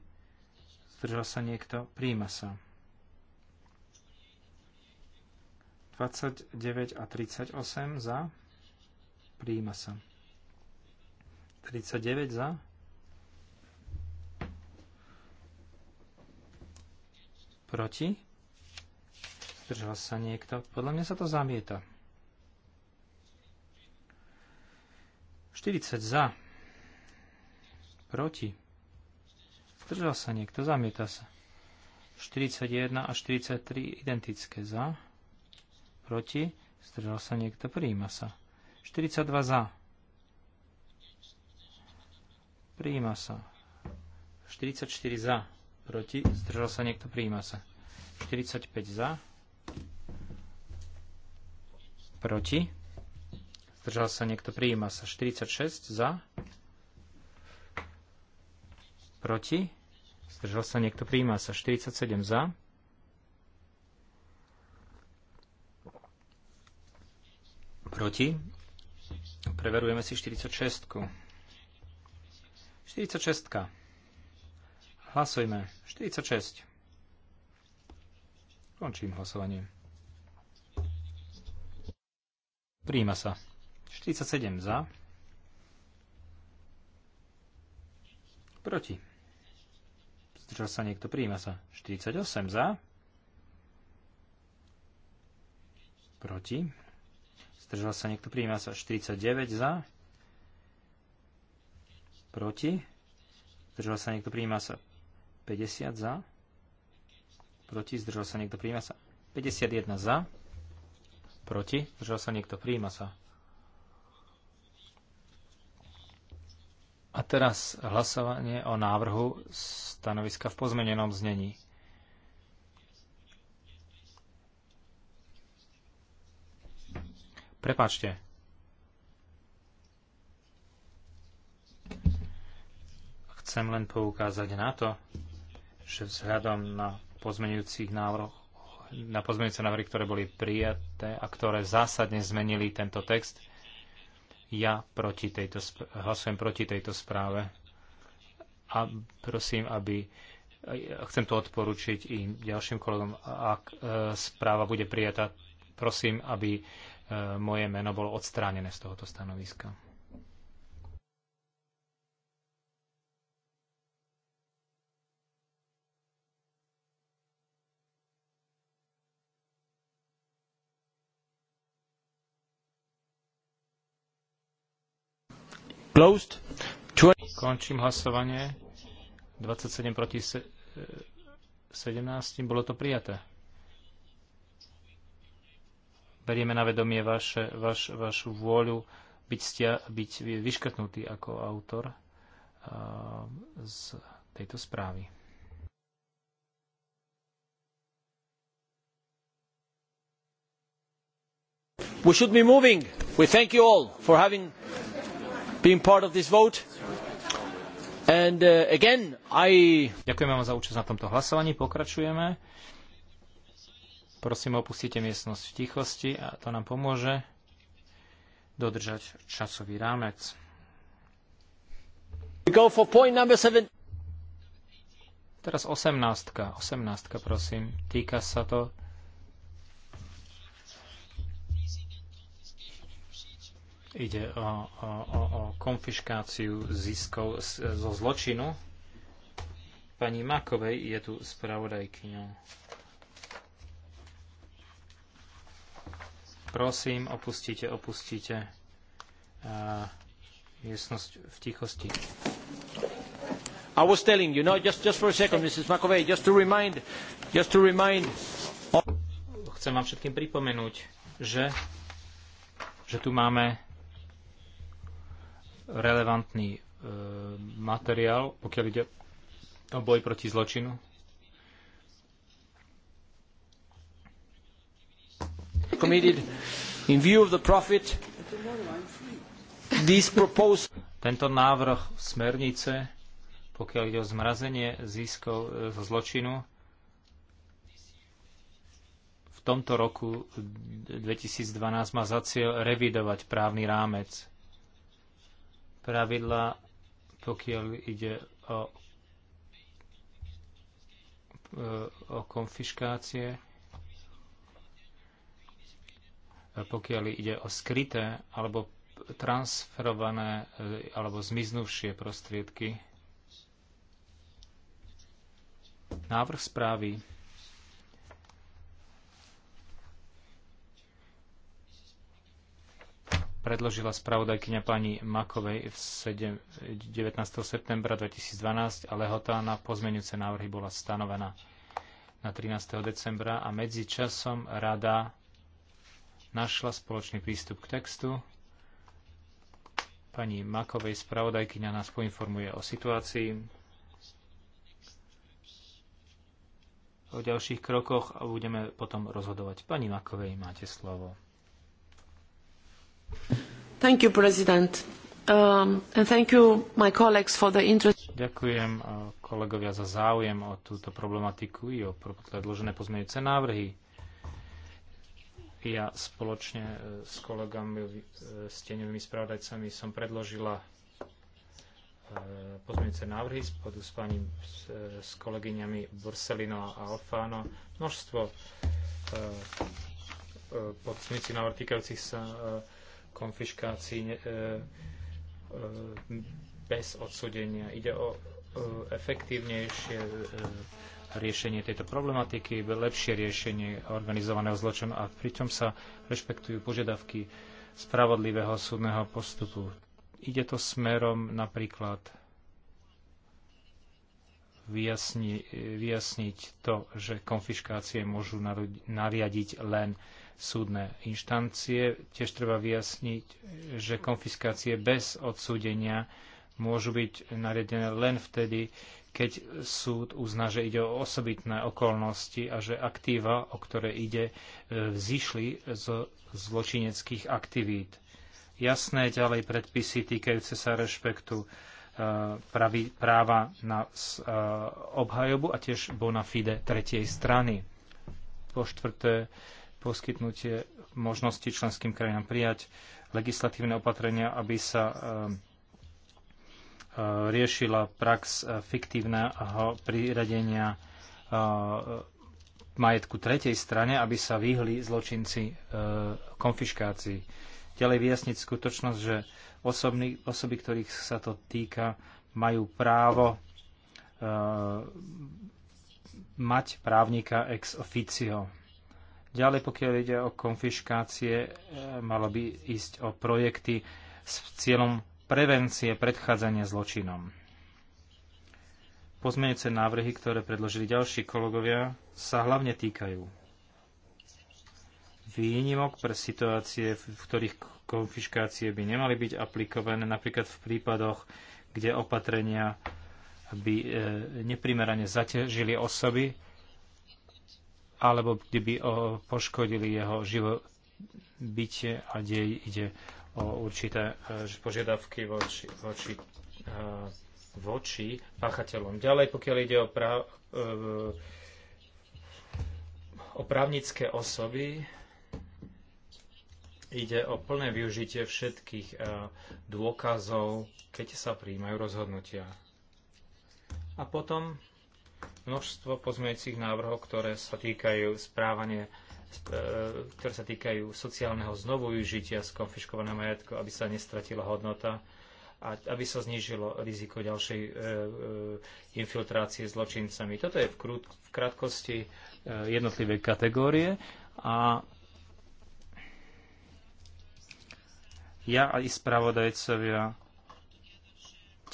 Zdržal sa niekto? Prijíma sa. 29 a 38 za. Prijíma sa. 39 za Proti? Zdržal sa niekto? Podľa mňa sa to zamieta. 40 za. Proti. Zdržal sa niekto? Zamieta sa. 41 a 43 identické za. Proti. Zdržal sa niekto? Prijíma sa. 42 za. Prijíma sa. 44 za proti, zdržal sa niekto, prijíma sa. 45 za, proti, zdržal sa niekto, prijíma sa. 46 za, proti, zdržal sa niekto, prijíma sa. 47 za, proti, preverujeme si 46. 46. Hlasujme. 46. Končím hlasovanie. Príjima sa. 47 za. Proti. Zdržal sa niekto, príjima sa. 48 za. Proti. Zdržal sa niekto, príjima sa. 49 za. Proti. Zdržal sa niekto, príjima sa. 50 za. Proti. Zdržal sa niekto. Príjma sa. 51 za. Proti. Zdržal sa niekto. Príjma sa. A teraz hlasovanie o návrhu stanoviska v pozmenenom znení. Prepačte. Chcem len poukázať na to, že vzhľadom na pozmenujúcich návrh, na pozmenujúce návrhy, ktoré boli prijaté a ktoré zásadne zmenili tento text, ja proti tejto, hlasujem proti tejto správe a prosím, aby chcem to odporučiť i ďalším kolegom, ak e, správa bude prijatá, prosím, aby e, moje meno bolo odstránené z tohoto stanoviska. Closed. Končím hlasovanie. 27 proti 17. Bolo to prijaté. Berieme na vedomie vaše, vaš, vašu vôľu byť, stia, byť vyškrtnutý ako autor uh, z tejto správy. We should be moving. We thank you all for having being part of this vote. And uh, again, I... Ďakujem vám za účasť na tomto hlasovaní. Pokračujeme. Prosím, opustite miestnosť v tichosti a to nám pomôže dodržať časový rámec. We go for point number seven. Teraz osemnástka osemnástka, prosím. Týka sa to Ide o, o, o konfiškáciu ziskov zo zločinu. Pani Makovej je tu spravodajkyňou. Prosím, opustite, opustite uh, miestnosť v tichosti. I was telling you, no, just, just for a second, Mrs. McAvey, just to remind, just to remind... Chcem vám všetkým pripomenúť, že, že tu máme relevantný e, materiál, pokiaľ ide o boj proti zločinu? in view of the profit, this proposed... Tento návrh smernice, pokiaľ ide o zmrazenie získov e, zo zločinu, v tomto roku 2012 má za cieľ revidovať právny rámec pravidla, pokiaľ ide o, o konfiškácie, pokiaľ ide o skryté alebo transferované e, alebo zmiznuvšie prostriedky. Návrh správy predložila spravodajkyňa pani Makovej 7, 19. septembra 2012 a lehota na pozmenujúce návrhy bola stanovená na 13. decembra a medzi časom rada našla spoločný prístup k textu. Pani Makovej spravodajkyňa nás poinformuje o situácii, o ďalších krokoch a budeme potom rozhodovať. Pani Makovej, máte slovo. Um, Ďakujem uh, kolegovia za záujem o túto problematiku i o predložené pozmeňujúce návrhy. Ja spoločne uh, s kolegami, uh, s teňovými spravodajcami som predložila pozmeňujúce návrhy spolu s, pani, s kolegyňami Borselino a Alfano. Množstvo pozmeňujúcich návrh týkajúcich sa konfiškácii e, e, bez odsudenia. Ide o e, efektívnejšie riešenie tejto problematiky, lepšie riešenie organizovaného zločinu a pritom sa rešpektujú požiadavky spravodlivého súdneho postupu. Ide to smerom napríklad vyjasni, vyjasniť to, že konfiškácie môžu nariadiť len súdne inštancie. Tiež treba vyjasniť, že konfiskácie bez odsúdenia môžu byť nariadené len vtedy, keď súd uzná, že ide o osobitné okolnosti a že aktíva, o ktoré ide, e, vzýšli zo zločineckých aktivít. Jasné ďalej predpisy týkajúce sa rešpektu e, pravi, práva na e, obhajobu a tiež bona fide tretej strany. Po štvrté, poskytnutie možnosti členským krajinám prijať legislatívne opatrenia, aby sa eh, eh, riešila prax eh, fiktívneho priradenia majetku tretej strane, aby sa vyhli zločinci konfiškácii. Ďalej vyjasniť skutočnosť, že osobný, osoby, ktorých sa to týka, majú právo mať právnika ex officio Ďalej, pokiaľ ide o konfiškácie, e, malo by ísť o projekty s cieľom prevencie predchádzania zločinom. Pozmeňujúce návrhy, ktoré predložili ďalší kolegovia, sa hlavne týkajú výnimok pre situácie, v ktorých konfiškácie by nemali byť aplikované, napríklad v prípadoch, kde opatrenia by e, neprimerane zaťažili osoby, alebo kde by poškodili jeho živobytie a kde ide o určité e, požiadavky voči, voči, e, voči páchateľom. Ďalej, pokiaľ ide o, prá, e, o právnické osoby, ide o plné využitie všetkých dôkazov, keď sa príjmajú rozhodnutia. A potom množstvo pozmeňujúcich návrhov, ktoré sa týkajú správania e, ktoré sa týkajú sociálneho znovu z skonfiškovaného majetku, aby sa nestratila hodnota a aby sa znížilo riziko ďalšej e, e, infiltrácie zločincami. Toto je v, krátkosti jednotlivé kategórie a ja aj spravodajcovia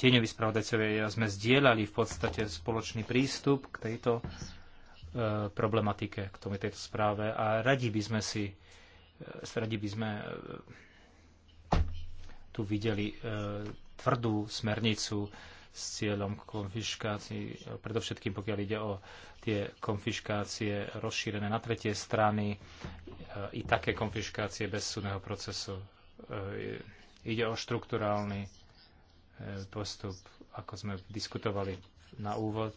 tieňoví spravodajcovia sme zdieľali v podstate spoločný prístup k tejto e, problematike, k tomu tejto správe a radi by sme si e, radi by sme e, tu videli tvrdú smernicu s cieľom konfiškácií, predovšetkým pokiaľ ide o tie konfiškácie rozšírené na tretie strany, i také konfiškácie bez súdneho procesu. Ide o štrukturálny. E, postup, ako sme diskutovali na úvod.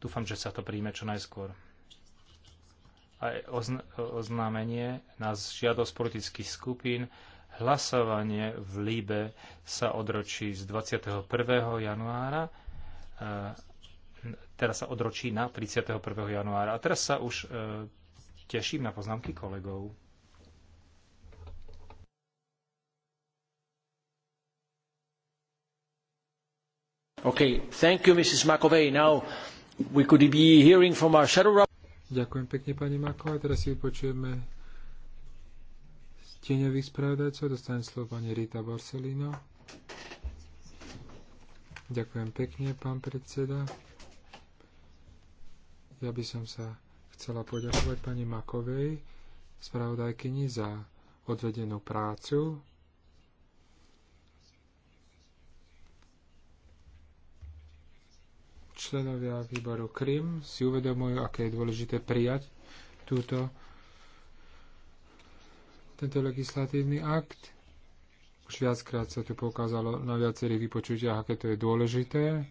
Dúfam, že sa to príjme čo najskôr. A oznámenie na žiadosť politických skupín hlasovanie v Líbe sa odročí z 21. januára e, teraz sa odročí na 31. januára. A teraz sa už e, teším na poznámky kolegov. Ďakujem pekne, pani Maková. Teraz si vypočujeme tieňových spravodajcov. Dostane slovo pani Rita Borsellino. Ďakujem pekne, pán predseda. Ja by som sa chcela poďakovať pani Makovej, spravodajkyni, za odvedenú prácu. členovia výboru Krym si uvedomujú, aké je dôležité prijať túto, tento legislatívny akt. Už viackrát sa tu pokázalo na viacerých vypočutiach, aké to je dôležité.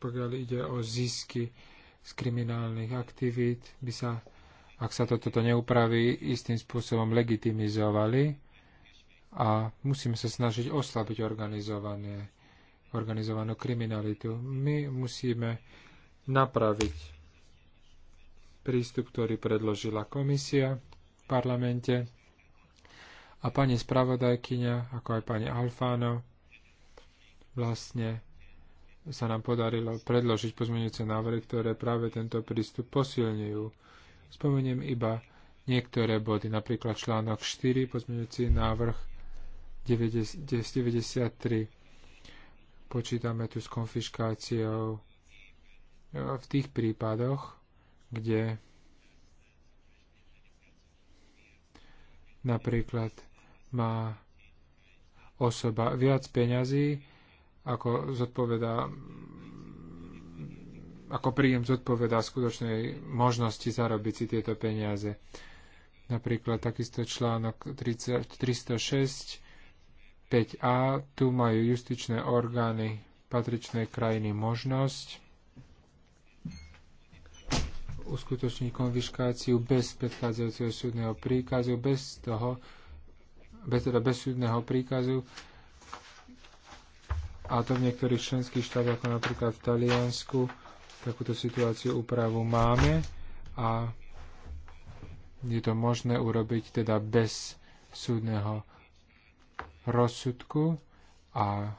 Pokiaľ ide o zisky z kriminálnych aktivít, by sa, ak sa toto neupraví, istým spôsobom legitimizovali a musíme sa snažiť oslabiť organizované, organizovanú kriminalitu. My musíme napraviť prístup, ktorý predložila komisia v parlamente a pani spravodajkyňa, ako aj pani Alfano, vlastne sa nám podarilo predložiť pozmeňujúce návrhy, ktoré práve tento prístup posilňujú. Spomeniem iba niektoré body, napríklad článok 4, pozmeňujúci návrh 93. Počítame tu s konfiškáciou e, v tých prípadoch, kde napríklad má osoba viac peňazí, ako zodpovedá ako príjem zodpovedá skutočnej možnosti zarobiť si tieto peniaze. Napríklad takisto článok 30, 306 5a, tu majú justičné orgány patričnej krajiny možnosť uskutočniť konfiškáciu bez predchádzajúceho súdneho príkazu, bez toho, bez, teda bez súdneho príkazu, a to v niektorých členských štátoch, ako napríklad v Taliansku, takúto situáciu úpravu máme a je to možné urobiť teda bez súdneho rozsudku a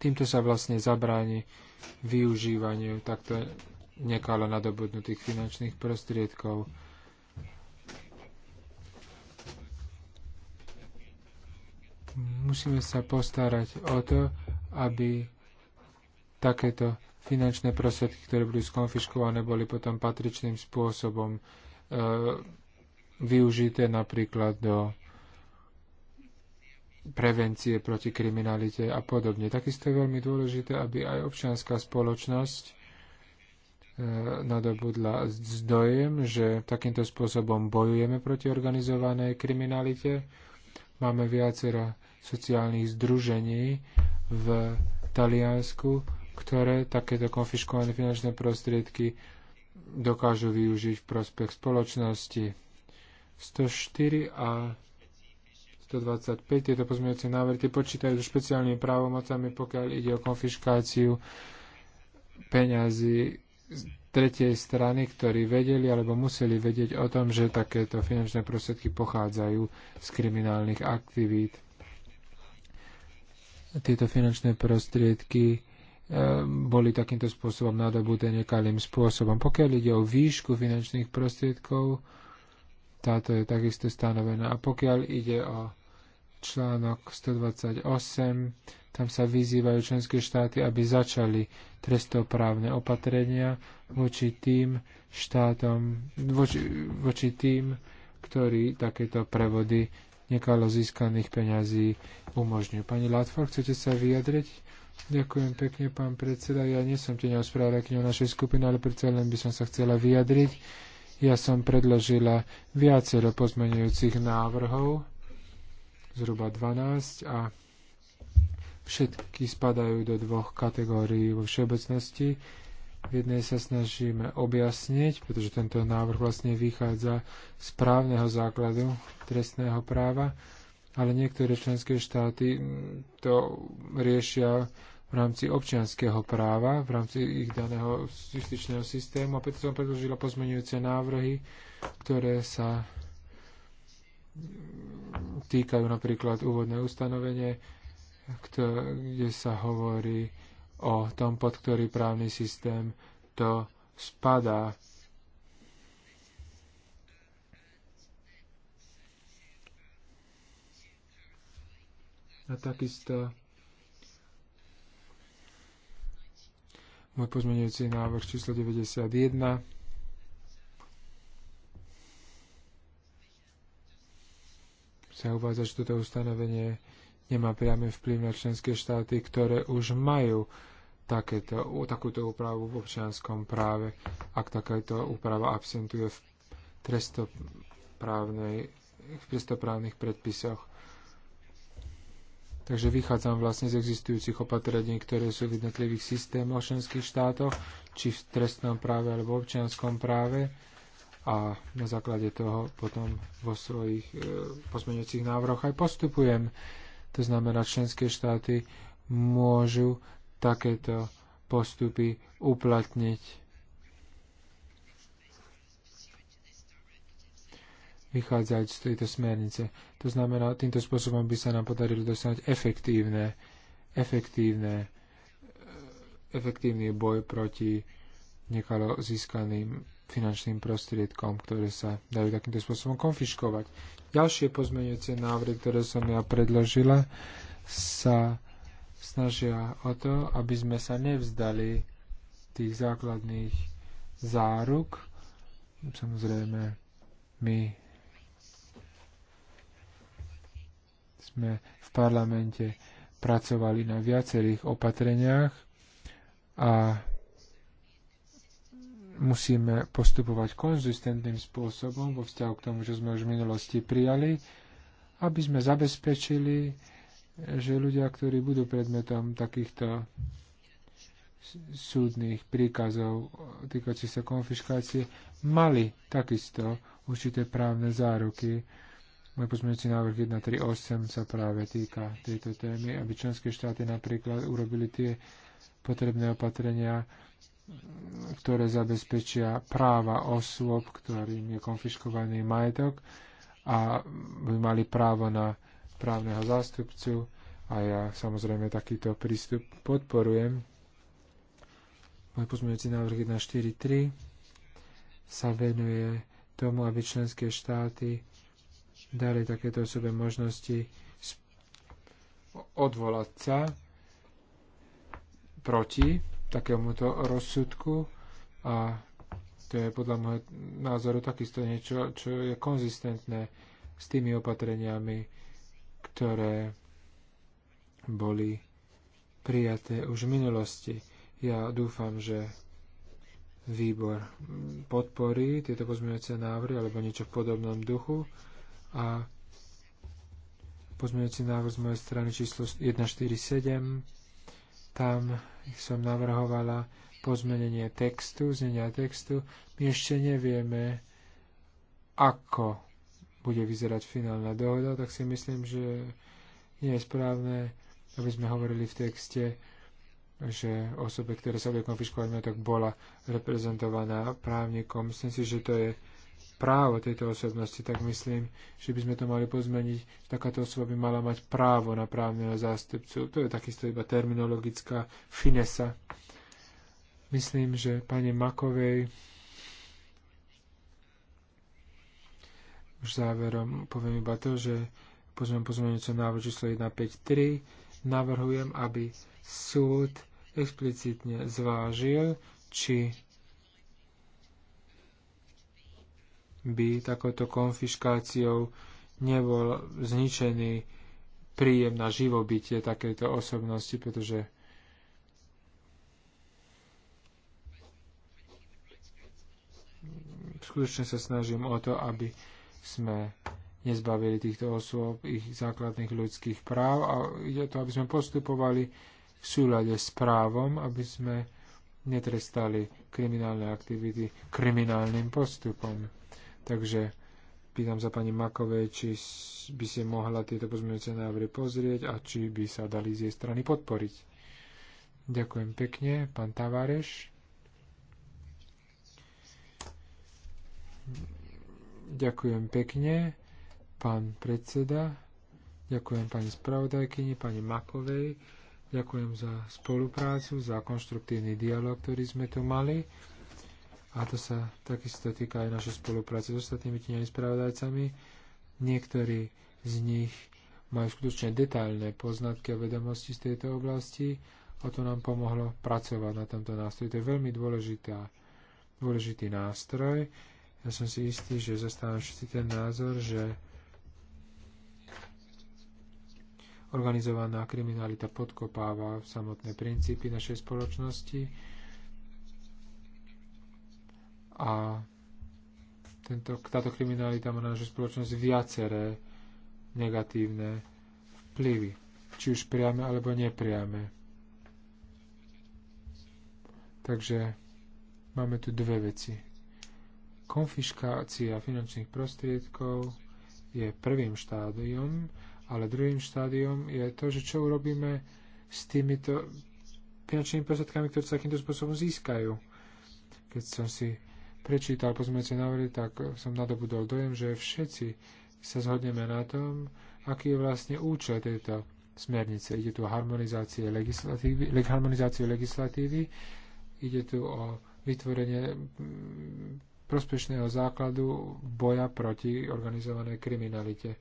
týmto sa vlastne zabráni využívaniu takto nekalo nadobudnutých finančných prostriedkov. Musíme sa postarať o to, aby takéto finančné prostriedky, ktoré budú skonfiškované, boli potom patričným spôsobom e, využité napríklad do prevencie proti kriminalite a podobne. Takisto je veľmi dôležité, aby aj občianská spoločnosť e, nadobudla zdojem, že takýmto spôsobom bojujeme proti organizovanej kriminalite. Máme viacero sociálnych združení v Taliansku, ktoré takéto konfiškované finančné prostriedky dokážu využiť v prospech spoločnosti. 104 a 125. Tieto pozmeňujúce návrhy tie počítajú so špeciálnymi právomocami, pokiaľ ide o konfiškáciu peňazí z tretej strany, ktorí vedeli alebo museli vedieť o tom, že takéto finančné prostriedky pochádzajú z kriminálnych aktivít. Tieto finančné prostriedky e, boli takýmto spôsobom nadobuté nekalým spôsobom. Pokiaľ ide o výšku finančných prostriedkov, táto je takisto stanovená. A pokiaľ ide o článok 128, tam sa vyzývajú členské štáty, aby začali trestoprávne opatrenia voči tým štátom, voči, voči tým, ktorí takéto prevody nekalo získaných peňazí umožňujú. Pani Latfor, chcete sa vyjadriť? Ďakujem pekne, pán predseda. Ja nie som teňou správodajkyňou našej skupiny, ale predsa len by som sa chcela vyjadriť ja som predložila viacero pozmenujúcich návrhov, zhruba 12, a všetky spadajú do dvoch kategórií vo všeobecnosti. V jednej sa snažíme objasniť, pretože tento návrh vlastne vychádza z právneho základu trestného práva, ale niektoré členské štáty to riešia v rámci občianského práva, v rámci ich daného justičného systému a preto som predložila pozmenujúce návrhy, ktoré sa týkajú napríklad úvodné ustanovenie, kde sa hovorí o tom, pod ktorý právny systém to spadá. A takisto môj pozmeňujúci návrh číslo 91. Sa uvádza, že toto ustanovenie nemá priamy vplyv na členské štáty, ktoré už majú takéto, takúto úpravu v občianskom práve, ak takáto úprava absentuje v trestoprávnej v trestoprávnych predpisoch. Takže vychádzam vlastne z existujúcich opatrení, ktoré sú v jednotlivých systémoch členských štátoch, či v trestnom práve alebo v občianskom práve a na základe toho potom vo svojich e, pozmeňujúcich návrhoch aj postupujem. To znamená, členské štáty môžu takéto postupy uplatniť vychádzať z tejto smernice. To znamená, týmto spôsobom by sa nám podarilo dosiahnuť efektívne, efektívne, efektívny boj proti nekalo získaným finančným prostriedkom, ktoré sa dajú takýmto spôsobom konfiškovať. Ďalšie pozmeňujúce návrhy, ktoré som ja predložila, sa snažia o to, aby sme sa nevzdali tých základných záruk. Samozrejme, my sme v parlamente pracovali na viacerých opatreniach a musíme postupovať konzistentným spôsobom vo vzťahu k tomu, čo sme už v minulosti prijali, aby sme zabezpečili, že ľudia, ktorí budú predmetom takýchto súdnych príkazov týkajúcich sa konfiškácie, mali takisto určité právne záruky. Môj pozmeňujúci návrh 138 sa práve týka tejto témy, aby členské štáty napríklad urobili tie potrebné opatrenia, ktoré zabezpečia práva osôb, ktorým je konfiškovaný majetok a by mali právo na právneho zástupcu a ja samozrejme takýto prístup podporujem. Môj pozmeňujúci návrh 143 sa venuje tomu, aby členské štáty dali takéto osobe možnosti odvolať sa proti takémuto rozsudku a to je podľa môjho názoru takisto niečo, čo je konzistentné s tými opatreniami, ktoré boli prijaté už v minulosti. Ja dúfam, že výbor podporí tieto pozmeňujúce návrhy alebo niečo v podobnom duchu a pozmeňujúci návrh z mojej strany číslo 147. Tam som navrhovala pozmenenie textu, znenia textu. My ešte nevieme, ako bude vyzerať finálna dohoda, tak si myslím, že nie je správne, aby sme hovorili v texte, že osobe, ktoré sa bude konfiškovať tak bola reprezentovaná právnikom. Myslím si, že to je právo tejto osobnosti, tak myslím, že by sme to mali pozmeniť. Takáto osoba by mala mať právo na právneho zástupcu. To je takisto iba terminologická finesa. Myslím, že pani Makovej už záverom poviem iba to, že pozvem pozmeňujúce návrh číslo 153. Navrhujem, aby súd explicitne zvážil, či by takouto konfiškáciou nebol zničený príjem na živobytie takejto osobnosti, pretože skutočne sa snažím o to, aby sme nezbavili týchto osôb ich základných ľudských práv a ide to, aby sme postupovali v súľade s právom, aby sme netrestali kriminálne aktivity kriminálnym postupom. Takže pýtam sa pani Makovej, či by si mohla tieto pozmeňujúce návrhy pozrieť a či by sa dali z jej strany podporiť. Ďakujem pekne, pán Tavareš. Ďakujem pekne, pán predseda. Ďakujem pani spravodajkyni, pani Makovej. Ďakujem za spoluprácu, za konštruktívny dialog, ktorý sme tu mali a to sa takisto týka aj našej spolupráce s ostatnými tieňami spravodajcami. Niektorí z nich majú skutočne detailné poznatky a vedomosti z tejto oblasti a to nám pomohlo pracovať na tomto nástroji. To je veľmi dôležitá, dôležitý nástroj. Ja som si istý, že zastávam všetci ten názor, že organizovaná kriminalita podkopáva samotné princípy našej spoločnosti a tento, táto kriminalita má na našu spoločnosť viaceré negatívne vplyvy, či už priame alebo nepriame. Takže máme tu dve veci. Konfiškácia finančných prostriedkov je prvým štádiom, ale druhým štádiom je to, že čo urobíme s týmito finančnými prostriedkami, ktoré sa takýmto spôsobom získajú. Keď som si prečítal pozmeňujúce návrhy, tak som nadobudol dojem, že všetci sa zhodneme na tom, aký je vlastne účel tejto smernice. Ide tu o harmonizácie legislatívy, harmonizáciu legislatívy, ide tu o vytvorenie prospešného základu boja proti organizovanej kriminalite.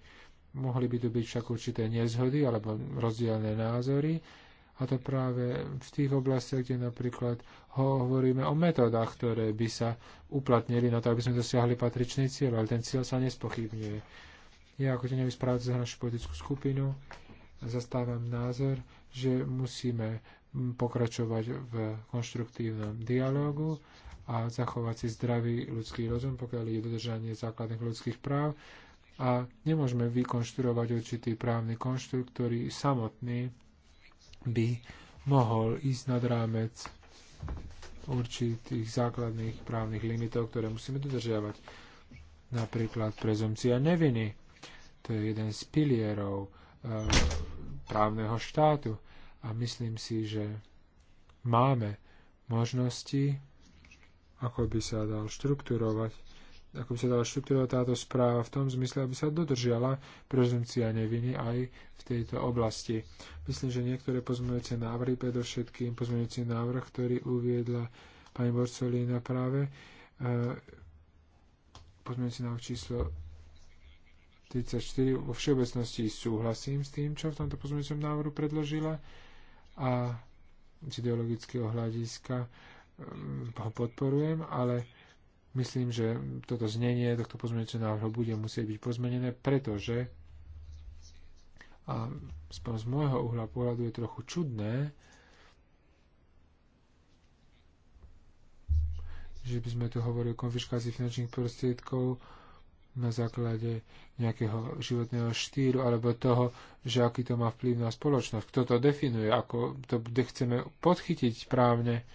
Mohli by tu byť však určité nezhody alebo rozdielne názory, a to práve v tých oblastiach, kde napríklad ho hovoríme o metodách, ktoré by sa uplatnili na to, aby sme dosiahli patričný cieľ, ale ten cieľ sa nespochybňuje. Ja ako tenevý správca za našu politickú skupinu zastávam názor, že musíme pokračovať v konštruktívnom dialogu a zachovať si zdravý ľudský rozum, pokiaľ je dodržanie základných ľudských práv. A nemôžeme vykonštruovať určitý právny konštrukt, ktorý samotný by mohol ísť nad rámec určitých základných právnych limitov, ktoré musíme dodržiavať. Napríklad prezumcia neviny. To je jeden z pilierov e, právneho štátu. A myslím si, že máme možnosti, ako by sa dal štrukturovať ako by sa dala štruktúrovať táto správa v tom zmysle, aby sa dodržiala prezumcia neviny aj v tejto oblasti. Myslím, že niektoré pozmeňujúce návrhy, predovšetkým pozmeňujúci návrh, ktorý uviedla pani Borcolina práve, e, pozmeňujúci návrh číslo 34, vo všeobecnosti súhlasím s tým, čo v tomto pozmeňujúcom návrhu predložila a z ideologického hľadiska e, ho podporujem, ale Myslím, že toto znenie tohto pozmeňujúceho návrhu bude musieť byť pozmenené, pretože a z môjho uhla pohľadu je trochu čudné, že by sme tu hovorili o konfiškácii finančných prostriedkov na základe nejakého životného štýlu alebo toho, že aký to má vplyv na spoločnosť. Kto to definuje, ako to chceme podchytiť právne,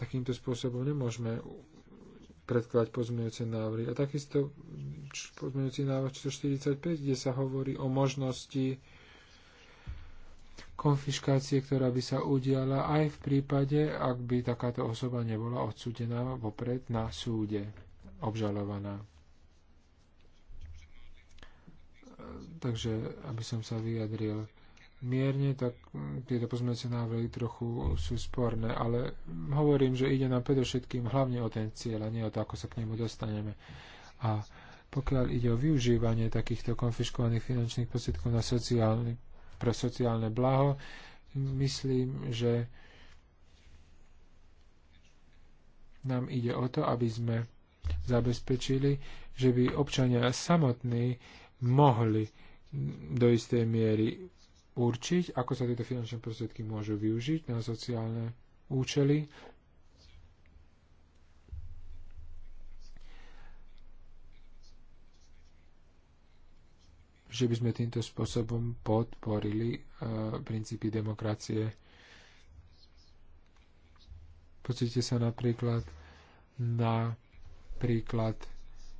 takýmto spôsobom nemôžeme predkladať pozmeňujúce návrhy. A takisto pozmeňujúci návrh číslo 45, kde sa hovorí o možnosti konfiškácie, ktorá by sa udiala aj v prípade, ak by takáto osoba nebola odsudená vopred na súde, obžalovaná. Takže, aby som sa vyjadril mierne, tak mm, tieto pozmeňujúce návrhy trochu sú sporné, ale hovorím, že ide nám predovšetkým hlavne o ten cieľ a nie o to, ako sa k nemu dostaneme. A pokiaľ ide o využívanie takýchto konfiškovaných finančných prostriedkov na sociálne, pre sociálne blaho, myslím, že nám ide o to, aby sme zabezpečili, že by občania samotní mohli do istej miery určiť, ako sa tieto finančné prostriedky môžu využiť na sociálne účely. že by sme týmto spôsobom podporili uh, princípy demokracie. Pozrite sa napríklad na príklad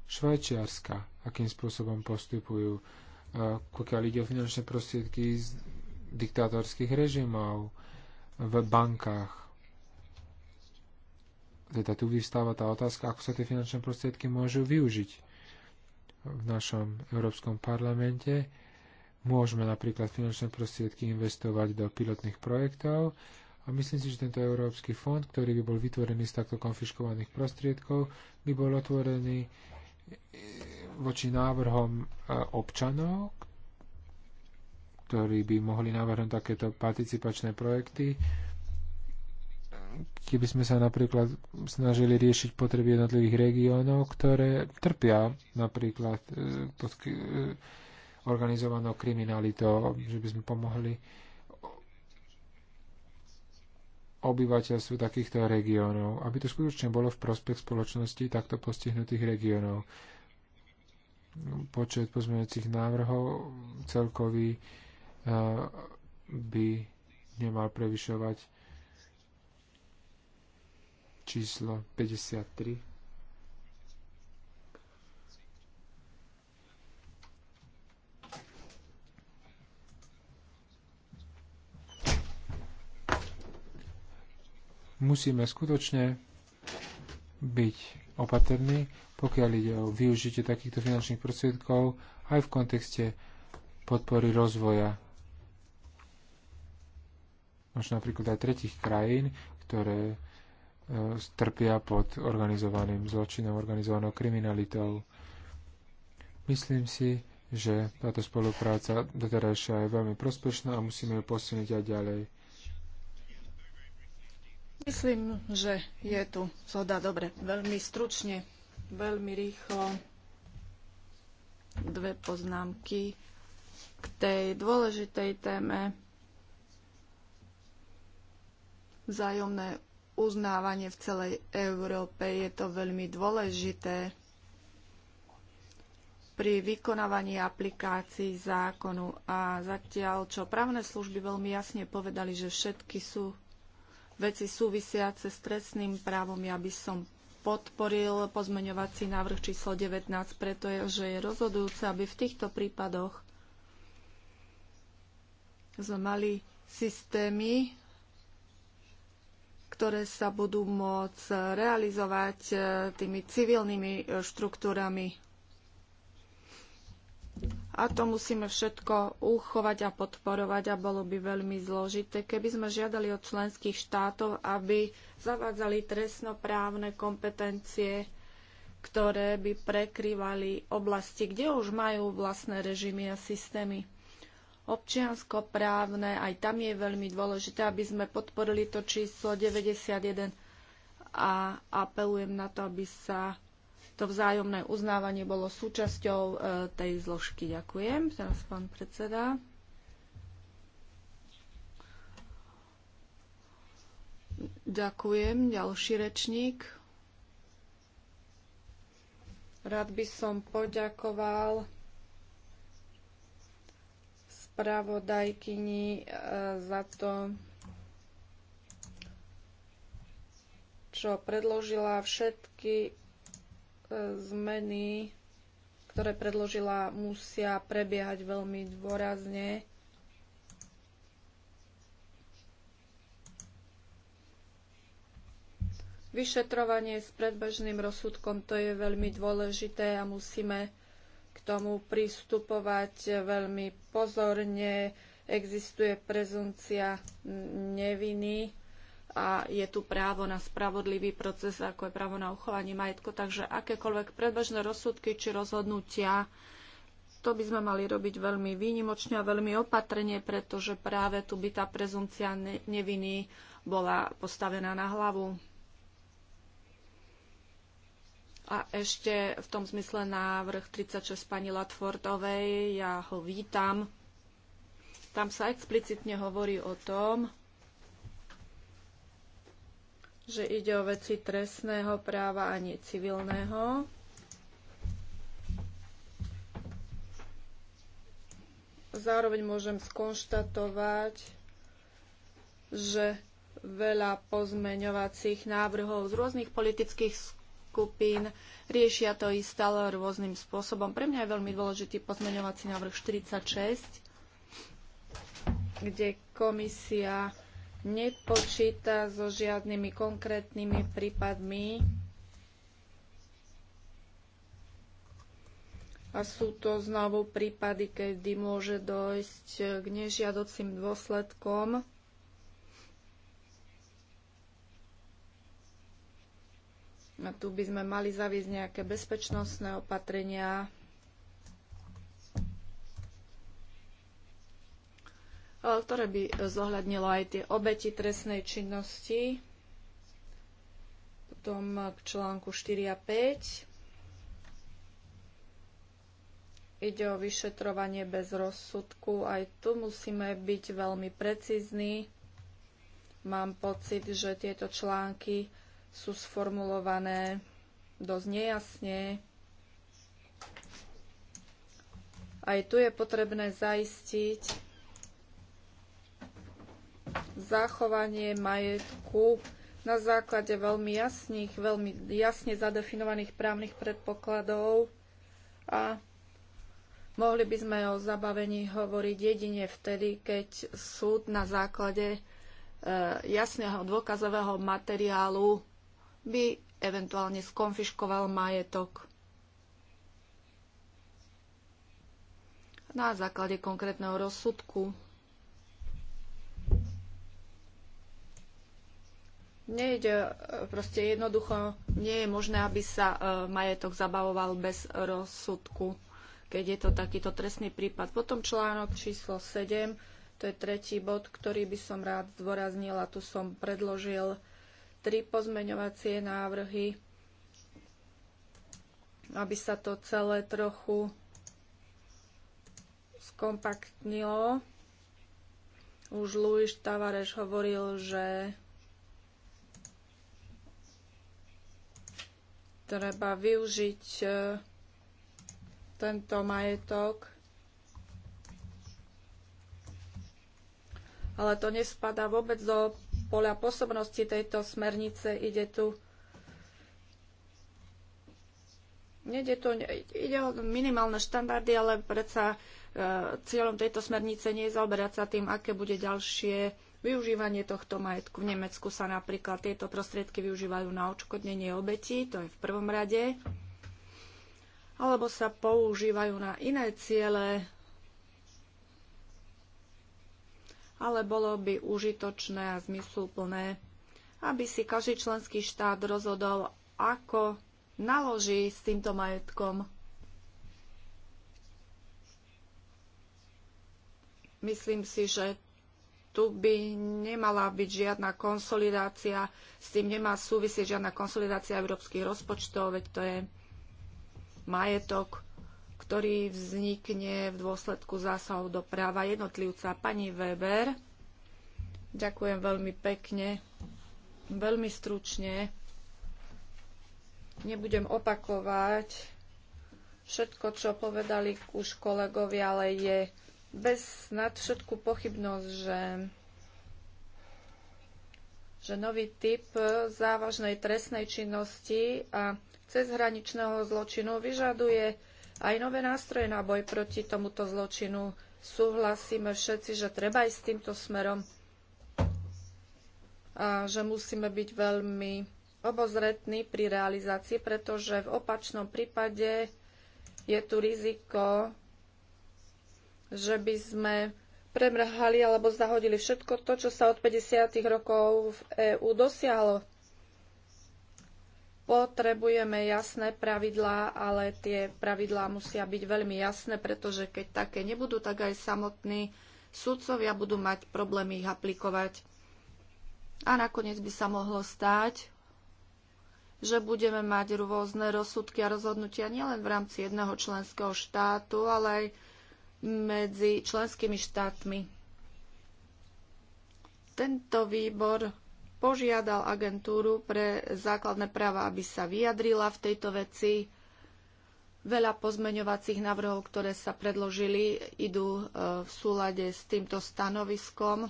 Švajčiarska, akým spôsobom postupujú, e, pokiaľ ide o finančné prostriedky diktátorských režimov v bankách. Teda tu vystáva tá otázka, ako sa tie finančné prostriedky môžu využiť v našom Európskom parlamente. Môžeme napríklad finančné prostriedky investovať do pilotných projektov a myslím si, že tento Európsky fond, ktorý by bol vytvorený z takto konfiškovaných prostriedkov, by bol otvorený voči návrhom e, občanov, ktorí by mohli navrhnúť takéto participačné projekty. Keby sme sa napríklad snažili riešiť potreby jednotlivých regiónov, ktoré trpia napríklad e, pod e, organizovanou kriminalitou, že by sme pomohli obyvateľstvu takýchto regiónov, aby to skutočne bolo v prospech spoločnosti takto postihnutých regiónov. Počet pozmeňujúcich návrhov celkový by nemal prevyšovať číslo 53. musíme skutočne byť opatrní, pokiaľ ide o využitie takýchto finančných prostriedkov aj v kontexte podpory rozvoja možno napríklad aj tretich krajín, ktoré e, trpia pod organizovaným zločinom, organizovanou kriminalitou. Myslím si, že táto spolupráca doterajšia je veľmi prospešná a musíme ju posunieť aj ďalej. Myslím, že je tu zhoda dobre. Veľmi stručne, veľmi rýchlo dve poznámky k tej dôležitej téme Vzájomné uznávanie v celej Európe je to veľmi dôležité pri vykonávaní aplikácií zákonu a zatiaľ, čo právne služby veľmi jasne povedali, že všetky sú veci súvisiace s trestným právom, ja by som podporil pozmeňovací návrh číslo 19, pretože je rozhodujúce, aby v týchto prípadoch sme mali systémy, ktoré sa budú môcť realizovať e, tými civilnými e, štruktúrami. A to musíme všetko uchovať a podporovať a bolo by veľmi zložité, keby sme žiadali od členských štátov, aby zavádzali trestnoprávne kompetencie, ktoré by prekrývali oblasti, kde už majú vlastné režimy a systémy občianskoprávne, aj tam je veľmi dôležité, aby sme podporili to číslo 91 a apelujem na to, aby sa to vzájomné uznávanie bolo súčasťou e, tej zložky. Ďakujem. Teraz pán predseda. Ďakujem. Ďalší rečník. Rád by som poďakoval spravodajkyni e, za to, čo predložila všetky e, zmeny, ktoré predložila, musia prebiehať veľmi dôrazne. Vyšetrovanie s predbežným rozsudkom to je veľmi dôležité a musíme tomu pristupovať veľmi pozorne. Existuje prezumcia neviny a je tu právo na spravodlivý proces, ako je právo na uchovanie majetku. Takže akékoľvek predbežné rozsudky či rozhodnutia, to by sme mali robiť veľmi výnimočne a veľmi opatrne, pretože práve tu by tá prezumcia neviny bola postavená na hlavu. A ešte v tom zmysle návrh 36 pani Latfordovej, ja ho vítam. Tam sa explicitne hovorí o tom, že ide o veci trestného práva a nie civilného. Zároveň môžem skonštatovať, že veľa pozmeňovacích návrhov z rôznych politických skupín skupín, riešia to isté, ale rôznym spôsobom. Pre mňa je veľmi dôležitý pozmeňovací návrh 46, kde komisia nepočíta so žiadnymi konkrétnymi prípadmi a sú to znovu prípady, kedy môže dojsť k nežiadocim dôsledkom Tu by sme mali zaviesť nejaké bezpečnostné opatrenia. ktoré by zohľadnilo aj tie obeti trestnej činnosti, potom k článku 4 a 5. Ide o vyšetrovanie bez rozsudku. Aj tu musíme byť veľmi precízni. Mám pocit, že tieto články sú sformulované dosť nejasne. Aj tu je potrebné zaistiť zachovanie majetku na základe veľmi jasných, veľmi jasne zadefinovaných právnych predpokladov a mohli by sme o zabavení hovoriť jedine vtedy, keď súd na základe e, jasného dôkazového materiálu by eventuálne skonfiškoval majetok. Na základe konkrétneho rozsudku nejde, e, proste jednoducho nie je možné, aby sa e, majetok zabavoval bez rozsudku, keď je to takýto trestný prípad. Potom článok číslo 7, to je tretí bod, ktorý by som rád zdôraznila. Tu som predložil tri pozmeňovacie návrhy, aby sa to celé trochu skompaktnilo. Už Luis Tavareš hovoril, že treba využiť e, tento majetok, ale to nespadá vôbec do poľa pôsobnosti tejto smernice. Ide tu Nede to, ide o minimálne štandardy, ale predsa e, cieľom tejto smernice nie je zaoberať sa tým, aké bude ďalšie využívanie tohto majetku. V Nemecku sa napríklad tieto prostriedky využívajú na odškodnenie obetí, to je v prvom rade, alebo sa používajú na iné ciele, ale bolo by užitočné a zmysluplné, aby si každý členský štát rozhodol, ako naloží s týmto majetkom. Myslím si, že tu by nemala byť žiadna konsolidácia, s tým nemá súvisieť žiadna konsolidácia európskych rozpočtov, veď to je majetok ktorý vznikne v dôsledku zásahov do práva jednotlivca. Pani Weber, ďakujem veľmi pekne, veľmi stručne. Nebudem opakovať všetko, čo povedali už kolegovia, ale je bez nad všetku pochybnosť, že že nový typ závažnej trestnej činnosti a cezhraničného zločinu vyžaduje aj nové nástroje na boj proti tomuto zločinu. Súhlasíme všetci, že treba ísť týmto smerom a že musíme byť veľmi obozretní pri realizácii, pretože v opačnom prípade je tu riziko, že by sme premrhali alebo zahodili všetko to, čo sa od 50. rokov v EÚ dosiahlo potrebujeme jasné pravidlá, ale tie pravidlá musia byť veľmi jasné, pretože keď také nebudú, tak aj samotní sudcovia budú mať problémy ich aplikovať. A nakoniec by sa mohlo stáť, že budeme mať rôzne rozsudky a rozhodnutia nielen v rámci jedného členského štátu, ale aj medzi členskými štátmi. Tento výbor požiadal agentúru pre základné práva, aby sa vyjadrila v tejto veci. Veľa pozmeňovacích návrhov, ktoré sa predložili, idú e, v súlade s týmto stanoviskom.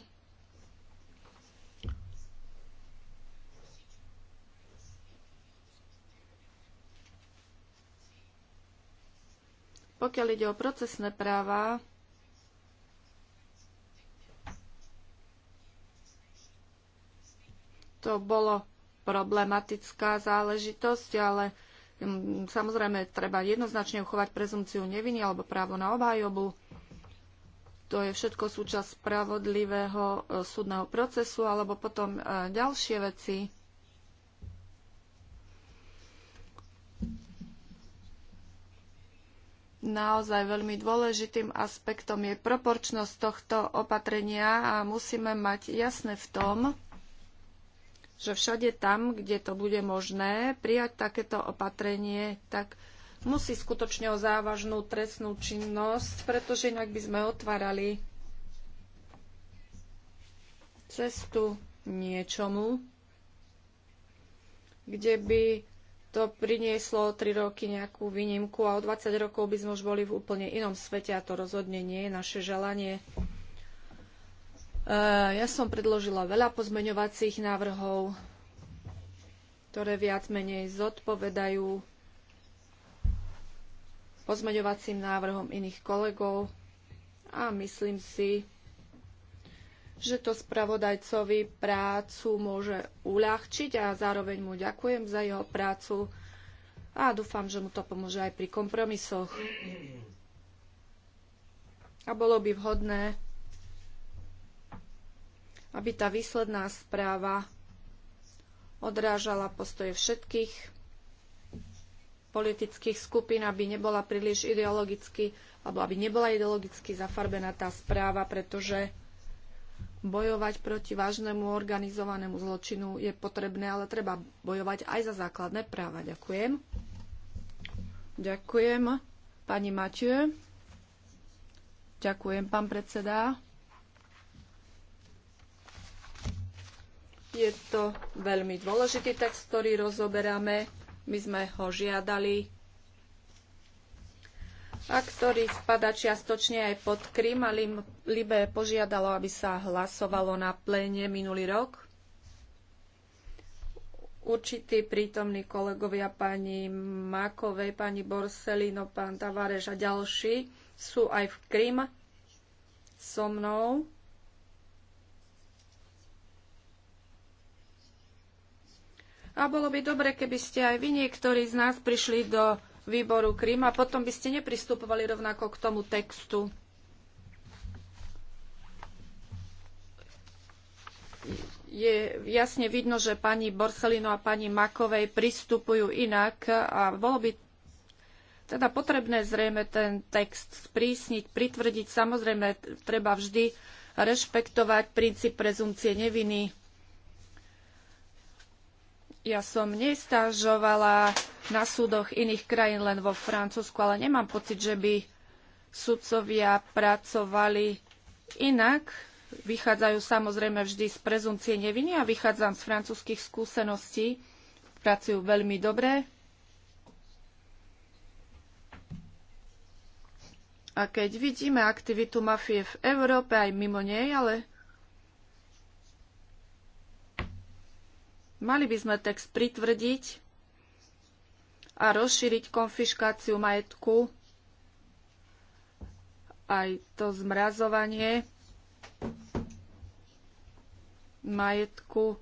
Pokiaľ ide o procesné práva, to bolo problematická záležitosť, ale mm, samozrejme treba jednoznačne uchovať prezumciu neviny alebo právo na obhajobu. To je všetko súčasť spravodlivého e, súdneho procesu alebo potom e, ďalšie veci. Naozaj veľmi dôležitým aspektom je proporčnosť tohto opatrenia a musíme mať jasné v tom, že všade tam, kde to bude možné, prijať takéto opatrenie, tak musí skutočne o závažnú trestnú činnosť, pretože inak by sme otvárali cestu niečomu, kde by to prinieslo 3 roky nejakú výnimku a o 20 rokov by sme už boli v úplne inom svete a to rozhodne nie je naše želanie. Eh, ja som predložila veľa pozmeňovacích návrhov, ktoré viac menej zodpovedajú pozmeňovacím návrhom iných kolegov a myslím si, že to spravodajcovi prácu môže uľahčiť a zároveň mu ďakujem za jeho prácu a dúfam, že mu to pomôže aj pri kompromisoch. A bolo by vhodné, aby tá výsledná správa odrážala postoje všetkých politických skupín, aby nebola príliš ideologicky, alebo aby nebola ideologicky zafarbená tá správa, pretože bojovať proti vážnemu organizovanému zločinu je potrebné, ale treba bojovať aj za základné práva. Ďakujem. Ďakujem, pani Matiu. Ďakujem, pán predseda. Je to veľmi dôležitý text, ktorý rozoberáme. My sme ho žiadali a ktorý spada čiastočne aj pod Krym a Libé požiadalo, aby sa hlasovalo na pléne minulý rok. Určití prítomní kolegovia pani Makovej, pani Borselino, pán Tavareš a ďalší sú aj v Krym so mnou A bolo by dobre, keby ste aj vy niektorí z nás prišli do výboru Krím a potom by ste nepristupovali rovnako k tomu textu. Je jasne vidno, že pani Borselino a pani Makovej pristupujú inak a bolo by teda potrebné zrejme ten text sprísniť, pritvrdiť. Samozrejme, treba vždy rešpektovať princíp prezumcie neviny. Ja som nestážovala na súdoch iných krajín, len vo Francúzsku, ale nemám pocit, že by sudcovia pracovali inak. Vychádzajú samozrejme vždy z prezumcie neviny a vychádzam z francúzskych skúseností. Pracujú veľmi dobre. A keď vidíme aktivitu mafie v Európe aj mimo nej, ale Mali by sme text pritvrdiť a rozšíriť konfiškáciu majetku, aj to zmrazovanie majetku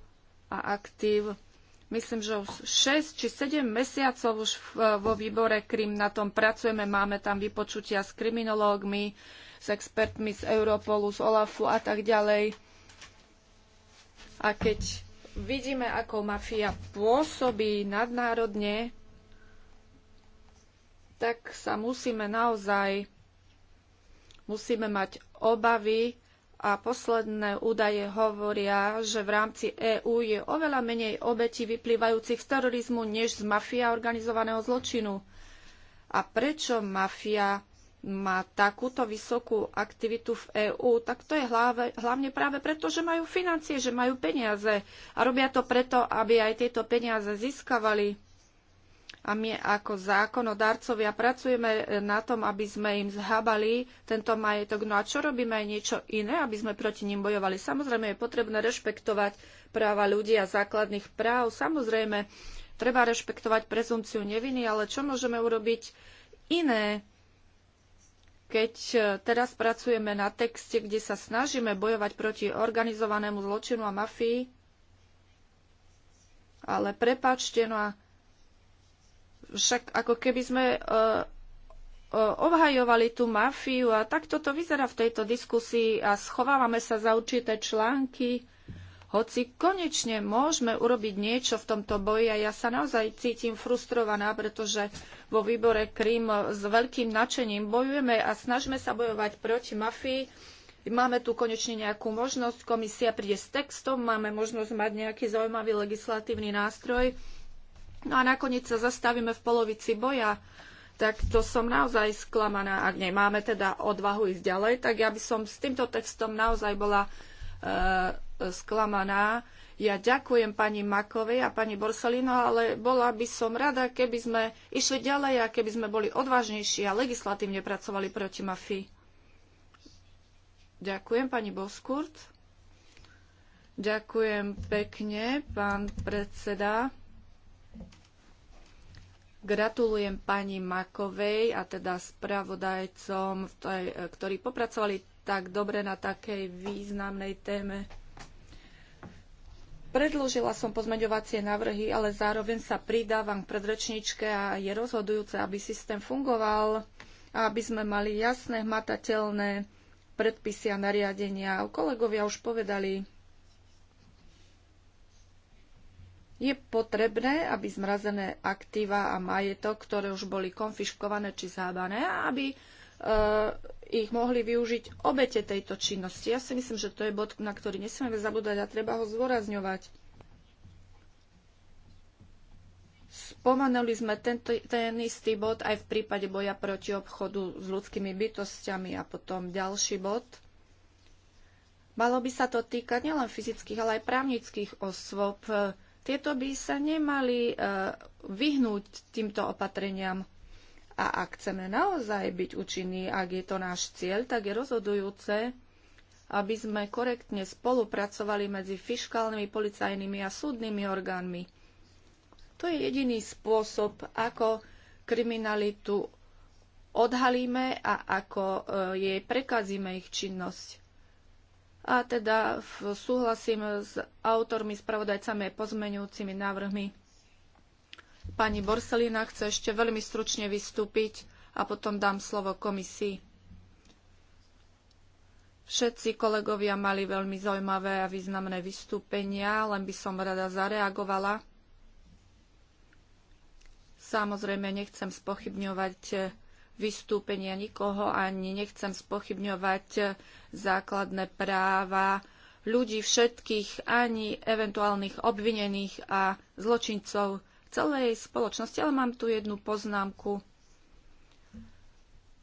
a aktív. Myslím, že už 6 či 7 mesiacov už vo výbore Krim na tom pracujeme. Máme tam vypočutia s kriminológmi, s expertmi z Europolu, z OLAFu a tak ďalej. A keď Vidíme, ako mafia pôsobí nadnárodne, tak sa musíme naozaj musíme mať obavy a posledné údaje hovoria, že v rámci EÚ je oveľa menej obetí vyplývajúcich z terorizmu než z mafia organizovaného zločinu. A prečo mafia má takúto vysokú aktivitu v EÚ, tak to je hlavne, hlavne práve preto, že majú financie, že majú peniaze a robia to preto, aby aj tieto peniaze získavali. A my ako zákonodarcovia pracujeme e, na tom, aby sme im zhábali tento majetok. No a čo robíme aj niečo iné, aby sme proti ním bojovali? Samozrejme je potrebné rešpektovať práva ľudí a základných práv. Samozrejme treba rešpektovať prezumciu neviny, ale čo môžeme urobiť iné? Keď e, teraz pracujeme na texte, kde sa snažíme bojovať proti organizovanému zločinu a mafii, ale prepačte, no a však ako keby sme e, e, obhajovali tú mafiu a tak toto vyzerá v tejto diskusii a schovávame sa za určité články, hoci konečne môžeme urobiť niečo v tomto boji a ja sa naozaj cítim frustrovaná, pretože vo výbore Krím s veľkým nadšením bojujeme a snažíme sa bojovať proti mafii. Máme tu konečne nejakú možnosť, komisia príde s textom, máme možnosť mať nejaký zaujímavý legislatívny nástroj. No a nakoniec sa zastavíme v polovici boja tak to som naozaj sklamaná. Ak nemáme teda odvahu ísť ďalej, tak ja by som s týmto textom naozaj bola eh, sklamaná. Ja ďakujem pani Makovej a pani Borsalino, ale bola by som rada, keby sme išli ďalej a keby sme boli odvážnejší a legislatívne pracovali proti mafii. Ďakujem pani Boskurt. Ďakujem pekne, pán predseda. Gratulujem pani Makovej a teda spravodajcom, ktorí popracovali tak dobre na takej významnej téme. Predložila som pozmeňovacie návrhy, ale zároveň sa pridávam k predrečničke a je rozhodujúce, aby systém fungoval a aby sme mali jasné, hmatateľné predpisy a nariadenia. Kolegovia už povedali, je potrebné, aby zmrazené aktíva a majetok, ktoré už boli konfiškované či zábané, aby e, ich mohli využiť obete tejto činnosti. Ja si myslím, že to je bod, na ktorý nesmieme zabúdať a treba ho zdôrazňovať. Spomenuli sme tento, ten istý bod aj v prípade boja proti obchodu s ľudskými bytostiami a potom ďalší bod. Malo by sa to týkať nielen fyzických, ale aj právnických osôb. Tieto by sa nemali eh, vyhnúť týmto opatreniam. A ak chceme naozaj byť účinní, ak je to náš cieľ, tak je rozhodujúce, aby sme korektne spolupracovali medzi fiškálnymi, policajnými a súdnymi orgánmi. To je jediný spôsob, ako kriminalitu odhalíme a ako e, jej prekazíme ich činnosť. A teda súhlasím s autormi, spravodajcami a pozmeňujúcimi návrhmi Pani Borselina chce ešte veľmi stručne vystúpiť a potom dám slovo komisii. Všetci kolegovia mali veľmi zaujímavé a významné vystúpenia, len by som rada zareagovala. Samozrejme, nechcem spochybňovať vystúpenia nikoho ani nechcem spochybňovať základné práva ľudí všetkých, ani eventuálnych obvinených a zločincov celej spoločnosti, ale mám tu jednu poznámku.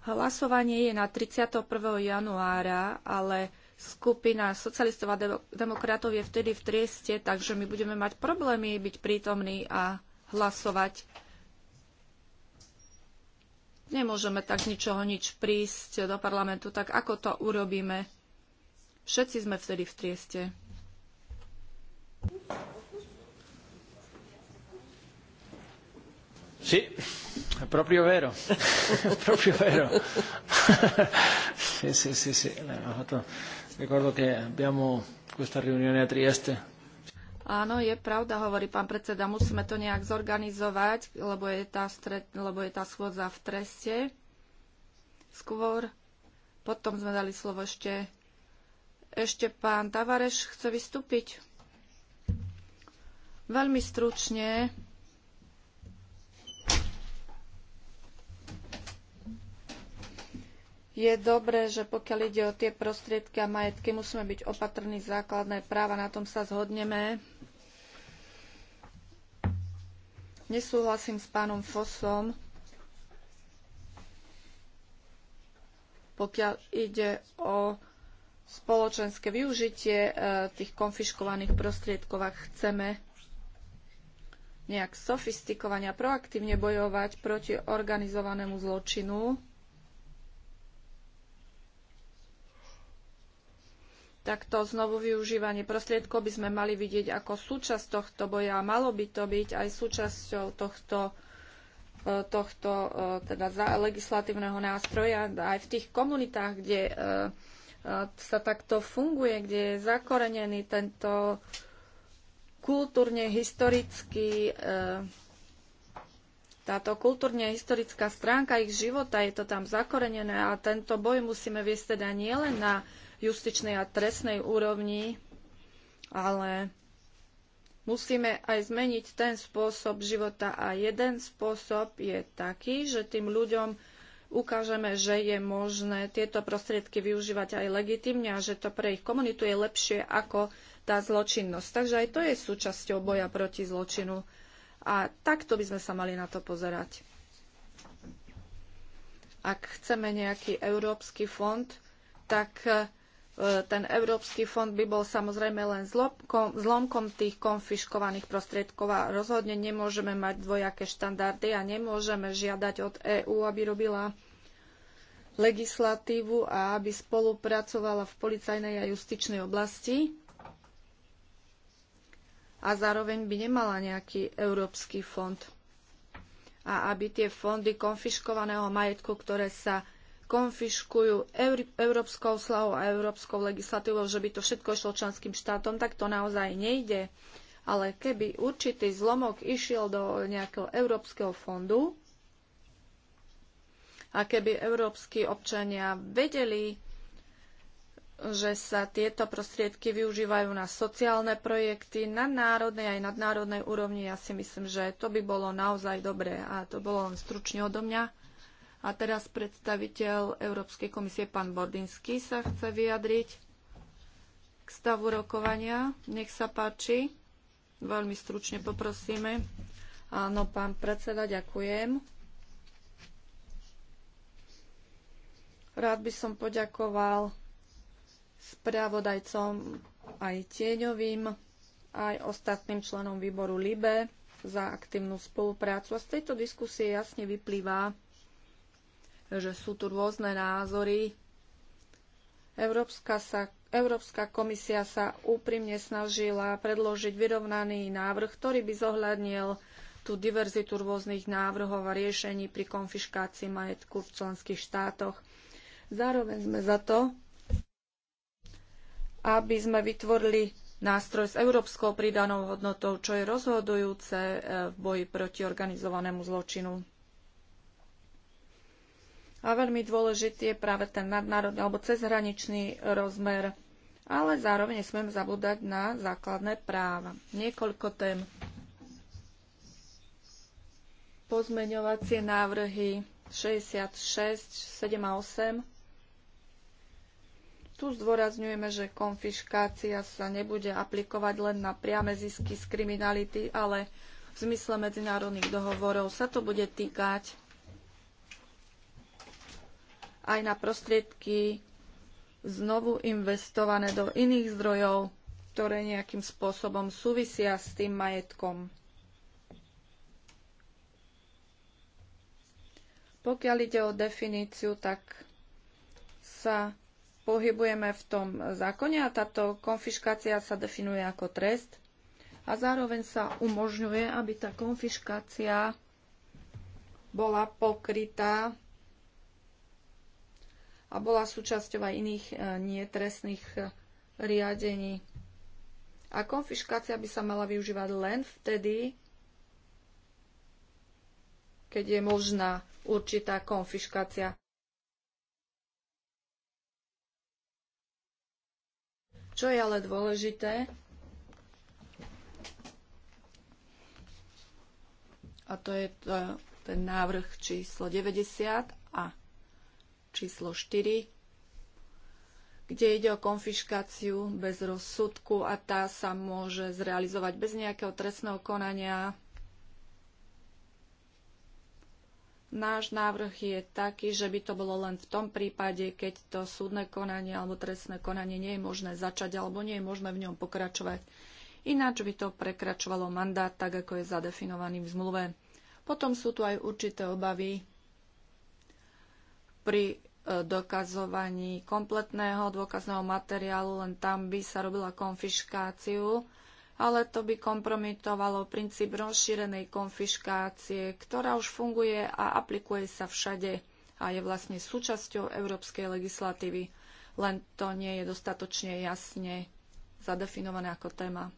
Hlasovanie je na 31. januára, ale skupina socialistov a demokratov je vtedy v Trieste, takže my budeme mať problémy byť prítomní a hlasovať. Nemôžeme tak z ničoho nič prísť do parlamentu, tak ako to urobíme? Všetci sme vtedy v Trieste. Sì, è proprio vero, è proprio vero. sì, sì, sì, sì. Fatto... Ricordo che abbiamo questa riunione a Trieste. Áno, je pravda, hovorí pán predseda, musíme to nejak zorganizovať, lebo je tá, stret, lebo je tá schôdza v treste. Skôr potom sme dali slovo ešte. Ešte pán Tavareš chce vystúpiť. Veľmi stručne. Je dobré, že pokiaľ ide o tie prostriedky a majetky, musíme byť opatrní základné práva, na tom sa zhodneme. Nesúhlasím s pánom Fosom, pokiaľ ide o spoločenské využitie e, tých konfiškovaných prostriedkov, ak chceme nejak sofistikovane a proaktívne bojovať proti organizovanému zločinu, takto znovu využívanie prostriedkov by sme mali vidieť ako súčasť tohto boja a malo by to byť aj súčasťou tohto, e, tohto e, teda legislatívneho nástroja aj v tých komunitách, kde e, sa takto funguje, kde je zakorenený tento kultúrne historický táto kultúrne historická stránka ich života, je to tam zakorenené a tento boj musíme viesť teda nielen na uh, justičnej a trestnej úrovni, ale musíme aj zmeniť ten spôsob života a jeden spôsob je taký, že tým ľuďom ukážeme, že je možné tieto prostriedky využívať aj legitimne a že to pre ich komunitu je lepšie ako tá zločinnosť. Takže aj to je súčasťou boja proti zločinu. A takto by sme sa mali na to pozerať. Ak chceme nejaký európsky fond, tak ten Európsky fond by bol samozrejme len zlomkom, zlomkom tých konfiškovaných prostriedkov a rozhodne nemôžeme mať dvojaké štandardy a nemôžeme žiadať od EÚ, aby robila legislatívu a aby spolupracovala v policajnej a justičnej oblasti a zároveň by nemala nejaký európsky fond a aby tie fondy konfiškovaného majetku, ktoré sa konfiškujú európskou slavou a európskou legislatívou, že by to všetko išlo členským štátom, tak to naozaj nejde. Ale keby určitý zlomok išiel do nejakého európskeho fondu a keby európsky občania vedeli, že sa tieto prostriedky využívajú na sociálne projekty na národnej aj nadnárodnej úrovni. Ja si myslím, že to by bolo naozaj dobré. A to bolo len stručne odo mňa. A teraz predstaviteľ Európskej komisie, pán Bordinsky, sa chce vyjadriť k stavu rokovania. Nech sa páči. Veľmi stručne poprosíme. Áno, pán predseda, ďakujem. Rád by som poďakoval spravodajcom aj tieňovým, aj ostatným členom výboru LIBE za aktívnu spoluprácu. A z tejto diskusie jasne vyplýva, že sú tu rôzne názory. Európska, sa, Európska komisia sa úprimne snažila predložiť vyrovnaný návrh, ktorý by zohľadnil tú diverzitu rôznych návrhov a riešení pri konfiškácii majetku v členských štátoch. Zároveň sme za to, aby sme vytvorili nástroj s európskou pridanou hodnotou, čo je rozhodujúce eh, v boji proti organizovanému zločinu a veľmi dôležitý je práve ten nadnárodný alebo cezhraničný rozmer. Ale zároveň nesmieme zabúdať na základné práva. Niekoľko tém. Pozmeňovacie návrhy 66, 7 a 8. Tu zdôrazňujeme, že konfiškácia sa nebude aplikovať len na priame zisky z kriminality, ale v zmysle medzinárodných dohovorov sa to bude týkať aj na prostriedky znovu investované do iných zdrojov, ktoré nejakým spôsobom súvisia s tým majetkom. Pokiaľ ide o definíciu, tak sa pohybujeme v tom zákone a táto konfiškácia sa definuje ako trest a zároveň sa umožňuje, aby tá konfiškácia bola pokrytá a bola súčasťou aj iných e, netrestných e, riadení. A konfiškácia by sa mala využívať len vtedy, keď je možná určitá konfiškácia. Čo je ale dôležité, a to je to, ten návrh číslo 90 a číslo 4, kde ide o konfiškáciu bez rozsudku a tá sa môže zrealizovať bez nejakého trestného konania. Náš návrh je taký, že by to bolo len v tom prípade, keď to súdne konanie alebo trestné konanie nie je možné začať alebo nie je možné v ňom pokračovať. Ináč by to prekračovalo mandát tak, ako je zadefinovaný v zmluve. Potom sú tu aj určité obavy pri dokazovaní kompletného dôkazného materiálu, len tam by sa robila konfiškáciu, ale to by kompromitovalo princíp rozšírenej konfiškácie, ktorá už funguje a aplikuje sa všade a je vlastne súčasťou európskej legislatívy. Len to nie je dostatočne jasne zadefinované ako téma.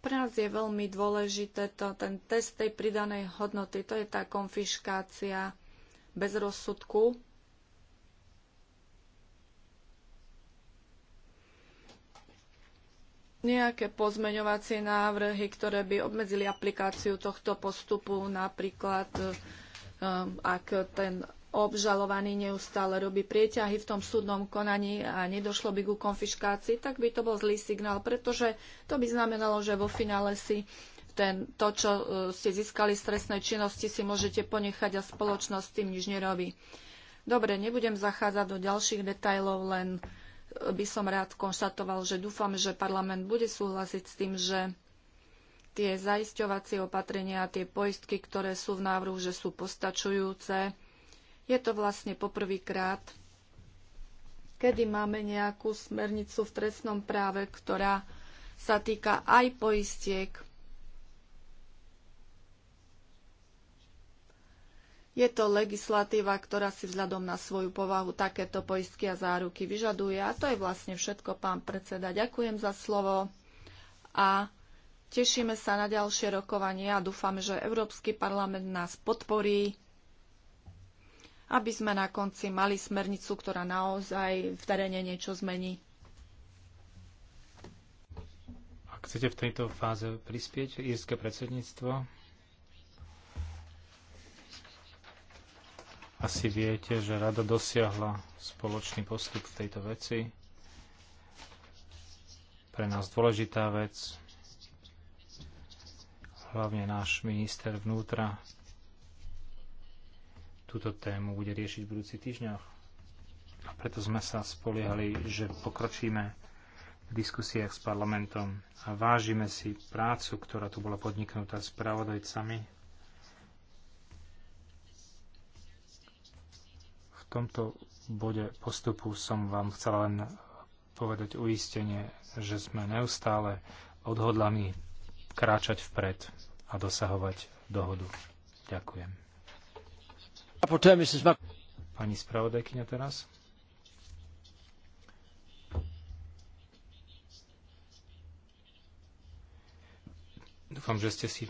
Pre nás je veľmi dôležité to, ten test tej pridanej hodnoty, to je tá konfiškácia bez rozsudku. Nejaké pozmeňovacie návrhy, ktoré by obmedzili aplikáciu tohto postupu, napríklad e, ak ten obžalovaný neustále robí prieťahy v tom súdnom konaní a nedošlo by ku konfiškácii, tak by to bol zlý signál, pretože to by znamenalo, že vo finále si ten, to, čo e, ste získali z trestnej činnosti, si môžete ponechať a spoločnosť tým nič nerobí. Dobre, nebudem zachádzať do ďalších detajlov, len e, by som rád konštatoval, že dúfam, že parlament bude súhlasiť s tým, že tie zaisťovacie opatrenia a tie poistky, ktoré sú v návrhu, že sú postačujúce. Je to vlastne poprvýkrát, kedy máme nejakú smernicu v trestnom práve, ktorá sa týka aj poistiek. Je to legislatíva, ktorá si vzhľadom na svoju povahu takéto poistky a záruky vyžaduje. A to je vlastne všetko, pán predseda. Ďakujem za slovo a tešíme sa na ďalšie rokovanie a dúfam, že Európsky parlament nás podporí, aby sme na konci mali smernicu, ktorá naozaj v teréne niečo zmení. Ak chcete v tejto fáze prispieť, írske predsedníctvo, Asi viete, že rada dosiahla spoločný postup v tejto veci. Pre nás dôležitá vec. Hlavne náš minister vnútra túto tému bude riešiť v budúcich týždňoch. A preto sme sa spoliehali, že pokročíme v diskusiách s parlamentom a vážime si prácu, ktorá tu bola podniknutá s pravodajcami tomto bode postupu som vám chcela len povedať uistenie, že sme neustále odhodlaní kráčať vpred a dosahovať dohodu. Ďakujem. Pani spravodajkyňa teraz. Dúfam, že ste si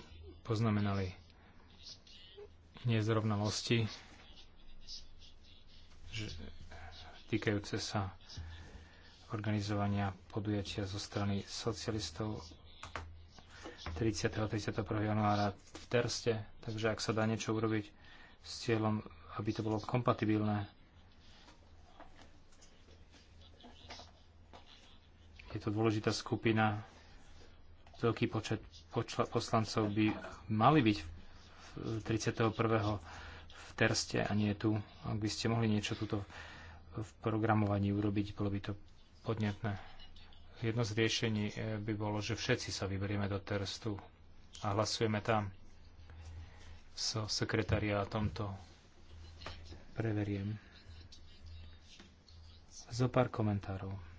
poznamenali nezrovnalosti týkajúce sa organizovania podujatia zo strany socialistov 30. a 31. januára v Terste. Takže ak sa dá niečo urobiť s cieľom, aby to bolo kompatibilné, je to dôležitá skupina, veľký počet poslancov by mali byť 31 v Terste a nie tu. Ak by ste mohli niečo tuto v programovaní urobiť, bolo by to podnetné. Jedno z riešení eh, by bolo, že všetci sa vyberieme do Terstu a hlasujeme tam so sekretariátom to preveriem. Zo pár komentárov.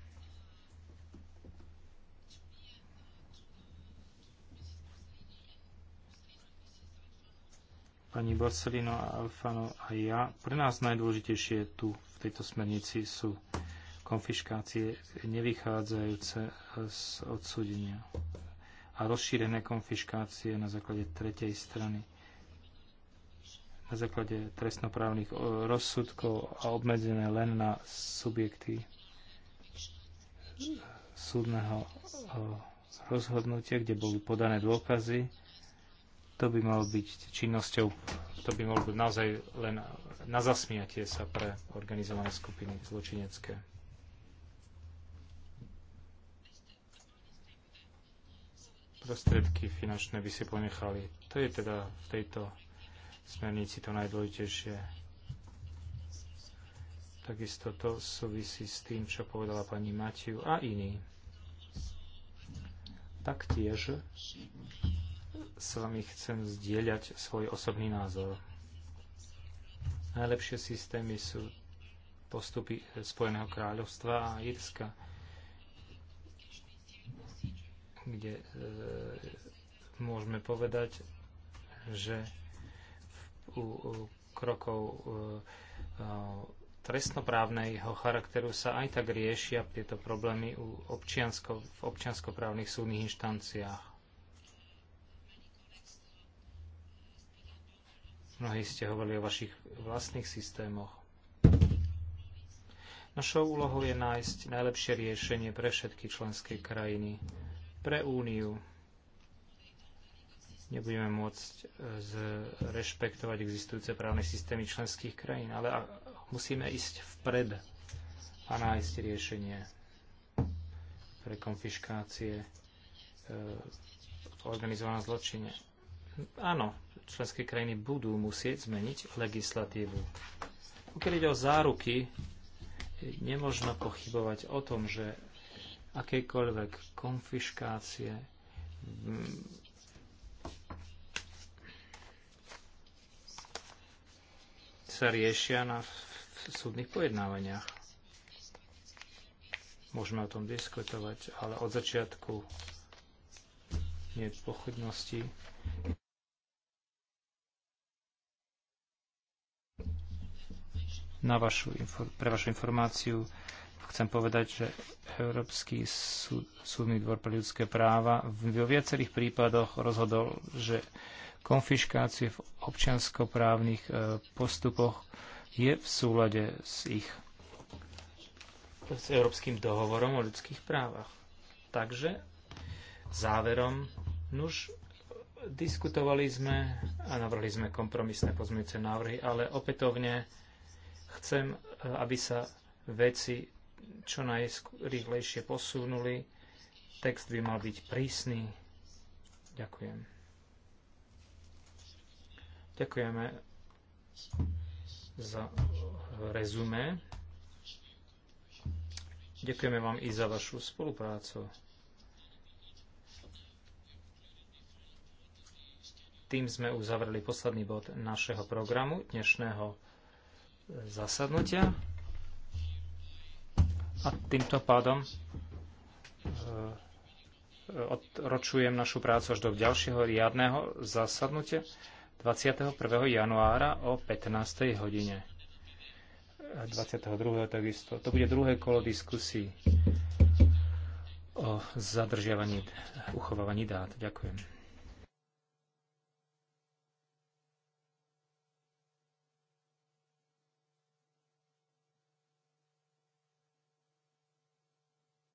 pani Borsellino a Alfano a ja. Pre nás najdôležitejšie tu v tejto smernici sú konfiškácie nevychádzajúce z odsúdenia a rozšírené konfiškácie na základe tretej strany na základe trestnoprávnych rozsudkov a obmedzené len na subjekty súdneho rozhodnutia, kde boli podané dôkazy to by malo byť činnosťou, to by malo byť naozaj len na zasmiatie sa pre organizované skupiny zločinecké. Prostriedky finančné by si ponechali. To je teda v tejto smernici to najdôležitejšie. Takisto to súvisí s tým, čo povedala pani Matiu a iní. Taktiež s vami chcem zdieľať svoj osobný názor. Najlepšie systémy sú postupy Spojeného kráľovstva a Irska, kde e, môžeme povedať, že v, u, u krokov e, e trestnoprávneho charakteru sa aj tak riešia tieto problémy u občiansko, v občianskoprávnych súdnych inštanciách. Mnohí ste hovorili o vašich vlastných systémoch. Našou úlohou je nájsť najlepšie riešenie pre všetky členské krajiny, pre Úniu. Nebudeme môcť e, rešpektovať existujúce právne systémy členských krajín, ale musíme ísť vpred a nájsť riešenie pre konfiškácie e, organizovaná zločine. Áno, členské krajiny budú musieť zmeniť legislatívu. Pokiaľ ide o záruky, nemožno pochybovať o tom, že akékoľvek konfiškácie mm, sa riešia na súdnych pojednávaniach. Môžeme o tom diskutovať, ale od začiatku nie pochybnosti. Na vašu, pre vašu informáciu chcem povedať, že Európsky súd, súdny dvor pre ľudské práva vo viacerých prípadoch rozhodol, že konfiškácie v občianskoprávnych e, postupoch je v súlade s ich s Európskym dohovorom o ľudských právach. Takže záverom, nuž, diskutovali sme a navrhli sme kompromisné pozmeňujúce návrhy, ale opätovne Chcem, e, aby sa veci čo najrýchlejšie posunuli. Text by mal byť prísny. Ďakujem. Ďakujeme za rezumé. Ďakujeme vám i za vašu spoluprácu. Tým sme uzavreli posledný bod našeho programu dnešného zasadnutia. A týmto pádom e, odročujem našu prácu až do ďalšieho riadného zasadnutia 21. januára o 15. hodine. 22. takisto. To bude druhé kolo diskusí o zadržiavaní, uchovávaní dát. Ďakujem.